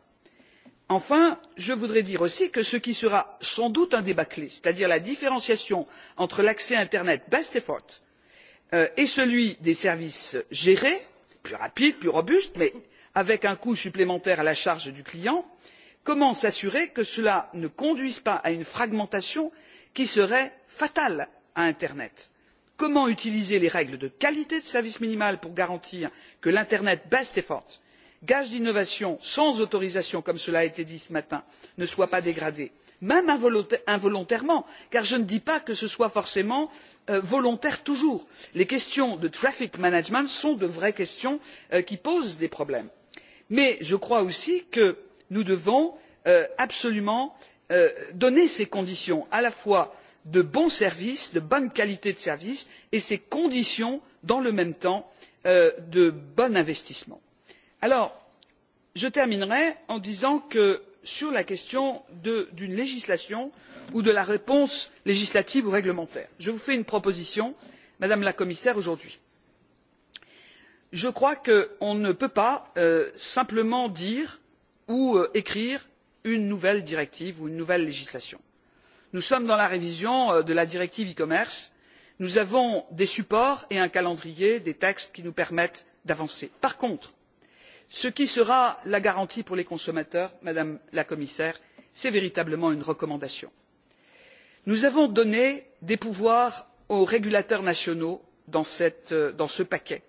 enfin je voudrais dire aussi que ce qui sera sans doute un débat clé c'est à dire la différenciation entre l'accès à internet best effort euh, et celui des services gérés plus rapides plus robustes mais avec un coût supplémentaire à la charge du client comment s'assurer que cela ne conduise pas à une fragmentation qui serait fatal à internet. comment utiliser les règles de qualité de service minimal pour garantir que l'internet best effort gage d'innovation sans autorisation comme cela a été dit ce matin ne soit pas dégradé même involontairement car je ne dis pas que ce soit forcément euh, volontaire toujours. les questions de traffic management sont de vraies questions euh, qui posent des problèmes. mais je crois aussi que nous devons euh, absolument Euh, donner ces conditions à la fois de bons services de bonne qualité de service et ces conditions dans le même temps euh, de bon investissement. je terminerai en disant que sur la question d'une législation ou de la réponse législative ou réglementaire je vous fais une proposition madame la commissaire aujourd'hui. je crois qu'on ne peut pas euh, simplement dire ou écrire une nouvelle directive ou une nouvelle législation. nous sommes dans la révision euh, de la directive e commerce nous avons des supports et un calendrier des textes qui nous permettent d'avancer. par contre ce qui sera la garantie pour les consommateurs madame la commissaire c'est véritablement une recommandation. nous avons donné des pouvoirs aux régulateurs nationaux dans, cette, euh, dans ce paquet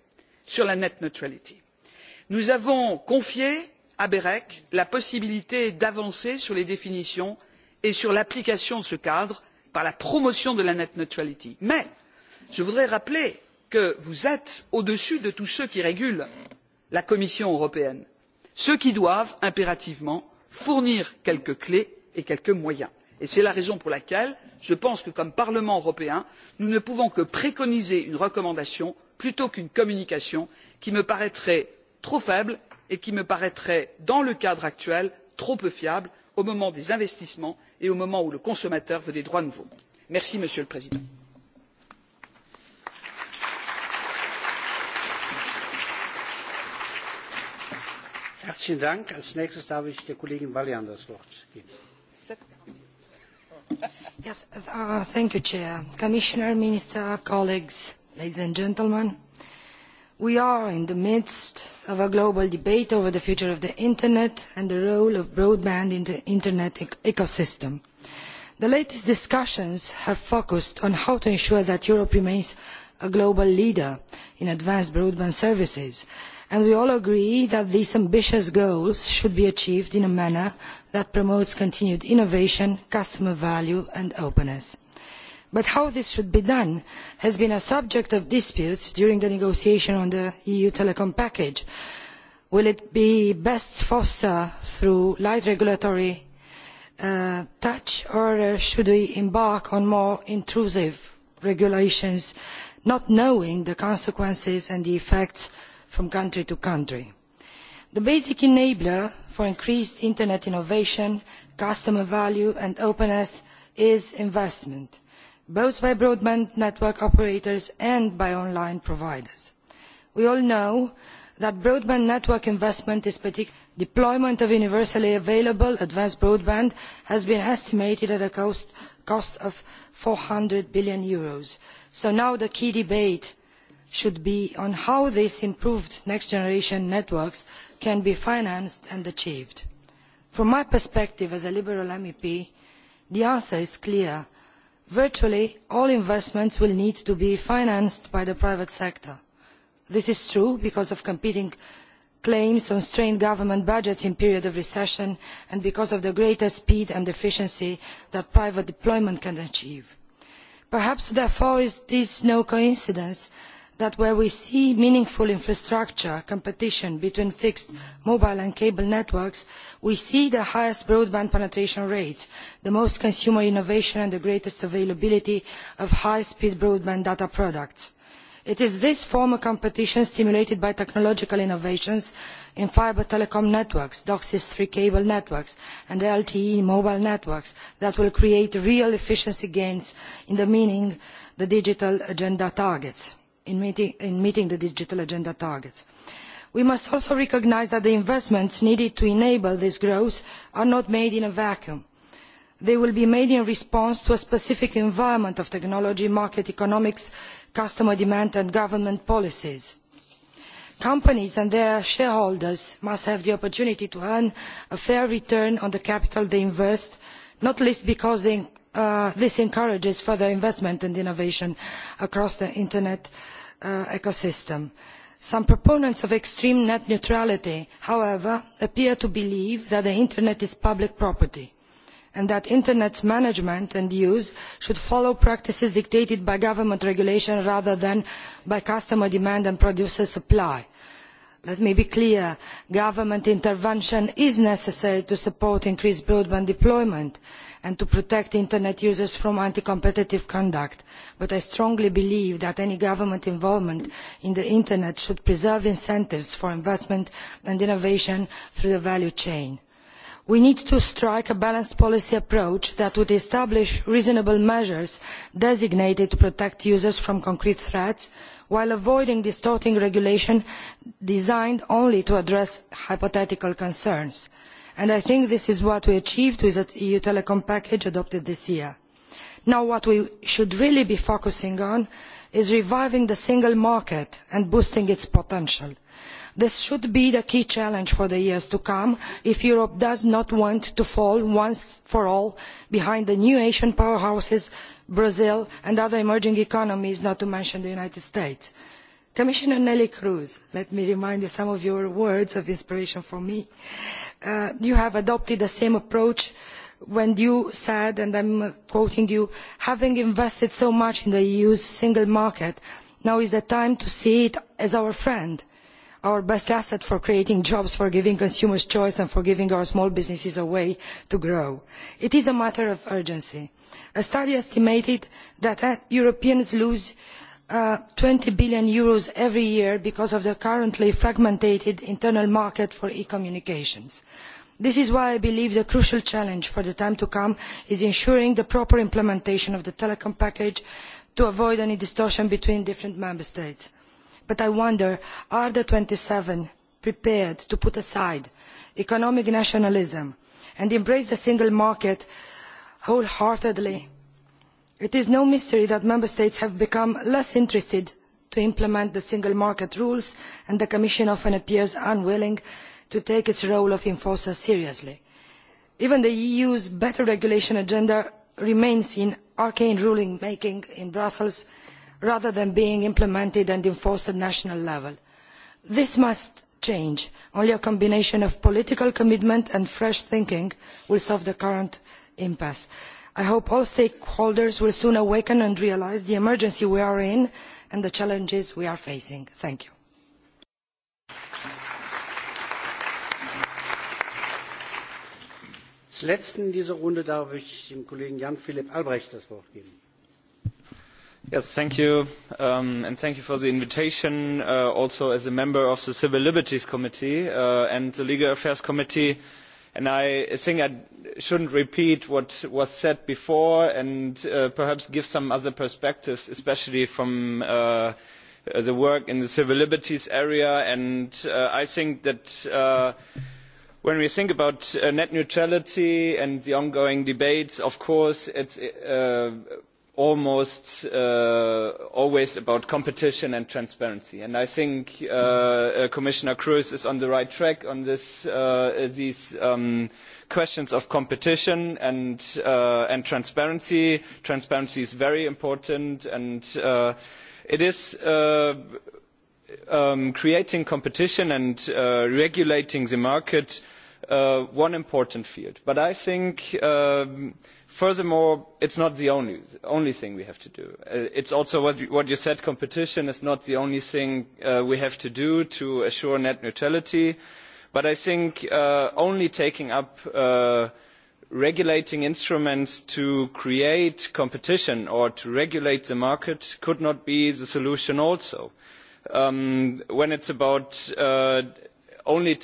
sur la net neutrality. nous avons confié à berec la possibilité d'avancer sur les définitions et sur l'application de ce cadre par la promotion de la net neutrality. mais je voudrais rappeler que vous êtes au dessus de tous ceux qui régulent la commission européenne ceux qui doivent impérativement fournir quelques clés et quelques moyens. c'est la raison pour laquelle je pense que comme parlement européen nous ne pouvons que préconiser une recommandation plutôt qu'une communication qui me paraîtrait trop faible et qui me paraîtrait dans le cadre actuel trop peu fiable au moment des investissements et au moment où le consommateur veut des droits nouveaux. merci monsieur le président we are in the midst of a global debate over the future of the internet and the role of broadband in the internet e-, ecosystem. the latest discussions have focused on how to ensure that europe remains a global leader in advanced broadband services and we all agree that these ambitious goals should be achieved in a manner that promotes continued innovation customer value and openness but how this should be done has been a subject of dispute during the negotiations on the eu telecoms package. will it be best fostered through light regulatory uh, touch or uh, should we embark on more intrusive regulations not knowing the consequences and the effects from country to country? the basic enabler for increased internet innovation customer value and openness is investment both by broadband network operators and by online providers. we all know that broadband network investment is particularly low. deployment of universally available advanced broadband has been estimated at a cost of eur four hundred billion. so now the key debate should be on how these improved next generation networks can be financed and achieved. from my perspective as a liberal mep the answer is clear virtually all investments will need to be financed by the private sector. this is true because of competing claims on strained government budgets in a period of recession and because of the greater speed and efficiency that private deployment can achieve. perhaps therefore it is no coincidence that that where we see meaningful infrastructure competition between fixed mobile and cable networks we see the highest broadband penetration rates the most consumer innovation and the greatest availability of high speed broadband data products. it is this form of competition stimulated by technological innovations in fibre telecom networks doxis three cable networks and lte mobile networks that will create real efficiency gains in meeting the digital agenda targets in meeting the digital agenda targets. we must also recognise that the investments needed to enable this growth are not made in a vacuum. they will be made in response to a specific environment of technology market economics customer demand and government policies. companies and their shareholders must have the opportunity to earn a fair return on the capital they invest not least because they, uh, this encourages further investment and innovation across the internet uh, Uh, ecosystem. some proponents of extreme net neutrality however appear to believe that the internet is public property and that internet management and use should follow practices dictated by government regulation rather than by customer demand and producer supply. let me be clear government intervention is necessary to support increased broadband deployment and to protect internet users from anti competitive conduct but i strongly believe that any government involvement in the internet should preserve incentives for investment and innovation through the value chain. we need to strike a balanced policy approach that would establish reasonable measures designated to protect users from concrete threats while avoiding distorting regulation designed only to address hypothetical concerns i think this is what we achieved with the eu telecoms package adopted this year. now what we should really be focusing on is reviving the single market and boosting its potential. this should be the key challenge for the years to come if europe does not want to fall once for all behind the new asian powerhouses brazil and other emerging economies not to mention the united states commissioner neelie kroes let me remind you of some of your words of inspiration for me uh, you have adopted the same approach when you said and i'm quoting you having invested so much in the eu's single market now is the time to see it as our friend our best asset for creating jobs for giving consumers choice and for giving our small businesses a way to grow. it is a matter of urgency. a study estimated that uh, europeans lose eur. Uh, twenty billion every year because of the currently fragmented internal market for e communications. this is why i believe the crucial challenge for the time to come is ensuring the proper implementation of the telecom package to avoid any distortion between different member states. but i wonder are the twenty seven prepared to put aside economic nationalism and embrace the single market wholeheartedly it is no mystery that member states have become less interested in implementing the single market rules and the commission often appears unwilling to take its role of enforcer seriously. even the eu's better regulation agenda remains in arcane ruling making in brussels rather than being implemented and enforced at national level. this must change. only a combination of political commitment and fresh thinking will solve the current impasse i hope all stakeholders will soon awaken and realise the emergency we are in and the challenges we are facing. Thank you. Als letzten in dieser Runde darf ich dem Kollegen Jan Philipp Albrecht das Wort geben. Yes, thank you, um, and thank you for the invitation. Uh, also, as a member of the Civil Liberties Committee uh, and the Legal Affairs Committee, i think i should not repeat what was said before and uh, perhaps give some other perspectives especially from uh, the work in the civil liberties area and uh, i think that when we think about net neutrality and the ongoing debates of course it is almost uh, always about competition and transparency. And I think uh, uh, Commissioner Cruz is on the right track on this, uh, these um, questions of competition and, uh, and transparency. Transparency is very important and uh, it is uh, um, creating competition and uh, regulating the market uh, one important field. But I think um, furthermore it is not the only thing we have to do. Uh, it is also what you said competition is not the only thing uh, we have to do to assure net neutrality but i think uh, only taking up regulating instruments to create competition or to regulate the market could not be the solution also. Um, when it is about only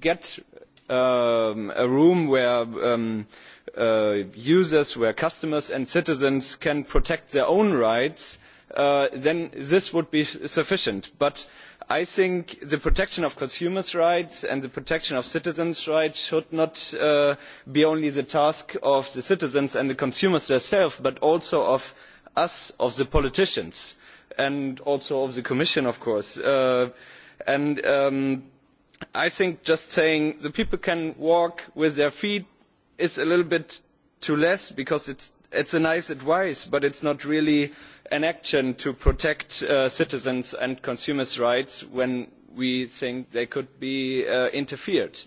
getting um, a room where um, Uh, users, where customers and citizens can protect their own rights, uh, then this would be sufficient. But I think the protection of consumers' rights and the protection of citizens' rights should not uh, be only the task of the citizens and the consumers themselves, but also of us, of the politicians, and also of the Commission, of course. Uh, and um, I think just saying the people can walk with their feet, is a little bit too less because it's it's a nice advice, but it's not really an action to protect uh, citizens' and consumers' rights when we think they could be uh, interfered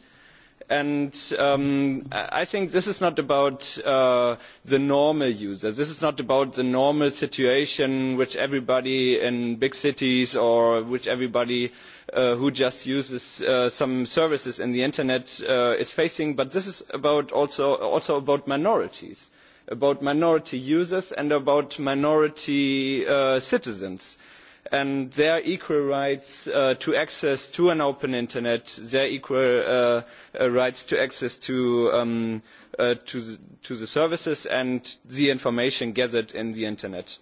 and um, I think this is not about uh, the normal user. This is not about the normal situation which everybody in big cities or which everybody uh, who just uses uh, some services in the internet uh, is facing, but this is about also, also about minorities, about minority users and about minority uh, citizens and their equal rights uh, to access to an open internet, their equal uh, uh, rights to access to, um, uh, to, th to the services and the information gathered in the internet.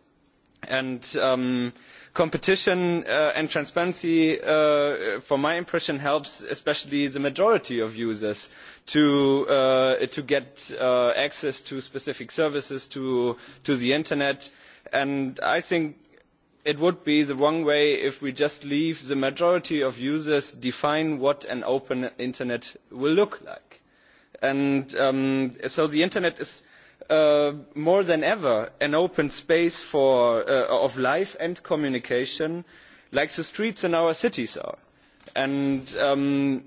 And um, competition uh, and transparency, uh, from my impression, helps especially the majority of users to, uh, to get uh, access to specific services, to, to the internet. And I think it would be the wrong way if we just leave the majority of users to define what an open internet will look like. And um, so the internet is uh, more than ever an open space for, uh, of life and communication like the streets in our cities are. And um,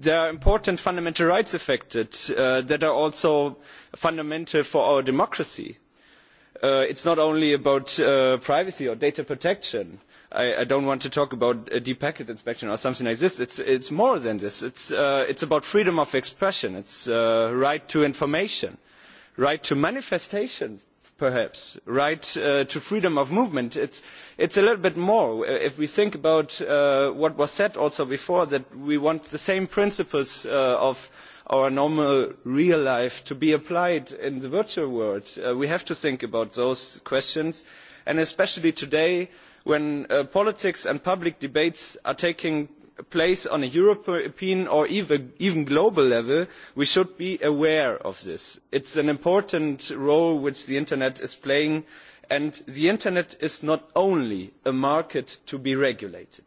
there are important fundamental rights affected uh, that are also fundamental for our democracy. Uh, it is not only about uh, privacy or data protection. I, I don't want to talk about a deep packet inspection or something like this. It's, it's more than this. It's, uh, it's about freedom of expression. It's uh, right to information, right to manifestation, perhaps, right uh, to freedom of movement. It's, it's a little bit more. If we think about uh, what was said also before, that we want the same principles uh, of uh, our normal real life to be applied in the virtual world. Uh, we have to think about those questions and especially today when uh, politics and public debates are taking place on a european or even global level we should be aware of this. it is an important role which the internet is playing and the internet is not only a market to be regulated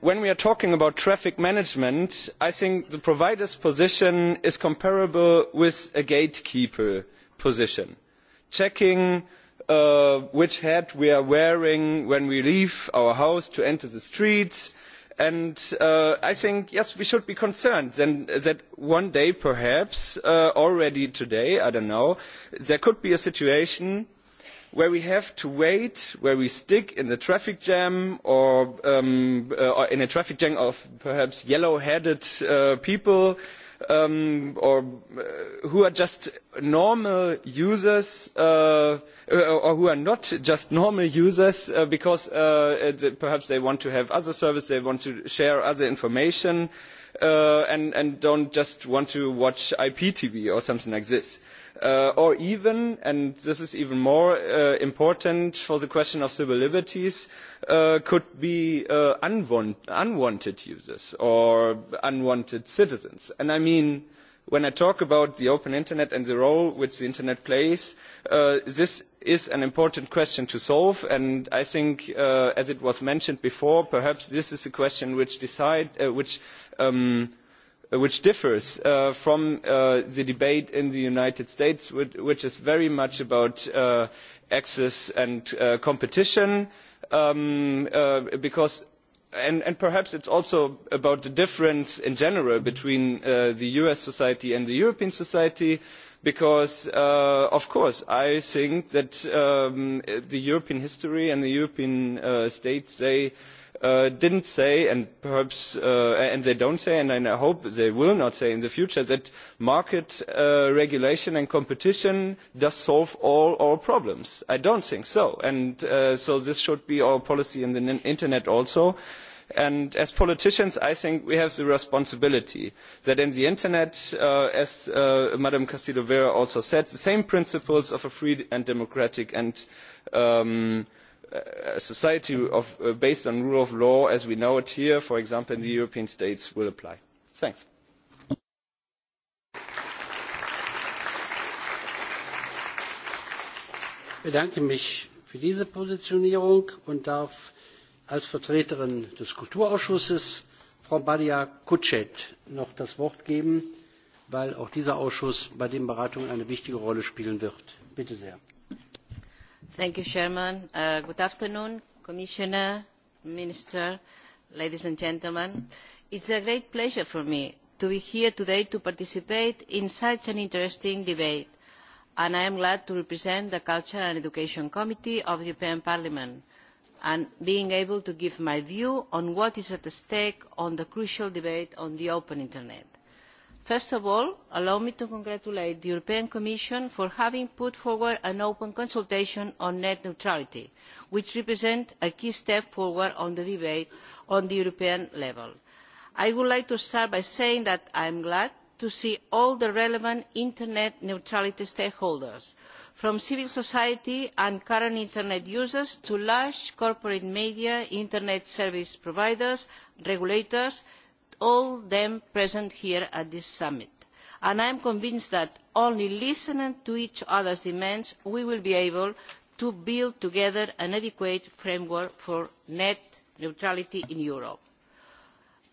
when we are talking about traffic management i think the provider's position is comparable with a gatekeeper position checking uh, which hat we are wearing when we leave our house to enter the streets and uh, I think, yes, we should be concerned then, that one day, perhaps, uh, already today, I don't know, there could be a situation where we have to wait, where we stick in the traffic jam or, um, uh, or in a traffic jam of perhaps yellow headed uh, people um, or uh, who are just normal users uh, uh or who are not just normal users uh, because uh, perhaps they want to have other services, they want to share other information uh, and, and don't just want to watch IPTV or something like this uh, or even, and this is even more uh, important for the question of civil liberties, uh, could be uh, unwant unwanted users or unwanted citizens. And I mean, when I talk about the open internet and the role which the internet plays, uh, this is an important question to solve, and I think, uh, as it was mentioned before, perhaps this is a question which decide, uh, which um, uh, Uh, which differs uh, from uh, the debate in the United States, which, which is very much about uh, access and uh, competition, um, uh, because and, and perhaps it's also about the difference in general between uh, the U.S. society and the European society, because, uh, of course, I think that um, the European history and the European uh, states, they uh, Uh, did not say and perhaps uh, they do not say and i hope they will not say in the future that market uh, regulation and competition solve all our problems. i do not think so and so this should be our policy on the internet also. as politicians i think we have the responsibility that on the internet as ms castillo vera also said the same principles of a free and democratic um, Uh, a society of, uh, based on rule of law as we know it here, for example, in the European states, will apply. Thanks. Ich bedanke mich für diese Positionierung und darf als Vertreterin des Kulturausschusses Frau Badia Kutschet noch das Wort geben, weil auch dieser Ausschuss bei den Beratungen eine wichtige Rolle spielen wird. Bitte sehr. Thank you, Chairman. Uh, good afternoon, Commissioner, Minister, ladies and gentlemen. It's a great pleasure for me to be here today to participate in such an interesting debate, and I am glad to represent the Culture and Education Committee of the European Parliament, and being able to give my view on what is at stake on the crucial debate on the open internet first of all allow me to congratulate the european commission for having put forward an open consultation on net neutrality which represents a key step forward on the debate at the european level. i would like to start by saying that i am glad to see all the relevant internet neutrality stakeholders from civil society and current internet users to large corporate media internet service providers regulators all of them present here at this summit and i am convinced that only by listening to each other's demands will we be able to build together an adequate framework for net neutrality in europe.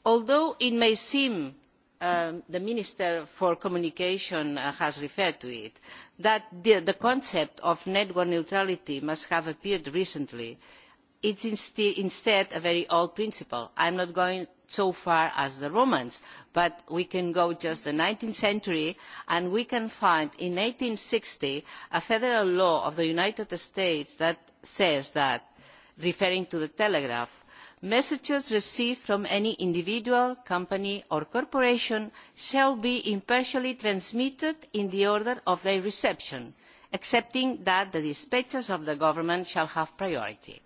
although it may seem um, the minister for communication uh, has referred to it that the concept of network neutrality must have appeared recently it is instead a very old principle. i am not going so far as the romans but we can go just to the nineteenth century and we can find in one thousand eight hundred and sixty a federal law of the united states that says that referring to the telegraph messages received from any individual company or corporation shall be impartially transmitted in the order of their reception excepting that the dispatches of the government shall have priority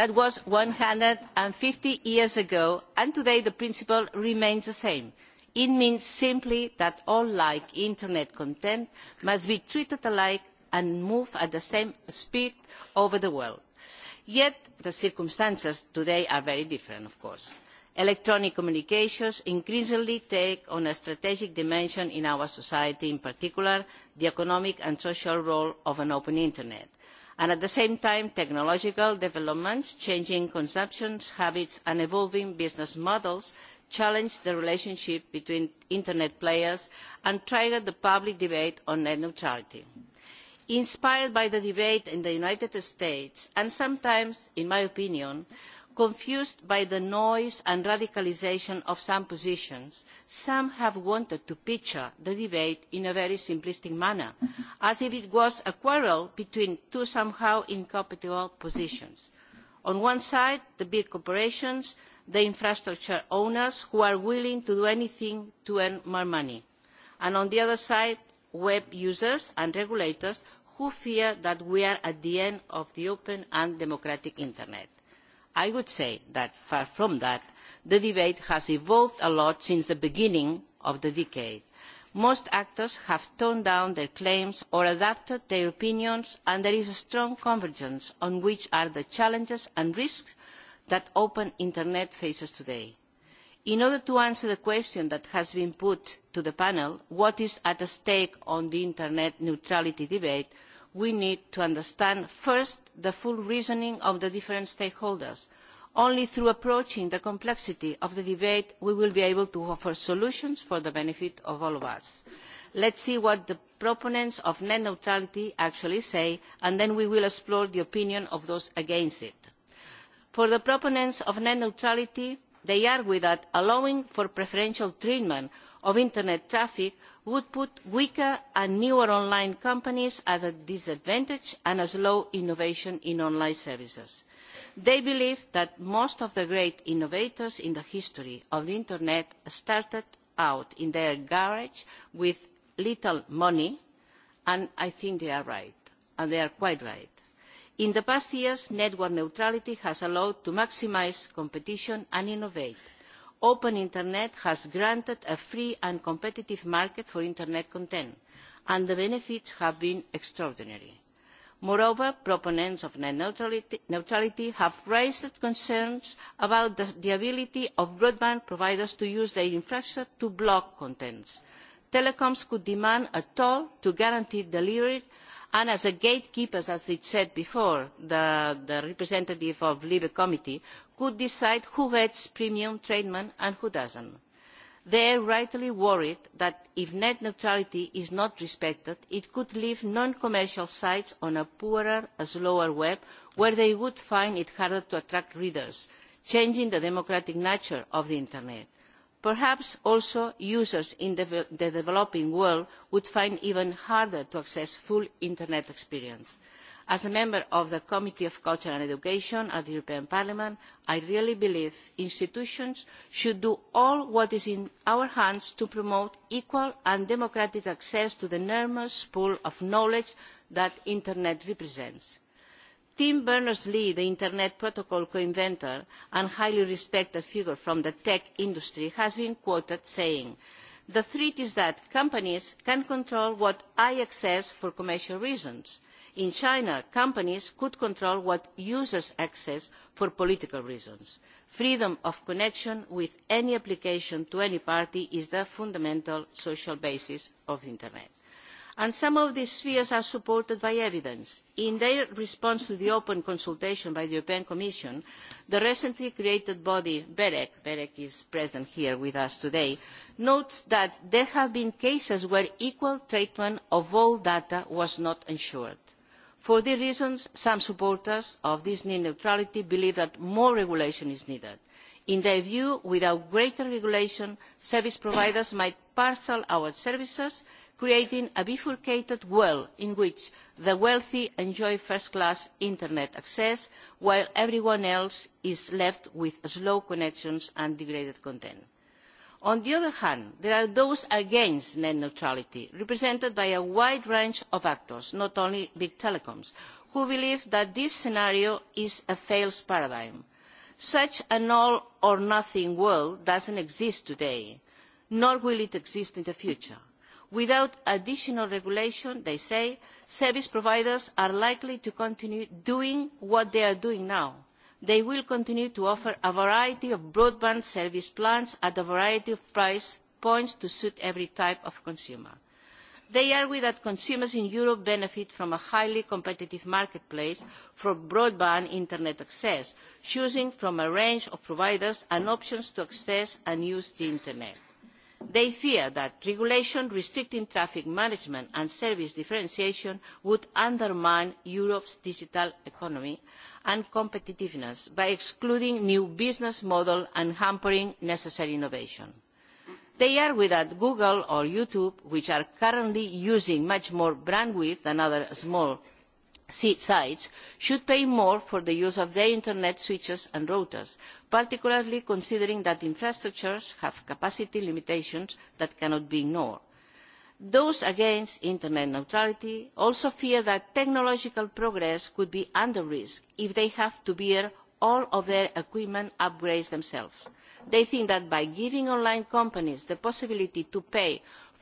that was one hundred and fifty years ago and today the principle remains the same. it means simply that all like internet content must be treated alike and move at the same speed over the world. yet the circumstances today are very different of course. electronic communications increasingly take on a strategic dimension in our society in particular the economic and social role of an open internet and at the same time technological developments changing consumption habits and evolving business models challenge the relationship between internet players and trigger the public debate on net neutrality. inspired by the debate in the united states and sometimes in my opinion confused by the noise and radicalisation of some positions, some have wanted to picture the debate in a very simplistic manner, mm-hmm. as if it was a quarrel between two somehow incompatible positions. On one side, the big corporations, the infrastructure owners who are willing to do anything to earn more money. And on the other side, web users and regulators who fear that we are at the end of the open and democratic internet i would say that far from that the debate has evolved a lot since the beginning of the decade. most actors have toned down their claims or adapted their opinions and there is a strong convergence on which are the challenges and risks that the open internet faces today. in order to answer the question that has been put to the panel what is at stake in the internet neutrality debate we need to understand first the full reasoning of the different stakeholders. Only through approaching the complexity of the debate will we be able to offer solutions for the benefit of all of us. let us see what the proponents of net neutrality actually say and then we will explore the opinion of those against it. for the proponents of net neutrality they argue that allowing for preferential treatment of internet traffic would put weaker and newer online companies at a disadvantage and slow innovation in online services. They believe that most of the great innovators in the history of the internet started out in their garage with little money and I think they are right and they are quite right. In the past years network neutrality has allowed to maximise competition and innovate open internet has granted a free and competitive market for internet content and the benefits have been extraordinary. moreover proponents of net neutrality have raised concerns about the ability of broadband providers to use their infrastructure to block content. telecoms could demand a toll to guarantee delivery and as gatekeepers as was said before by the representative of the libe committee could decide who gets premium treatment and who does not. They are rightly worried that if net neutrality is not respected, it could leave non-commercial sites on a poorer, a slower web, where they would find it harder to attract readers, changing the democratic nature of the internet. Perhaps also users in the, the developing world would find it even harder to access full internet experience as a member of the committee on culture and education at the european parliament i really believe institutions should do all that is in our hands to promote equal and democratic access to the enormous pool of knowledge that the internet represents. tim berners lee the internet protocol co inventor and a highly respected figure from the tech industry has been quoted as saying the threat is that companies can control what i access for commercial reasons in china companies could control what users access for political reasons. freedom of connection with any application to any party is the fundamental social basis of the internet. some of these fears are supported by evidence. in their response to the open consultation by the european commission the recently created body berec berec is present here with us today notes that there have been cases where equal treatment of all data was not ensured for these reasons some supporters of this net neutrality believe that more regulation is needed. in their view without greater regulation service providers might parcel out services creating a bifurcated world in which the wealthy enjoy first class internet access while everyone else is left with slow connections and degraded content on the other hand there are those against net neutrality represented by a wide range of actors not only big telecoms who believe that this scenario is a failed paradigm. such an all or nothing world does not exist today nor will it exist in the future. without additional regulation they say service providers are likely to continue doing what they are doing now they will continue to offer a variety of broadband service plans at a variety of price points to suit every type of consumer. they argue that consumers in europe benefit from a highly competitive marketplace for broadband internet access choosing from a range of providers and options to access and use the internet they fear that regulation restricting traffic management and service differentiation would undermine europe's digital economy and competitiveness by excluding new business models and hampering necessary innovation. they argue that google or youtube which are currently using much more bandwidth than other small sites should pay more for the use of their internet switches and routers particularly considering that infrastructures have capacity limitations that cannot be ignored. those against internet neutrality also fear that technological progress could be under risk if they have to bear all of their equipment upgrades themselves. they think that by giving online companies the possibility to pay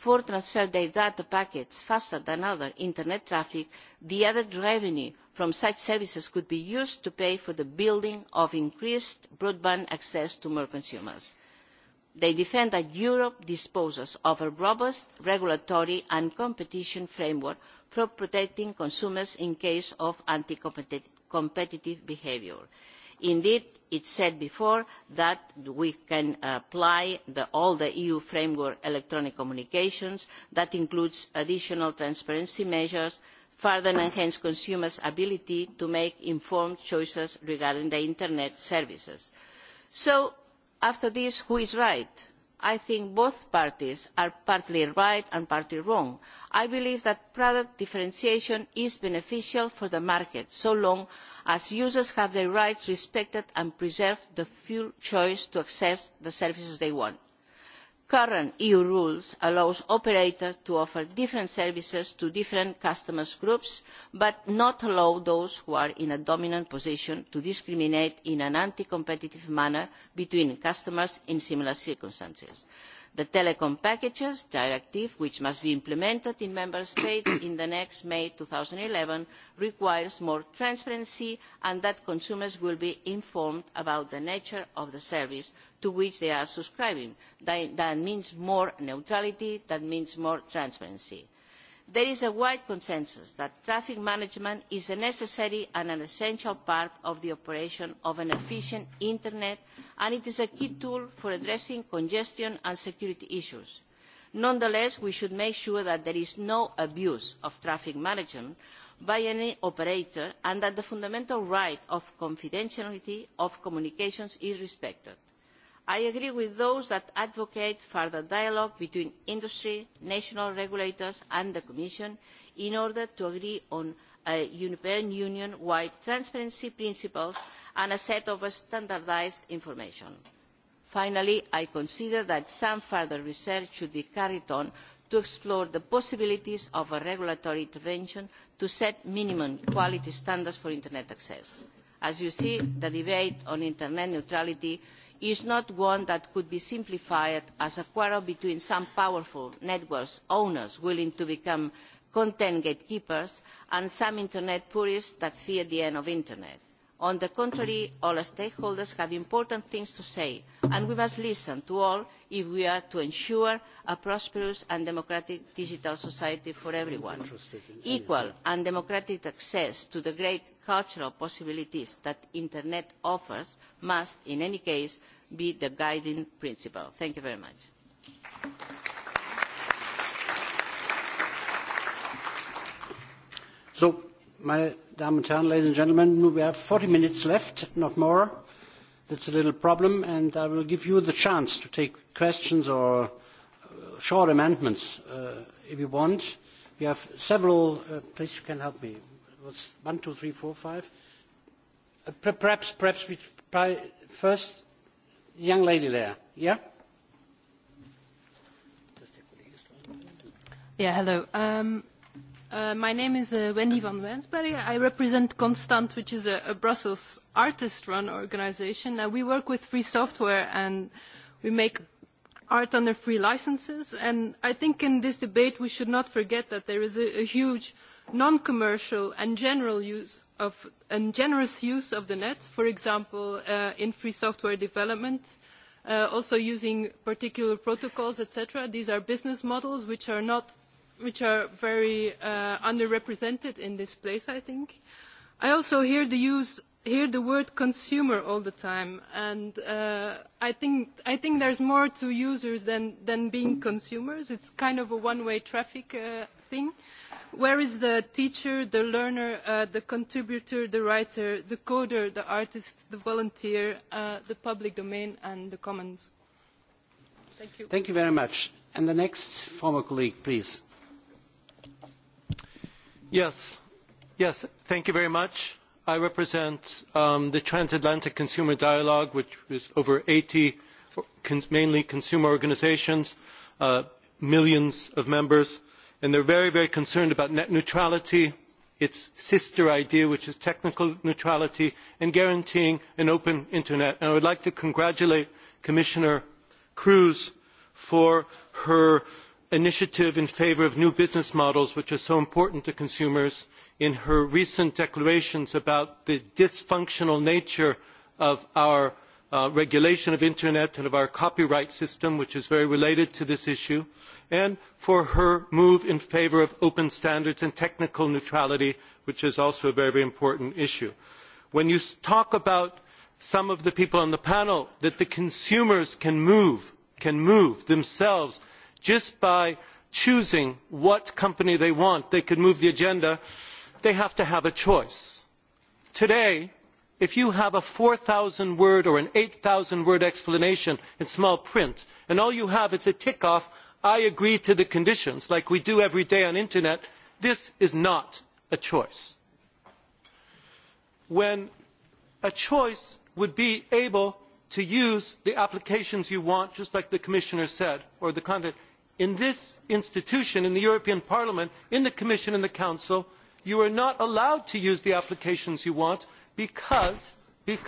four transfer day data packets faster than other internet traffic the added revenue from such services could be used to pay for the building of increased broadband access to more consumers. they defend that europe disposes of a robust regulatory and competition framework for protecting consumers in case of anti competitive behaviour indeed it said before that we can apply all the eu framework electronic communications that includes additional transparency measures further enhancing consumers' ability to make informed choices regarding their internet services. so after this who is right? i think both parties are partly right and partly wrong. i believe that product differentiation is beneficial for the market so long as users have their rights respected and preserve the full choice to access the services they want current eu rules allow operators to offer different services to different customer groups but do not allow those who are in a dominant position to discriminate in an anti competitive manner between customers in similar circumstances the telecom packages directive which must be implemented in member states in the next may two thousand and eleven requires more transparency and that consumers will be informed about the nature of the service to which they are subscribing. that means more neutrality that means more transparency there is a wide consensus that traffic management is a necessary and an essential part of the operation of an efficient internet and it is a key tool for addressing congestion and security issues. nonetheless we should make sure that there is no abuse of traffic management by any operator and that the fundamental right of confidentiality of communications is respected i agree with those that advocate further dialogue between industry national regulators and the commission in order to agree on european union wide transparency principles and a set of standardised information. finally i consider that some further research should be carried out to explore the possibilities of a regulatory intervention to set minimum quality standards for internet access. as you see the debate on internet neutrality is not one that could be simplified as a quarrel between some powerful network owners willing to become content gatekeepers and some internet purists that fear the end of the internet. On the contrary, all stakeholders have important things to say, and we must listen to all if we are to ensure a prosperous and democratic digital society for everyone. Equal and democratic access to the great cultural possibilities that Internet offers must, in any case, be the guiding principle. Thank you very much. So, Meine Damen und Herren, ladies and gentlemen, we have 40 minutes left, not more. That's a little problem, and I will give you the chance to take questions or uh, short amendments uh, if you want. We have several, uh, please you can help me. What's one, two, three, four, five? Uh, per perhaps, perhaps we try first, young lady there, yeah? Yeah, hello. Um, Uh, my name is uh, Wendy van Wensberg. I represent Constant, which is a, a Brussels artist-run organization. Uh, we work with free software and we make art under free licenses. And I think in this debate we should not forget that there is a, a huge non-commercial and general use of and generous use of the net, for example, uh, in free software development. Uh, also using particular protocols, etc. These are business models which are not which are very uh, underrepresented in this place, I think. I also hear the use hear the word consumer all the time, and uh, I think I think there's more to users than than being consumers. It's kind of a one-way traffic uh, thing. Where is the teacher, the learner, uh, the contributor, the writer, the coder, the artist, the volunteer, uh, the public domain, and the commons? Thank you. Thank you very much. And the next former colleague, please i represent um, the transatlantic consumer dialogue which is over eighty mainly consumer organisations uh, millions of members and they are very concerned about net neutrality its sister idea which is technical neutrality and guaranteeing an open internet. i would like to congratulate commissioner kroes for her initiative in favour of new business models which are so important to consumers in her recent declarations about the dysfunctional nature of our uh, regulation of internet and of our copyright system which is very related to this issue and for her move in favour of open standards and technical neutrality which is also a very, very important issue. When you talk about some of the people on the panel that the consumers can move, can move themselves just by choosing what company they want they could move the agenda they have to have a choice. today if you have a four thousand word or an eight thousand word explanation in small print and all you have is a tick off i agree to the conditions like we do every day on the internet this is not a choice when a choice would be able to use the applications you want just like the commissioner said or the content in this institution in the european parliament in the commission in the council you are not allowed to use the applications you want because the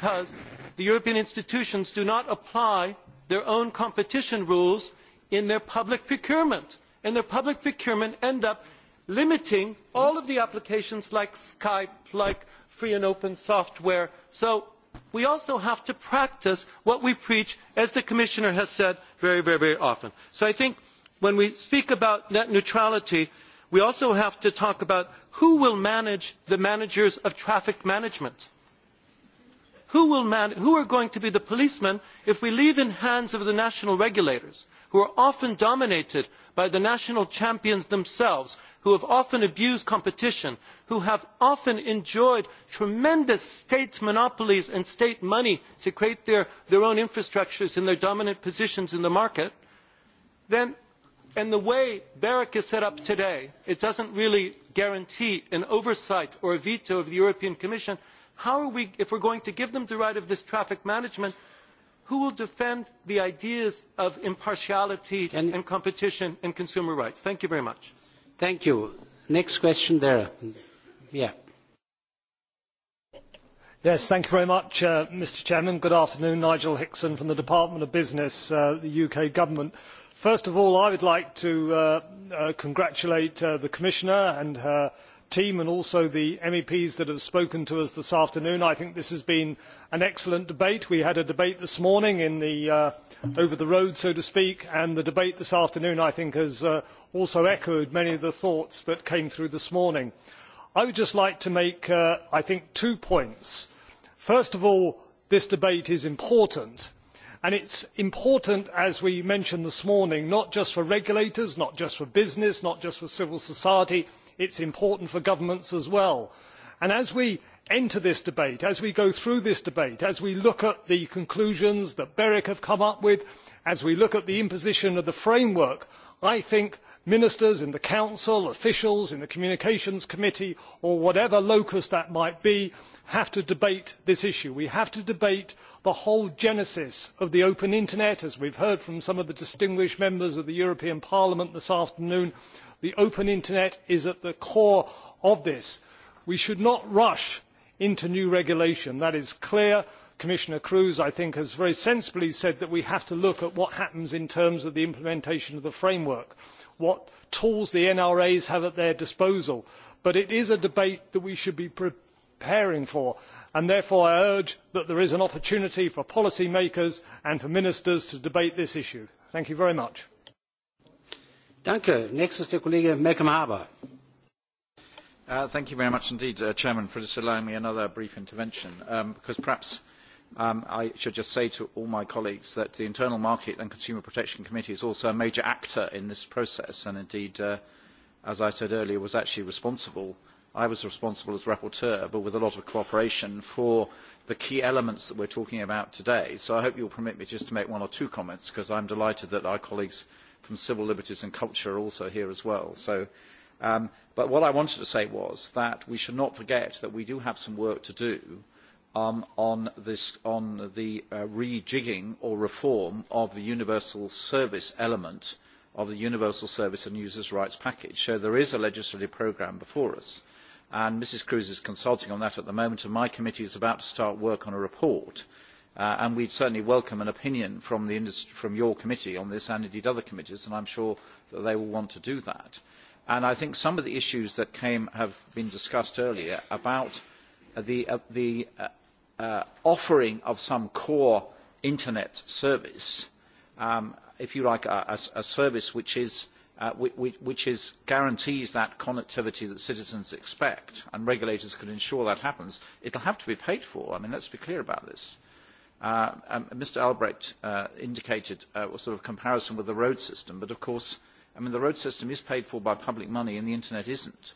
european institutions do not apply their own competition rules in their public procurement and their public procurement end up limiting all of the applications like skype like free and open software so we also have to practice what we preach as the commissioner has said very very often so i think when we speak about net neutrality, we also have to talk about who will manage the managers of traffic management. Who, will man- who are going to be the policemen if we leave in hands of the national regulators, who are often dominated by the national champions themselves, who have often abused competition, who have often enjoyed tremendous state monopolies and state money to create their, their own infrastructures and their dominant positions in the market, then and the way berec is set up today it does not really guarantee an oversight or a veto of the european commission how are we if we are going to give them the right of this traffic management who will defend the ideas of impartiality and competition and consumer rights? Thank you very much. Thank you. Next question there. Yeah. Yes, thank you very much, uh, Mr. Chairman. Good afternoon. Nigel Hickson from the Department of Business, uh, the UK Government first of all i would like to uh, uh, congratulate uh, the commissioner and her team and also the meps that have spoken to us this afternoon. i think this has been an excellent debate. we had a debate this morning over the road so to speak and the debate this afternoon i think has also echoed many of the thoughts that came through this morning. i would just like to make two points. first of all this debate is important it is important as we mentioned this morning not just for regulators not just for business not just for civil society it is important for governments as well. as we enter this debate as we go through this debate as we look at the conclusions that berec has come up with as we look at the imposition of the framework i think ministers in the council officials in the communications committee or whatever locus that might be have to debate this issue. we have to debate the whole genesis of the open internet as we have heard from some of the distinguished members of the european parliament this afternoon the open internet is at the core of this. we should not rush into new regulation that is clear. commissioner kroes i think has very sensibly said that we have to look at what happens in terms of the implementation of the framework what tools the nras have at their disposal but it is a debate that we should be preparing for and therefore i urge that there is an opportunity for policy makers and for ministers to debate this issue. thank you very much. Uh, thank you very much indeed uh, chairman for just allowing me another brief intervention because um, perhaps Um, i should just say to all my colleagues that the internal market and consumer protection committee is also a major actor in this process and indeed uh, as i said earlier was actually responsible i was responsible as rapporteur but with a lot of cooperation for the key elements that we are talking about today so i hope you will permit me just to make one or two comments because i am delighted that our colleagues from civil liberties and culture are also here as well so um, but what I wanted to say was that we should not forget that we do have some work to do Um, on the uh, rejigging or reform of the universal service element of the universal service and users' rights package. so there is a legislative programme before us and ms kroes is consulting on that at the moment and my committee is about to start work on a report uh, and we would certainly welcome an opinion from your committee on this and indeed other committees and i am sure that they will want to do that. i think some of the issues that have been discussed earlier about the uh, Uh, offering of some core internet service, um, if you like, a, a, a service which, is, uh, which, which is guarantees that connectivity that citizens expect and regulators can ensure that happens, it will have to be paid for. I mean, let's be clear about this. Uh, Mr. Um, Albrecht uh, indicated uh, a sort of comparison with the road system, but of course, I mean, the road system is paid for by public money and the internet isn't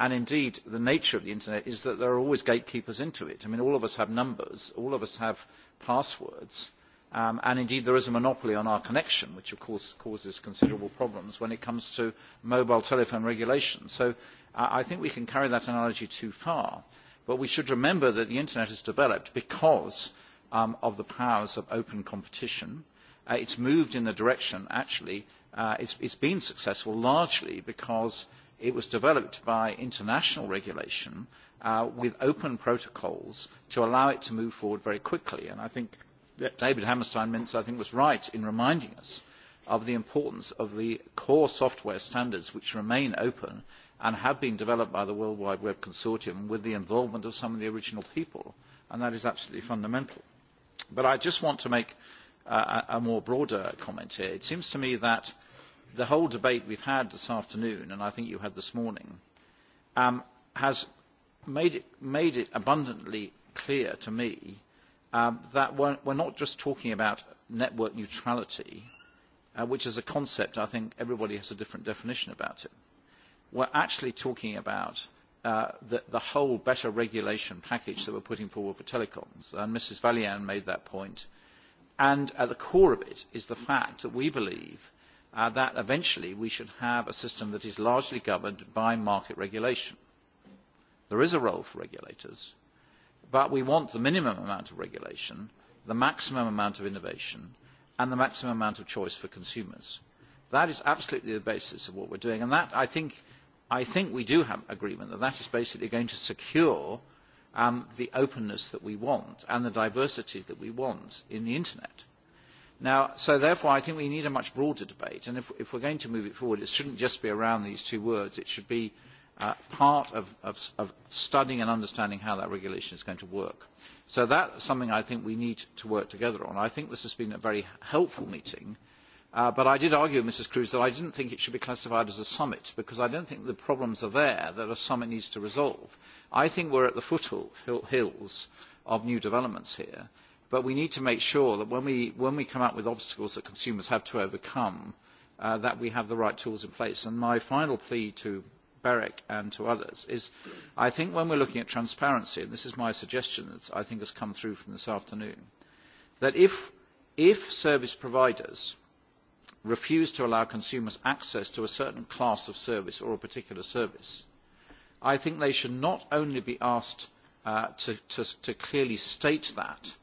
and indeed the nature of the internet is that there are always gatekeepers into it. all of us have numbers all of us have passwords um, and indeed there is a monopoly on our connection which of course causes considerable problems when it comes to mobile telephone regulation. so uh, i think we can carry that analogy too far but we should remember that the internet has developed because um, of the powers of open competition. Uh, it's moved in the direction actually uh, it's, it's been successful largely because it was developed by international regulation uh, with open protocols to allow it to move forward very quickly. And I think yep. David Hammerstein Mintz, I think, was right in reminding us of the importance of the core software standards which remain open and have been developed by the World Wide Web Consortium with the involvement of some of the original people. And that is absolutely fundamental. But I just want to make uh, a, a more broader comment here. It seems to me that uh, the whole debate we've had this afternoon, and I think you had this morning, um, has made it, made it abundantly clear to me um, that we're, we're not just talking about network neutrality, uh, which is a concept I think everybody has a different definition about it. We're actually talking about uh, the, the whole better regulation package that we're putting forward for telecoms, and Mrs. Valian made that point. And at the core of it is the fact that we believe – Uh, that eventually we should have a system that is largely governed by market regulation. there is a role for regulators but we want the minimum amount of regulation the maximum amount of innovation and the maximum amount of choice for consumers. that is absolutely the basis of what we are doing and that i think I think we do have agreement that that is basically going to secure um, the openness that we want and the diversity that we want in the internet. Now, so therefore, I think we need a much broader debate. And if, if we're going to move it forward, it shouldn't just be around these two words. It should be uh, part of, of, of studying and understanding how that regulation is going to work. So that's something I think we need to work together on. I think this has been a very helpful meeting. Uh, but I did argue, Mrs. Cruz, that I didn't think it should be classified as a summit because I don't think the problems are there that a summit needs to resolve. I think we're at the foothills of new developments here but we need to make sure that when we, when we come up with obstacles that consumers have to overcome, uh, that we have the right tools in place. And my final plea to Beric and to others is I think when we're looking at transparency, and this is my suggestion that I think has come through from this afternoon, that if, if service providers refuse to allow consumers access to a certain class of service or a particular service, I think they should not only be asked uh, to, to, to clearly state that,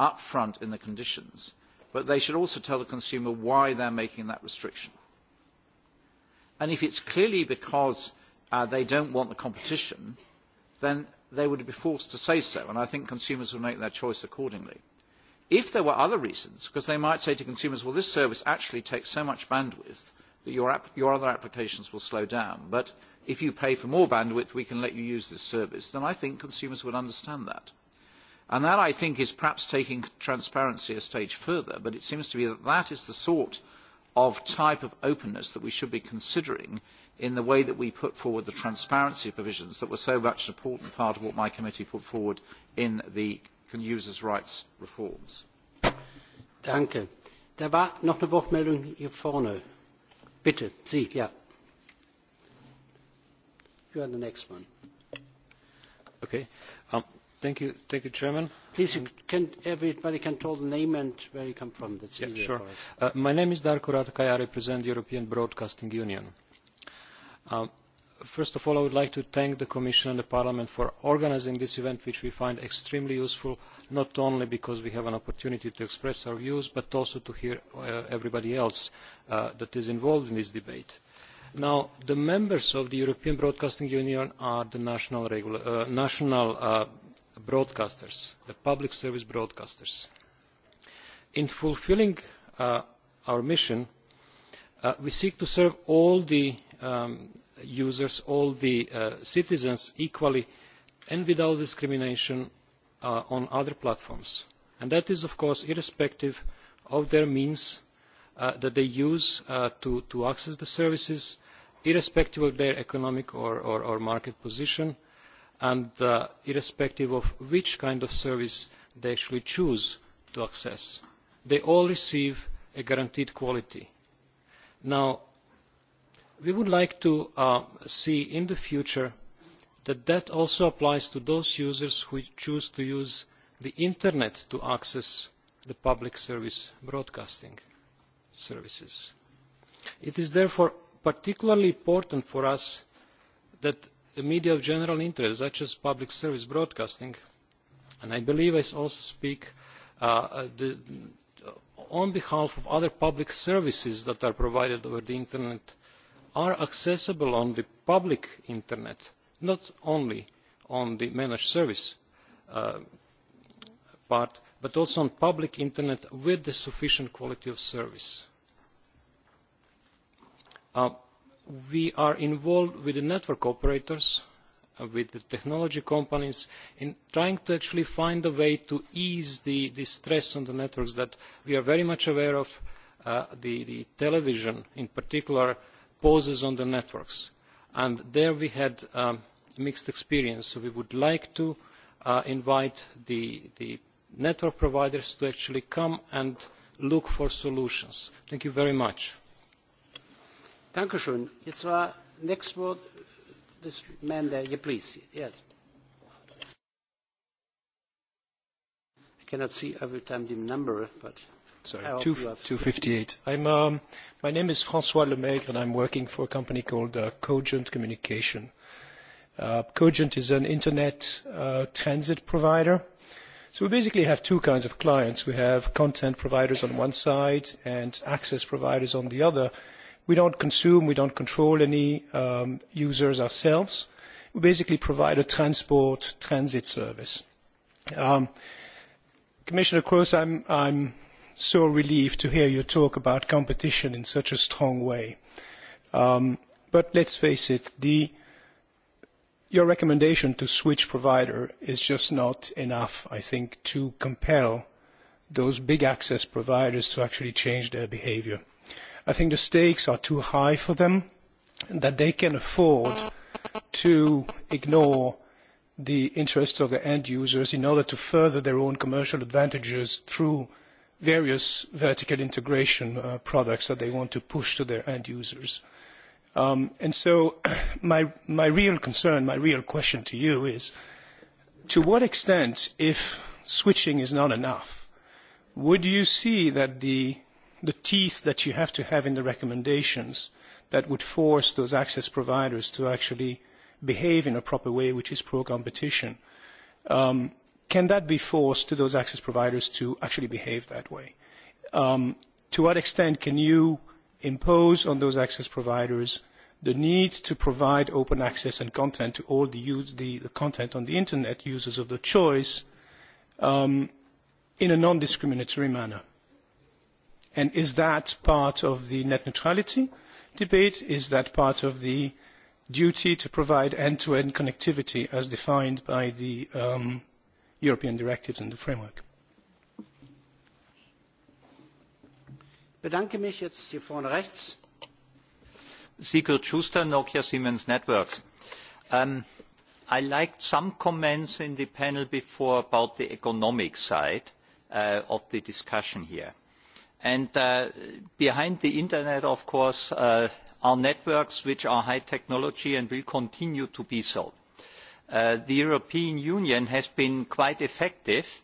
upfront in the conditions, but they should also tell the consumer why they're making that restriction. And if it's clearly because uh, they don't want the competition, then they would be forced to say so, and I think consumers would make their choice accordingly. If there were other reasons, because they might say to consumers, well, this service actually takes so much bandwidth that your, app- your other applications will slow down, but if you pay for more bandwidth, we can let you use this service, then I think consumers would understand that. And that, I think, is perhaps taking transparency a stage further, but it seems to me that that is the sort of type of openness that we should be considering in the way that we put forward the transparency provisions that were so much an important part of what my committee put forward in the users' rights reforms. Thank you. There was another Wortmeldung here vorne. Bitte, Sie, ja. You are the next one. Okay. Um, Thank you, thank you, Chairman. Please, you can, everybody can tell the name and where you come from. That's easier yeah, sure. for us. Uh, my name is Darko Ratkai. I represent the European Broadcasting Union. Um, first of all, I would like to thank the Commission and the Parliament for organizing this event, which we find extremely useful, not only because we have an opportunity to express our views, but also to hear uh, everybody else uh, that is involved in this debate. Now, the members of the European Broadcasting Union are the national, regula- uh, national uh, broadcasters the public service broadcasters. in fulfilling uh, our mission uh, we seek to serve all the um, users all the uh, citizens equally and without discrimination on other platforms and that is of course irrespective of their means that they use to access the services irrespective of their economic or market position and uh, irrespective of which kind of service they actually choose to access, they all receive a guaranteed quality. Now, we would like to uh, see in the future that that also applies to those users who choose to use the internet to access the public service broadcasting services. It is therefore particularly important for us that the media of general interest such as public service broadcasting and i believe i also speak uh, uh, on behalf of other public services that are provided over the internet are accessible on the public internet not only on the managed service uh, part but also on public internet with sufficient quality of service we are involved with the network operators, uh, with the technology companies, in trying to actually find a way to ease the, the stress on the networks that we are very much aware of, uh, the, the television in particular, poses on the networks. And there we had um, mixed experience, so we would like to uh, invite the, the network providers to actually come and look for solutions. Thank you very much. Dankeschön. Jetzt war next word this man there. Yeah, please. Yes. I cannot see every time the number, but. Sorry, two, 258. I'm, um, my name is François Lemaigre, and I'm working for a company called uh, Cogent Communication. Uh, Cogent is an internet uh, transit provider. So we basically have two kinds of clients. We have content providers on one side and access providers on the other. Uh, We don't consume, we don't control any um, users ourselves. We basically provide a transport transit service. Um, Commissioner Cross, I'm, I'm so relieved to hear you talk about competition in such a strong way. Um, but let's face it, the, your recommendation to switch provider is just not enough, I think, to compel those big access providers to actually change their behavior. I think the stakes are too high for them that they can afford to ignore the interests of the end users in order to further their own commercial advantages through various vertical integration uh, products that they want to push to their end users. Um, and so my, my real concern, my real question to you is, to what extent, if switching is not enough, would you see that the the teeth that you have to have in the recommendations that would force those access providers to actually behave in a proper way, which is pro-competition. Um, can that be forced to those access providers to actually behave that way? Um, to what extent can you impose on those access providers the need to provide open access and content to all the, use, the, the content on the internet users of the choice um, in a non-discriminatory manner? And is that part of the net neutrality debate? Is that part of the duty to provide end-to-end -end connectivity as defined by the um, European directives and the framework? Bedanke mich jetzt hier vorne rechts. Sigurd Schuster, Nokia Siemens Networks. Um, I liked some comments in the panel before about the economic side uh, of the discussion here. Uh, behind the internet of course uh, are networks which are high technology and will continue to be so. Uh, the european union has been quite effective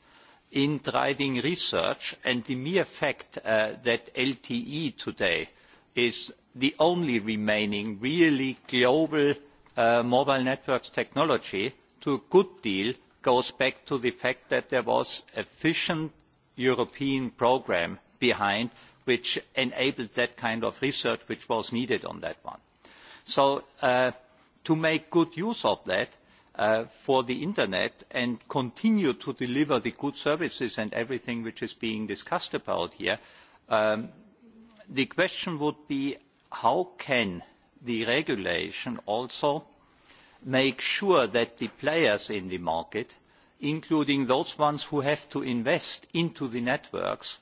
in driving research and the mere fact that lte today is the only remaining really global mobile networks technology to a good deal goes back to the fact that there was an efficient european programme behind which enabled that kind of research which was needed on that one. So uh, to make good use of that uh, for the internet and continue to deliver the good services and everything which is being discussed about here, um, the question would be how can the regulation also make sure that the players in the market, including those ones who have to invest into the networks,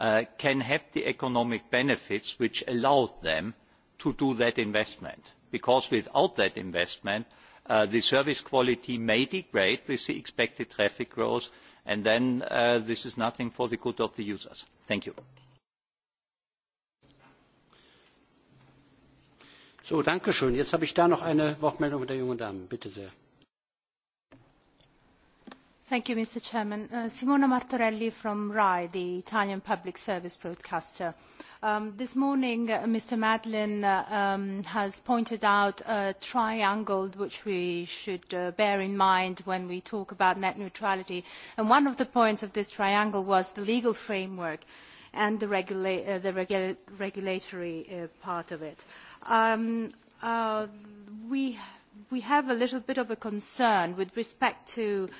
Uh, can have the economic benefits which allow them to do that investment because without that investment uh, the service quality may degrade with the expected traffic growth and then uh, this is nothing for the good of the users. Thank you. So, danke schön. Jetzt habe ich da noch eine Wortmeldung der jungen Damen. Bitte sehr. Thank you, Mr. Chairman. Uh, Simona Martorelli from RAI, the Italian public service broadcaster. Um, this morning, uh, Mr. Madeline uh, um, has pointed out a triangle which we should uh, bear in mind when we talk about net neutrality. And one of the points of this triangle was the legal framework and the, regula- uh, the regula- regulatory uh, part of it. Um, uh, we, we have a little bit of a concern with respect to uh,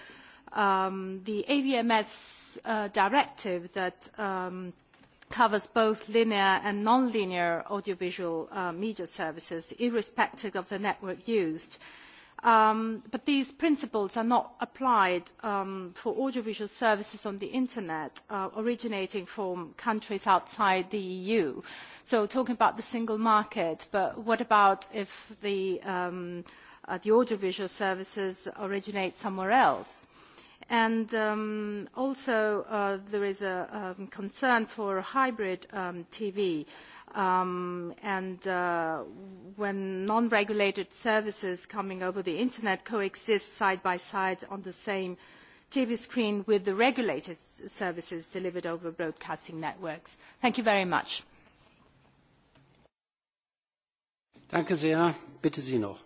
um, the AVMS uh, directive that um, covers both linear and nonlinear audiovisual uh, media services, irrespective of the network used. Um, but these principles are not applied um, for audiovisual services on the internet uh, originating from countries outside the EU. So talking about the single market, but what about if the, um, uh, the audiovisual services originate somewhere else? And um, also, uh, there is a um, concern for hybrid um, TV. Um, and uh, when non-regulated services coming over the internet coexist side by side on the same TV screen with the regulated services delivered over broadcasting networks. Thank you very much. Danke sehr. Bitte Sie noch.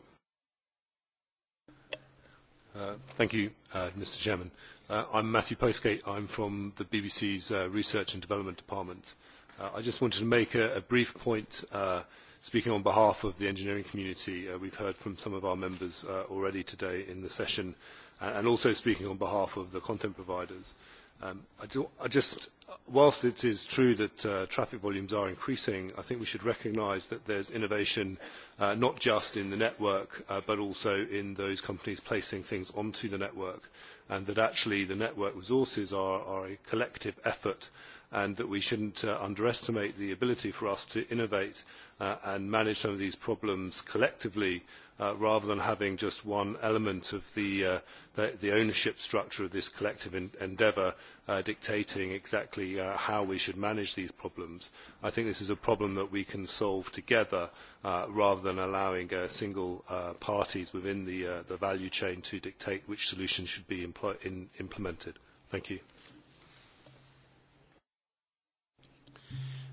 Uh, thank you, uh, Mr. Chairman. Uh, I'm Matthew Postgate. I'm from the BBC's uh, Research and Development Department. Uh, I just wanted to make a, a brief point uh, speaking on behalf of the engineering community. Uh, we've heard from some of our members uh, already today in the session, uh, and also speaking on behalf of the content providers. Um, I, do, I just whilst it is true that uh, traffic volumes are increasing, I think we should recognise that there's innovation uh, not just in the network, uh, but also in those companies placing things onto the network, and that actually the network resources are, are a collective effort, and that we shouldn't uh, underestimate the ability for us to innovate uh, and manage some of these problems collectively Uh, rather than having just one element of the, uh, the, the ownership structure of this collective en endeavour uh, dictating exactly uh, how we should manage these problems. I think this is a problem that we can solve together uh, rather than allowing uh, single uh, parties within the, uh, the value chain to dictate which solutions should be impl in implemented. Thank you.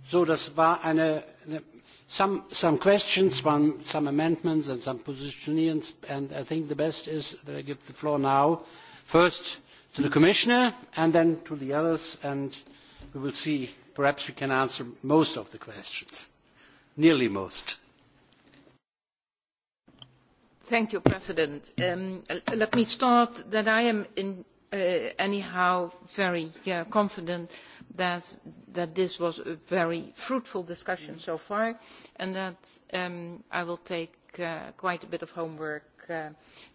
So das war eine, eine some some questions, one, some amendments, and some positionings. And I think the best is that I give the floor now, first to the commissioner, and then to the others, and we will see. Perhaps we can answer most of the questions, nearly most. Thank you, President. Um, let me start that I am in, uh, anyhow very uh, confident uh, that this was a very fruitful discussion so far and that um, i will take uh, quite a bit of homework uh,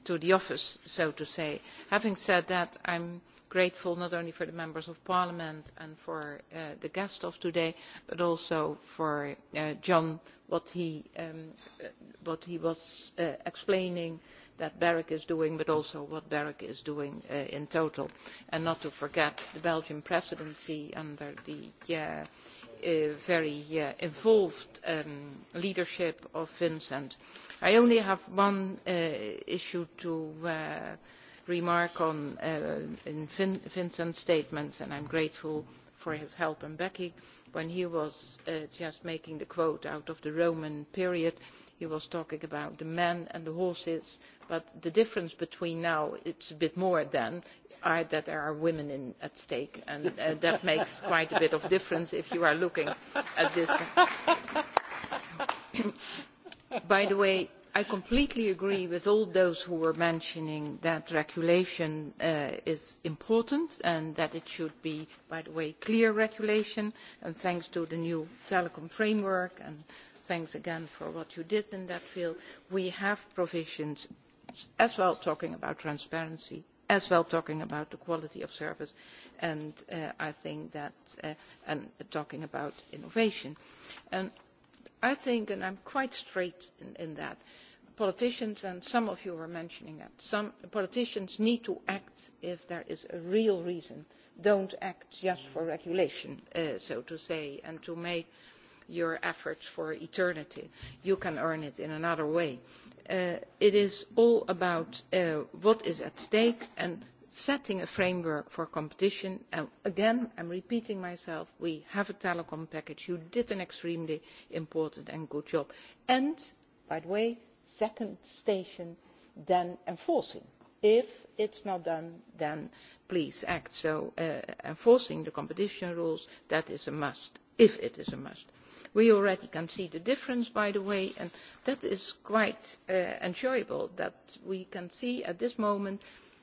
to the office so to say. having said that i am grateful not only to the members of parliament and to uh, the guests of today but also to john for um, what he was explaining that berec is doing but also what berec is doing uh, in total and not to forget the belgian presidency under the uh, uh, very involved um, leadership of vincent. i only have one issue to remark on in vincent's statements and i am grateful for his help and becky when he was just making the quote out of the roman period he was talking about the men and the horses but the difference between now it's a bit more than are that there are women in, at stake and uh, that makes quite a bit of difference if you are looking at this by the way I completely agree with all those who were mentioning that regulation uh, is important and that it should be, by the way, clear regulation. And thanks to the new telecom framework and uh, thanks again for what you did in that field. we have provisions as well talking about transparency as well talking about the quality of service and uh, i think that uh, and talking about innovation and i think and i'm quite straight in, in that politicians and some of you were mentioning that some politicians need to act if there is a real reason don't act just for regulation uh, so to say and to make uh, your efforts for eternity. You can earn it in another way. Uh, it is all about uh, what is at stake and setting a framework for competition. And again, I'm repeating myself, we have a telecom package. You did an extremely important and good job. And, by the way, second station, then enforcing. If it's not done, then please act. So uh, enforcing the competition rules, that is a must, if it is a must we already can see the difference by the way and that is quite uh, enjoyable that we can see at this moment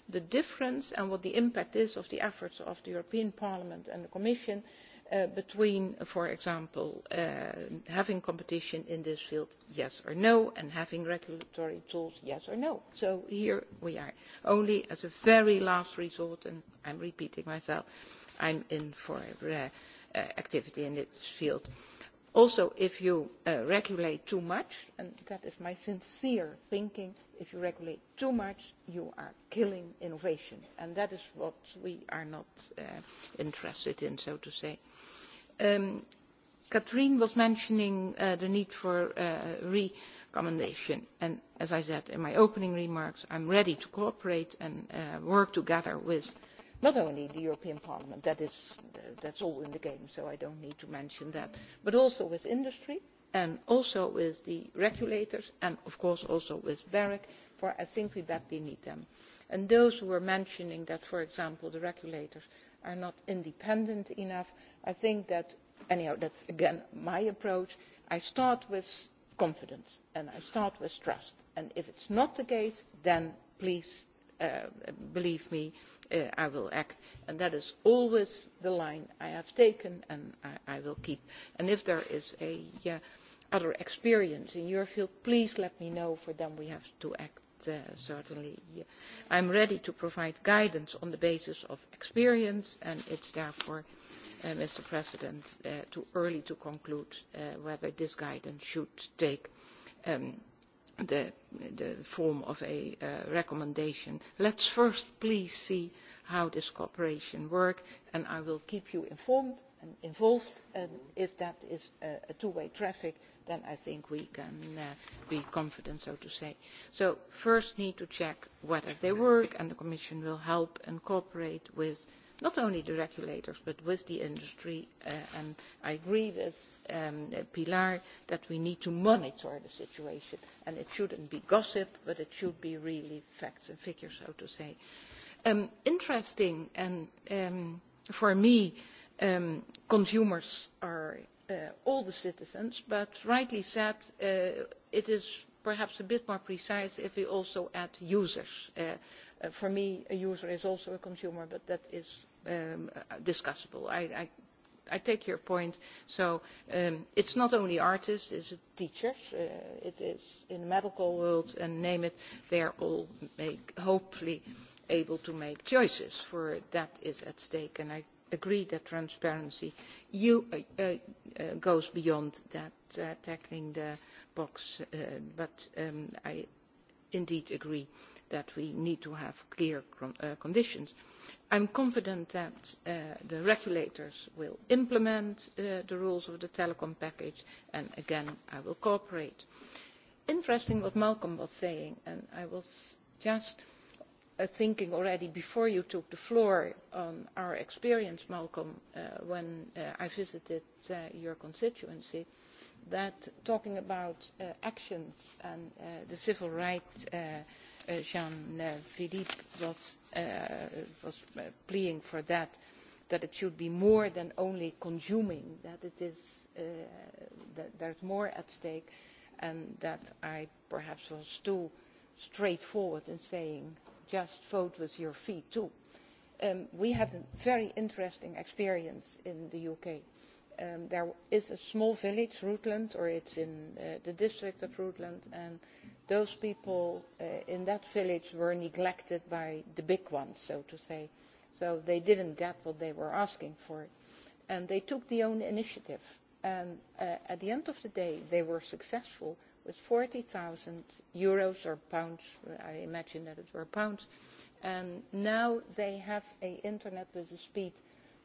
the difference and what the impact is of the efforts of the european parliament and the commission uh, between for example uh, having competition in this field yes or no and having regulatory tools yes or no. so here we are only as a very last resort and i am repeating myself i am in for activity in this field also if you uh, regulate too much and that is my sincere thinking if you regulate too much you are killing innovation and that is what we are not uh, interested in so to say. Um, catherine ashton was mentioning uh, the need for recommendation and as i said in my opening remarks i am ready to cooperate and work together with not only the european parliament that is all in the game so i do not need to mention that but also with industry and also with the regulators and of course also with berec for i think we badly need them. those who were mentioning that for example the regulators are not independent enough i think that anyhow that is again my approach i start with confidence and i start with trust and if it is not the case then please Uh, believe me uh, i will act and that is always the line i have taken and i will keep and if there is uh, other experience in your field please let me know for then we have to act certainly. i am ready to provide guidance on the basis of experience and it is therefore too early to conclude whether this guidance should take um, the form of a uh, recommendation. let us first please see how this cooperation works and i will keep you informed and involved and if that is a two way traffic then i think we can uh, be confident so to say. so first we need to check whether they work and the commission will help and cooperate with not only the regulators but with the industry uh, and i agree with um, pilar that we need to monitor the situation and it should not be gossip but it should be really facts and figures so to say. Um, interesting and um, for me consumers are uh, all the citizens but rightly said uh, it is perhaps a bit more precise if we also add users. for me a user is also a consumer but that is um, discussable. I, I, I take your point. So um, it's not only artists, it's teachers. Uh, it is in the medical world, and name it, they are all make, hopefully able to make choices, for that is at stake. And I agree that transparency you, uh, uh, uh goes beyond that, uh, tackling the box. Uh, but um, I indeed agree uh, that we need to have clear uh, conditions. i am confident that uh, the regulators will implement uh, the rules of the telecom package and again i will cooperate. interesting what malcolm was saying and i was just thinking already before you took the floor on our experience malcolm when i visited your constituency that talking about actions and the civil rights jean philippe was uh, uh, pleading for that that it should be more than only consuming that there is uh, more at stake and that i perhaps was too straightforward in saying just vote with your feet too. Um, we had a very interesting experience in the uk Um, there is a small village rutland or it is in uh, the district of rutland and those people uh, in that village were neglected by the big ones so to say so they did not get what they were asking for and they took their own initiative and uh, at the end of the day they were successful with 40,000 euros or pounds i imagine that it were pounds and now they have a internet with a speed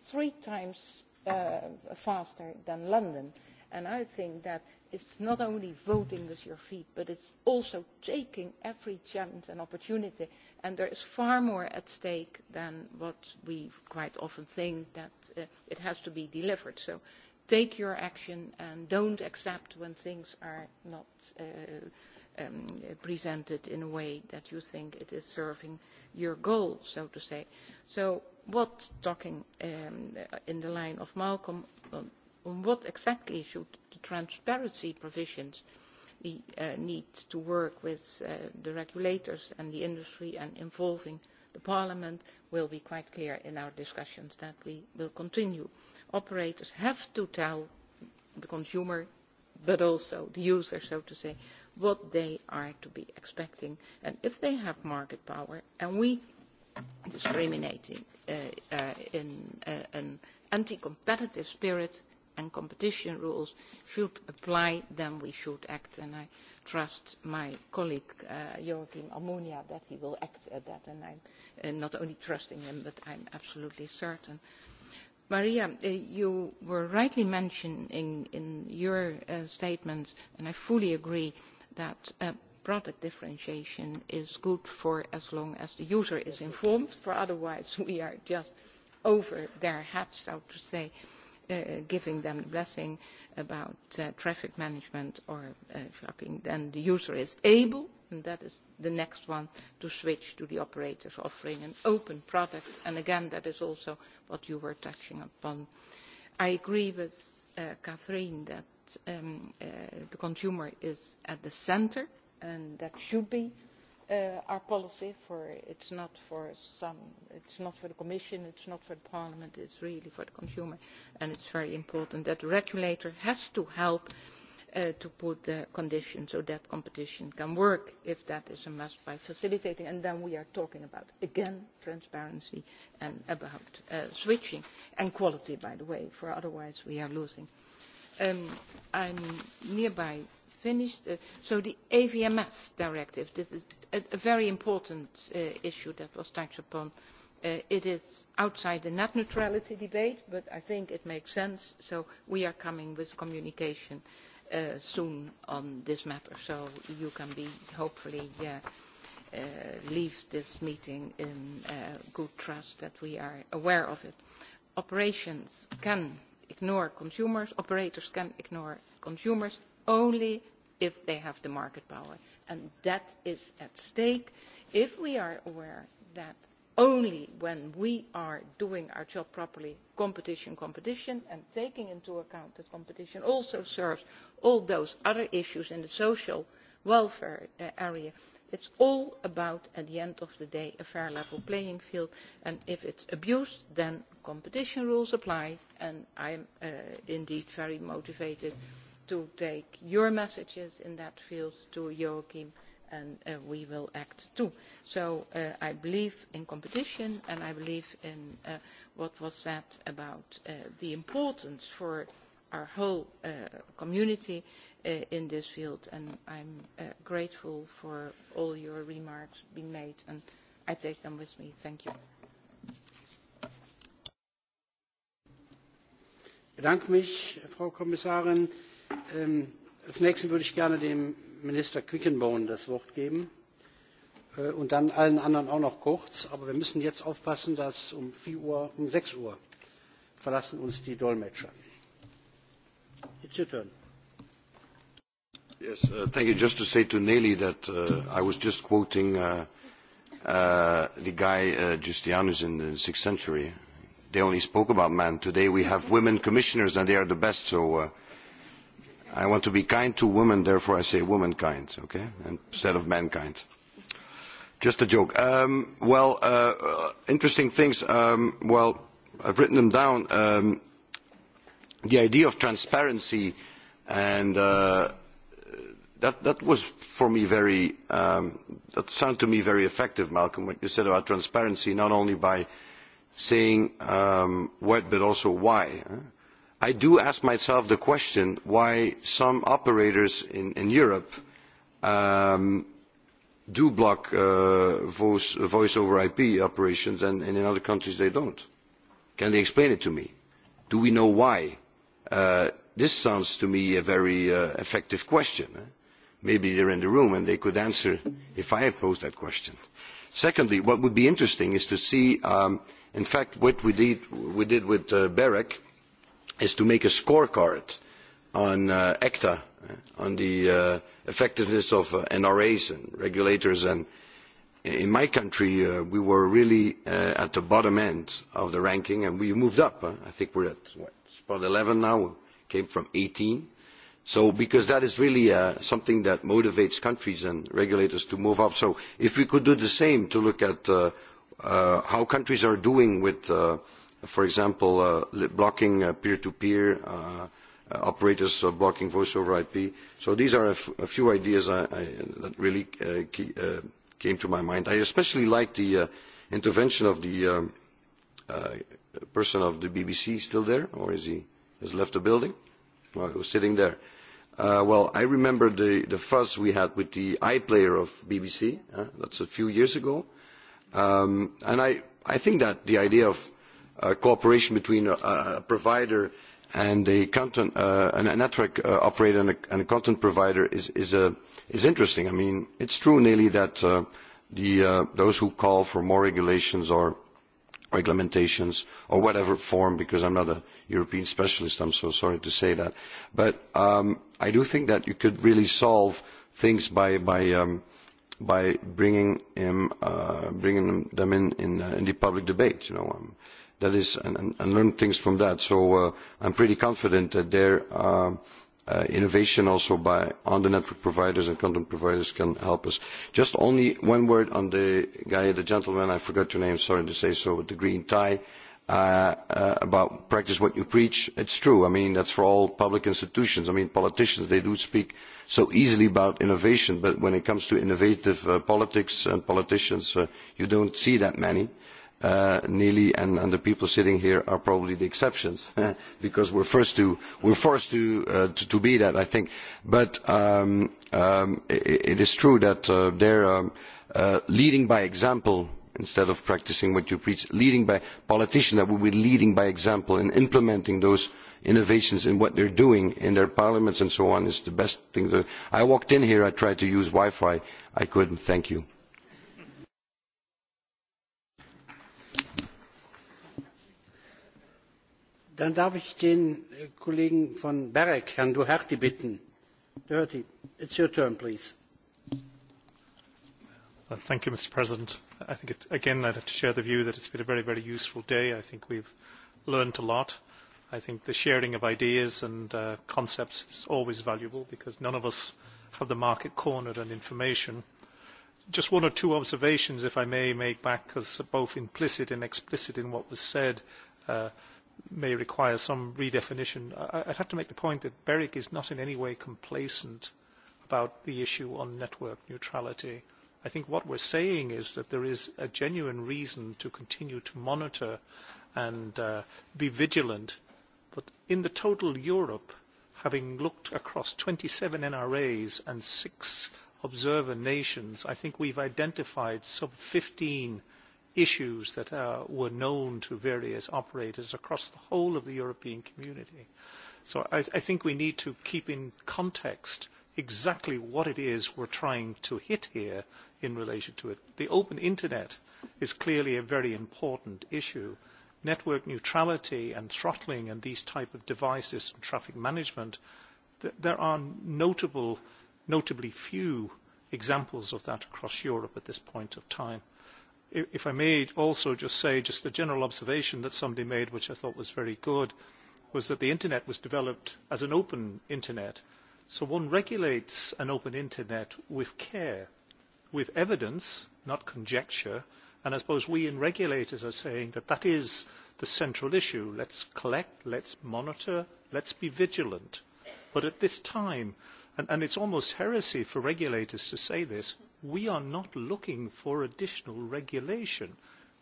three times Uh, faster than london and i think that it is not only voting with your feet but it is also taking every chance and opportunity and there is far more at stake than what we quite often think that uh, has to be delivered. so take your action and do not accept when things are not uh, um, presented in a way that you think serves your goal so to speak what talking um, in the line of malcolm um, on what exactly should the transparency provisions the uh, need to work with uh, the regulators and the industry and involving the parliament will be quite clear in our discussions that we will continue. operators have to tell the consumer but also the user so to say what they are to be expecting and if they have market power and we discriminating uh, uh, in uh, an anti competitive spirit and competition rules should apply then we should act and i trust my colleague joaqun almunia that he will act on that and i am not only trusting him but i am absolutely certain. maria you were rightly mentioning in your statement and i fully agree that product differentiation is good for as long as the user is informed otherwise we are just over their heads so to say uh, giving them the blessing about uh, traffic management or uh, something then the user is able and that is the next one to switch to the operators offering an open product and again that is also what you were touching upon. i agree with catherine that um, the consumer is at the centre and that should be uh, our policy. For it's not for some, it's not for the Commission, it's not for the Parliament. It's really for the consumer, and it's very important that the regulator has to help uh, to put the conditions so that competition can work. If that is a must, by facilitating, and then we are talking about again transparency and about uh, switching and quality. By the way, for otherwise we are losing. Um, I'm nearby finished uh, the avms directive this is a very important uh, issue that was touched upon. Uh, it is outside the net neutrality debate but i think it makes sense so we are coming with a communication soon on this matter so you can hopefully leave this meeting in good trust that we are aware of it. operators can ignore consumers; operators can ignore consumers only if they have the market power. And that is at stake. If we are aware that only when we are doing our job properly, competition, competition, and taking into account that competition also serves all those other issues in the social welfare uh, area, it's all about, at the end of the day, a fair level playing field. And if it's abused, then competition rules apply. And I'm uh, indeed very motivated uh, to take your messages in that field to Joachim, and uh, we will act too. So uh, I believe in competition, and I believe in uh, what was said about uh, the importance for our whole uh, community uh, in this field, and I'm uh, grateful for all your remarks being made, and I take them with me. Thank you. Dank mich, Frau Kommissarin. Ähm, als nächsten würde ich gerne dem Minister Quickenborn das Wort geben äh, und dann allen anderen auch noch kurz. Aber wir müssen jetzt aufpassen, dass um, 4 Uhr, um 6 Uhr verlassen uns die Dolmetscher. It's your turn. Yes, uh, thank you. Just to say to Nelly that uh, I was just quoting uh, uh, the guy uh, Justianus in the 6th century. They only spoke about men. Today we have women commissioners and they are the best, so... Uh, i want to be kind to women therefore i say womankind okay instead of mankind just a joke um, well uh, uh, interesting things um, well i've written them down um, the idea of transparency and uh, that, that was for me very um, that sounded to me very effective malcolm what you said about transparency not only by saying um, what but also why huh? i do ask myself the question why some operators in europe um, do block uh, voice over ip operations and in other countries they do not. can they explain it to me? do we know why? Uh, this sounds to me a very uh, effective question. Eh? maybe they are in the room and they could answer if i pose that question. secondly, what would be interesting is to see um, in fact what we did with berec is to make a scorecard on uh, ECTA, uh, on the uh, effectiveness of uh, NRAs and regulators. And in my country, uh, we were really uh, at the bottom end of the ranking, and we moved up. Uh, I think we're at what, spot 11 now. We came from 18. So, because that is really uh, something that motivates countries and regulators to move up. So, if we could do the same to look at uh, uh, how countries are doing with. Uh, for example, uh, blocking peer to peer operators uh, blocking voice over IP. So these are a, f a few ideas I, I, that really uh, uh, came to my mind. I especially like the uh, intervention of the um, uh, person of the BBC still there, or is he has left the building? Well, he was sitting there. Uh, well, I remember the, the fuss we had with the iPlayer of BBC. Uh, that's a few years ago. Um, and I, I think that the idea of Uh, cooperation between a, a provider and a content uh, a network uh, operator and a, and a content provider is is a uh, is interesting i mean it's true nearly that uh, the uh, those who call for more regulations or Reglementations or whatever form, because I'm not a European specialist, I'm so sorry to say that. But um, I do think that you could really solve things by by um, by bringing him, uh, bringing them in in, uh, in the public debate. You know, um, uh, that is and, and learn things from that. So uh, I'm pretty confident that their uh, uh, innovation also by on the network providers and content providers can help us. Just only one word on the guy, the gentleman, I forgot your name, sorry to say so, with the green tie. Uh, uh, about practice what you preach, it's true. I mean, that's for all public institutions. I mean, politicians, they do speak so easily about innovation, but when it comes to innovative uh, politics and politicians, uh, you don't see that many uh, Neely and, and the people sitting here are probably the exceptions because we're first to we're forced to, uh, to to be that I think. But um, um, it, it is true that uh, they're um, uh, leading by example instead of practicing what you preach. Leading by politicians that will be leading by example and implementing those innovations in what they're doing in their parliaments and so on is the best thing. To, I walked in here. I tried to use Wi-Fi. I couldn't. Thank you. Dann darf ich den äh, Kollegen von Berek, Herrn Duherty, bitten. Duherty, it's your turn, please. Uh, thank you, Mr. President. I think, it, again, I'd have to share the view that it's been a very, very useful day. I think we've learned a lot. I think the sharing of ideas and uh, concepts is always valuable because none of us have the market cornered on information. Just one or two observations, if I may, make back, because both implicit and explicit in what was said. Uh, may require some redefinition. I would have to make the point that BEREC is not in any way complacent about the issue on network neutrality. I think what we are saying is that there is a genuine reason to continue to monitor and uh, be vigilant. But in the total Europe, having looked across 27 NRAs and six observer nations, I think we have identified sub 15 issues that uh, were known to various operators across the whole of the European community. So I, I think we need to keep in context exactly what it is we're trying to hit here in relation to it. The open internet is clearly a very important issue. Network neutrality and throttling and these type of devices and traffic management, th there are notable, notably few examples of that across Europe at this point of time if I may also just say just a general observation that somebody made, which I thought was very good, was that the internet was developed as an open internet. So one regulates an open internet with care, with evidence, not conjecture. And I suppose we in regulators are saying that that is the central issue. Let's collect, let's monitor, let's be vigilant. But at this time, and, and it's almost heresy for regulators to say this, we are not looking for additional regulation.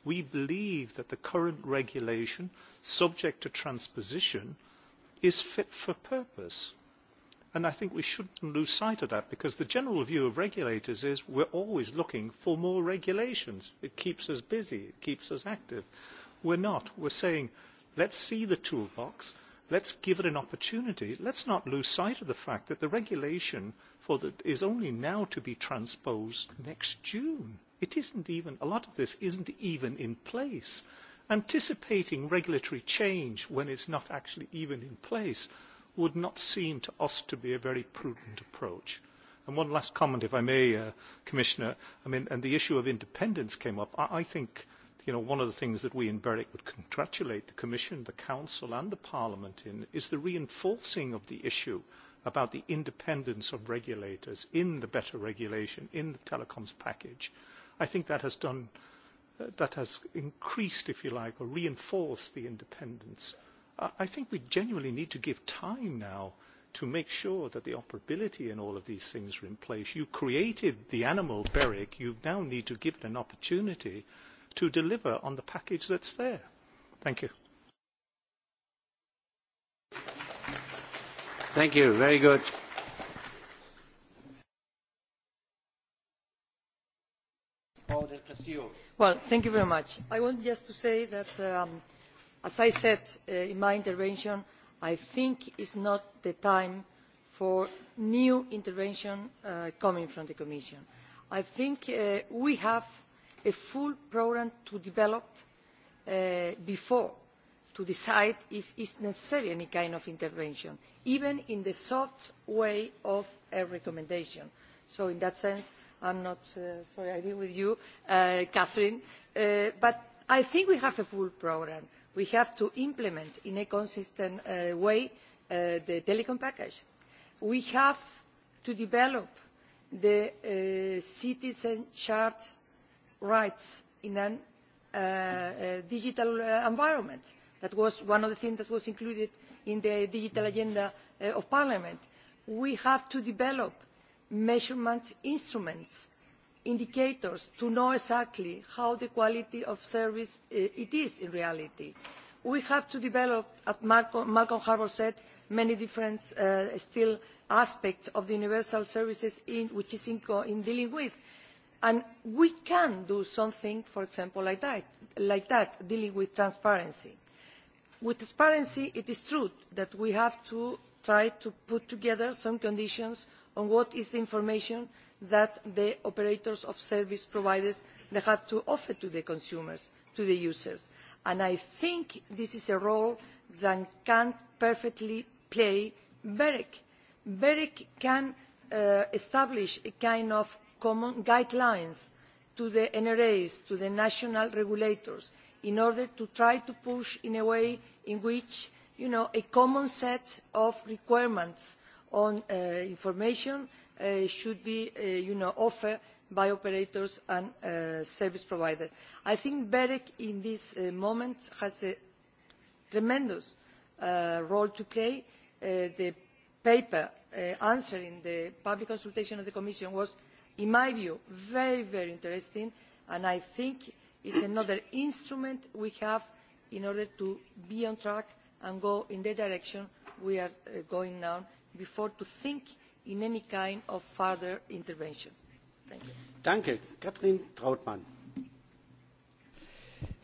We believe that the current regulation, subject to transposition, is fit for purpose. And I think we shouldn't lose sight of that because the general view of regulators is we're always looking for more regulations. It keeps us busy, it keeps us active. We're not. We're saying, let's see the toolbox, let's give it an opportunity, let's not lose sight of the fact that the regulation for that is only now to be transposed next June. It isn't even, a lot of this isn't even in place. Anticipating regulatory change when it's not actually even in place would not seem to us to be a very prudent approach. And one last comment, if I may, uh, Commissioner. I mean, and the issue of independence came up. I, I think, you know, one of the things that we in Berwick would congratulate the Commission, the Council and the Parliament in is the reinforcing of the issue about the independence of regulators in the better regulation in the telecoms package i think that has done uh, that has increased if you like or reinforced the independence i think we genuinely need to give time now to make sure that the operability and all of these things are in place you created the animal beric you now need to give it an opportunity to deliver on the package that's there thank you Thank you. Very good. Well, thank you very much. I want just to say that, um, as I said uh, in my intervention, I think it's not the time for new intervention uh, coming from the Commission. I think uh, we have a full program to develop uh, before to decide if it is necessary any kind of intervention even in the soft way of a recommendation. so in that sense uh, i agree with you uh, catherine uh, but i think we have a full programme. we have to implement in a consistent way the telecom package. we have to develop the citizens' rights in a digital environment that was one of the things that was included in the digital agenda uh, of Parliament. We have to develop measurement instruments, indicators, to know exactly how the quality of service uh, it is in reality. We have to develop, as Malcolm Harbour said, many different uh, still aspects of the universal services in, which is in, in dealing with. And we can do something, for example, like that, like that dealing with transparency with transparency it is true that we have to try to put together some conditions on what is the information that the operators of service providers have to offer to the consumers to the users and i think this is a role that berec can perfectly play. berec can uh, establish a kind of common guidelines to the nras to the national regulators in order to try to push in a way in which a common set of requirements on uh, information uh, should be uh, offered by operators and service providers. i think berec at this moment has a tremendous role to play. the paper answering the public consultation of the commission was in my view very interesting and i think is another instrument we have in order to be on track and go in the direction we are uh, going now before to think in any kind of further intervention. Thank you. Danke. Katrin Trautmann.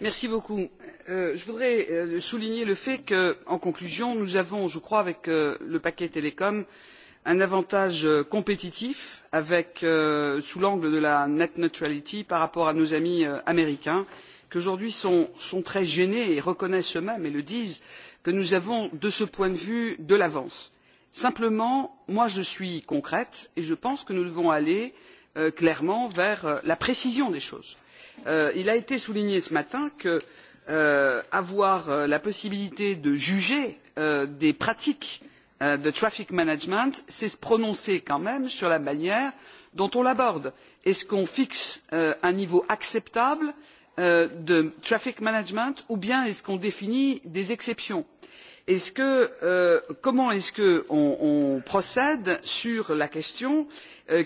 Merci beaucoup. Euh, je voudrais euh, souligner le fait qu'en conclusion, nous avons, je crois, avec euh, le paquet télécom, euh, un avantage euh, compétitif avec, euh, sous l'angle de la net neutrality par rapport à nos amis euh, américains qui aujourd'hui sont, sont très gênés et reconnaissent eux-mêmes et le disent que nous avons de ce point de vue de l'avance. Simplement, moi je suis concrète et je pense que nous devons aller euh, clairement vers euh, la précision des choses. Euh, il a été souligné ce matin que euh, avoir euh, la possibilité de juger euh, des pratiques euh, Euh, de traffic management c'est se prononcer quand même sur la manière dont on l'aborde est ce qu'on fixe euh, un niveau acceptable euh, de traffic management ou bien est ce qu'on définit des exceptions? comment est ce qu'on procède sur la question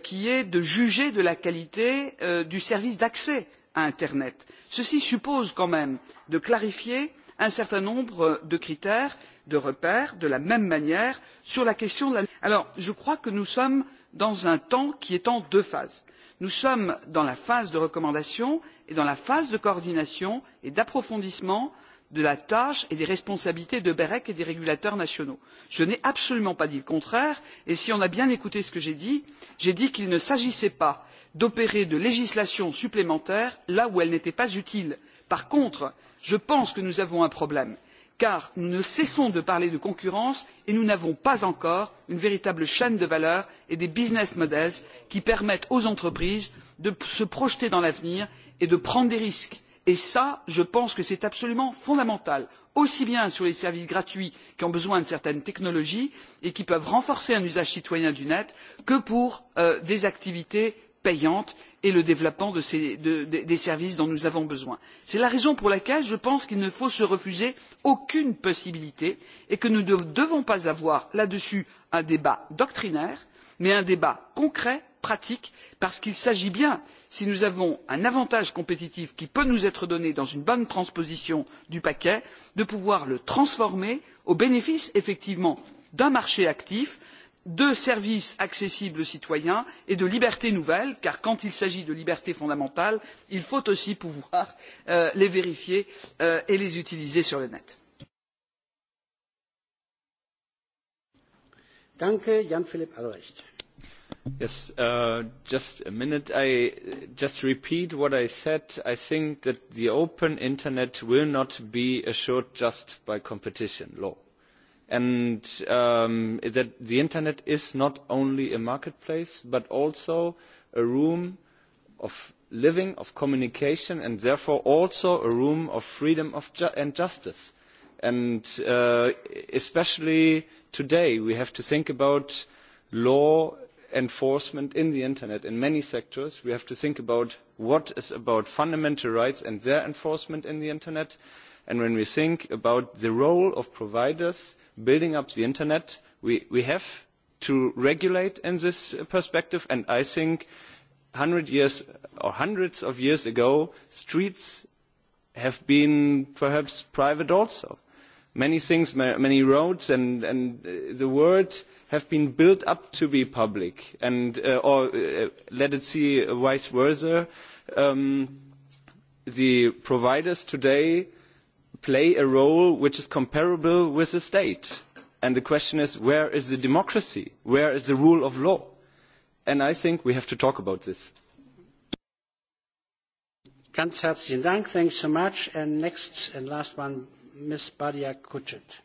qui est de juger de la qualité du service d'accès à internet? ceci suppose quand même de clarifier un certain nombre de critères de repères de la même manière sur la question de la lutte. alors je crois que nous sommes dans un temps qui est en deux phases. nous sommes dans la phase de recommandation et dans la phase de coordination et d'approfondissement de la tâche et des responsabilités de berec et des régulateurs nationaux. je n'ai absolument pas dit le contraire et si on a bien écouté ce que j'ai dit j'ai dit qu'il ne s'agissait pas d'opérer de législation supplémentaire là où elle n'était pas utile. par contre je pense que nous avons un problème car nous ne cessons de parler de concurrence et nous n'avons pas encore une véritable chaîne de valeur et des business models qui permettent aux entreprises de se projeter dans l'avenir et de prendre des risques. et cela je pense que c'est absolument fondamental aussi bien sur les services gratuits qui ont besoin de certaines technologies et qui peuvent renforcer un usage citoyen du net que pour euh, des activités payantes et le développement des services dont nous avons besoin. c'est la raison pour laquelle je pense qu'il ne faut se refuser aucune possibilité et que nous ne devons pas avoir là dessus un débat doctrinaire mais un débat concret pratique parce qu'il s'agit bien si nous avons un avantage compétitif qui peut nous être donné dans une bonne transposition du paquet de pouvoir le transformer au bénéfice effectivement d'un marché actif de services accessibles aux citoyens et de libertés nouvelles car quand il s'agit de libertés fondamentales il faut aussi pouvoir euh, les vérifier euh, et les utiliser sur le net. Danke, Jan Philipp Albrecht. Yes, uh, just a minute. I just repeat what I said. I think that the open internet will not be assured just by competition law and um, that the internet is not only a marketplace but also a room of living, of communication, and therefore also a room of freedom of ju and justice. And uh, especially today, we have to think about law enforcement in the internet in many sectors. We have to think about what is about fundamental rights and their enforcement in the internet. And when we think about the role of providers building up the internet, we, we have to regulate in this perspective. And I think 100 years or hundreds of years ago, streets have been perhaps private also. Many things, many roads and, and uh, the world have been built up to be public and uh, or uh, let it see vice versa. Um, the providers today play a role which is comparable with the state. And the question is, where is the democracy? Where is the rule of law? And I think we have to talk about this. Ganz herzlichen Dank. Thanks so much. And next and last one, Ms. Badia Kuchet.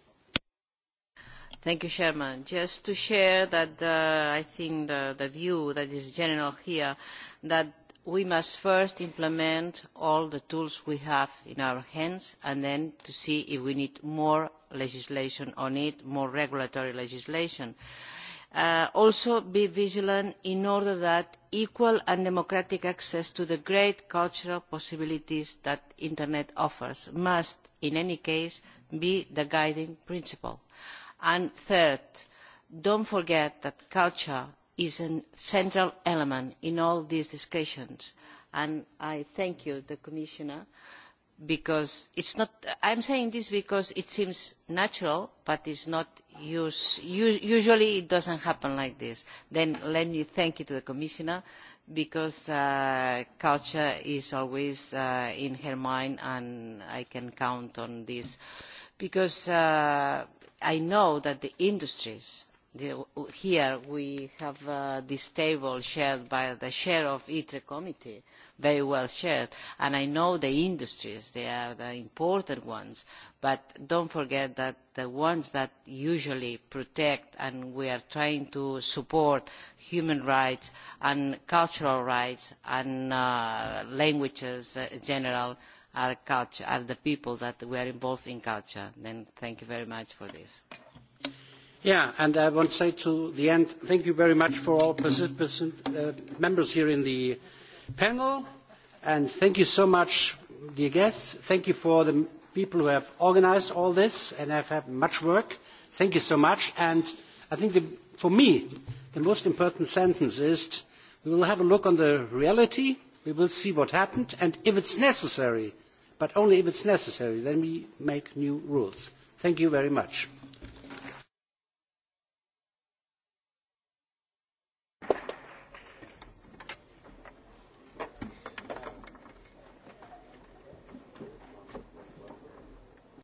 Thank you, Chairman. Just to share that uh, I think the, the view that is general here, that we must first implement all the tools we have in our hands and then to see if we need more legislation or need more regulatory legislation. Uh, also be vigilant in order that equal and democratic access to the great cultural possibilities that internet offers must in any case be the guiding principle. And third, don't forget that culture is a central element in all these discussions and i thank you the commissioner because it's not i am saying this because it seems natural but it's not use, usually it doesn't happen like this then let me thank you to the commissioner because uh, culture is always uh, in her mind and i can count on this because uh, i know that the industries the, here we have uh, this table shared by the chair of ITRE committee, very well shared, and I know the industries, they are the important ones, but don't forget that the ones that usually protect and we are trying to support human rights and cultural rights and uh, languages in general are, culture, are the people that we are involved in culture. Then thank you very much for this. Yeah, and I want to say to the end, thank you very much for all participants, uh, members here in the panel, and thank you so much, dear guests. Thank you for the people who have organized all this and have had much work. Thank you so much. And I think the, for me, the most important sentence is we will have a look on the reality, we will see what happened, and if it's necessary, but only if it's necessary, then we make new rules. Thank you very much.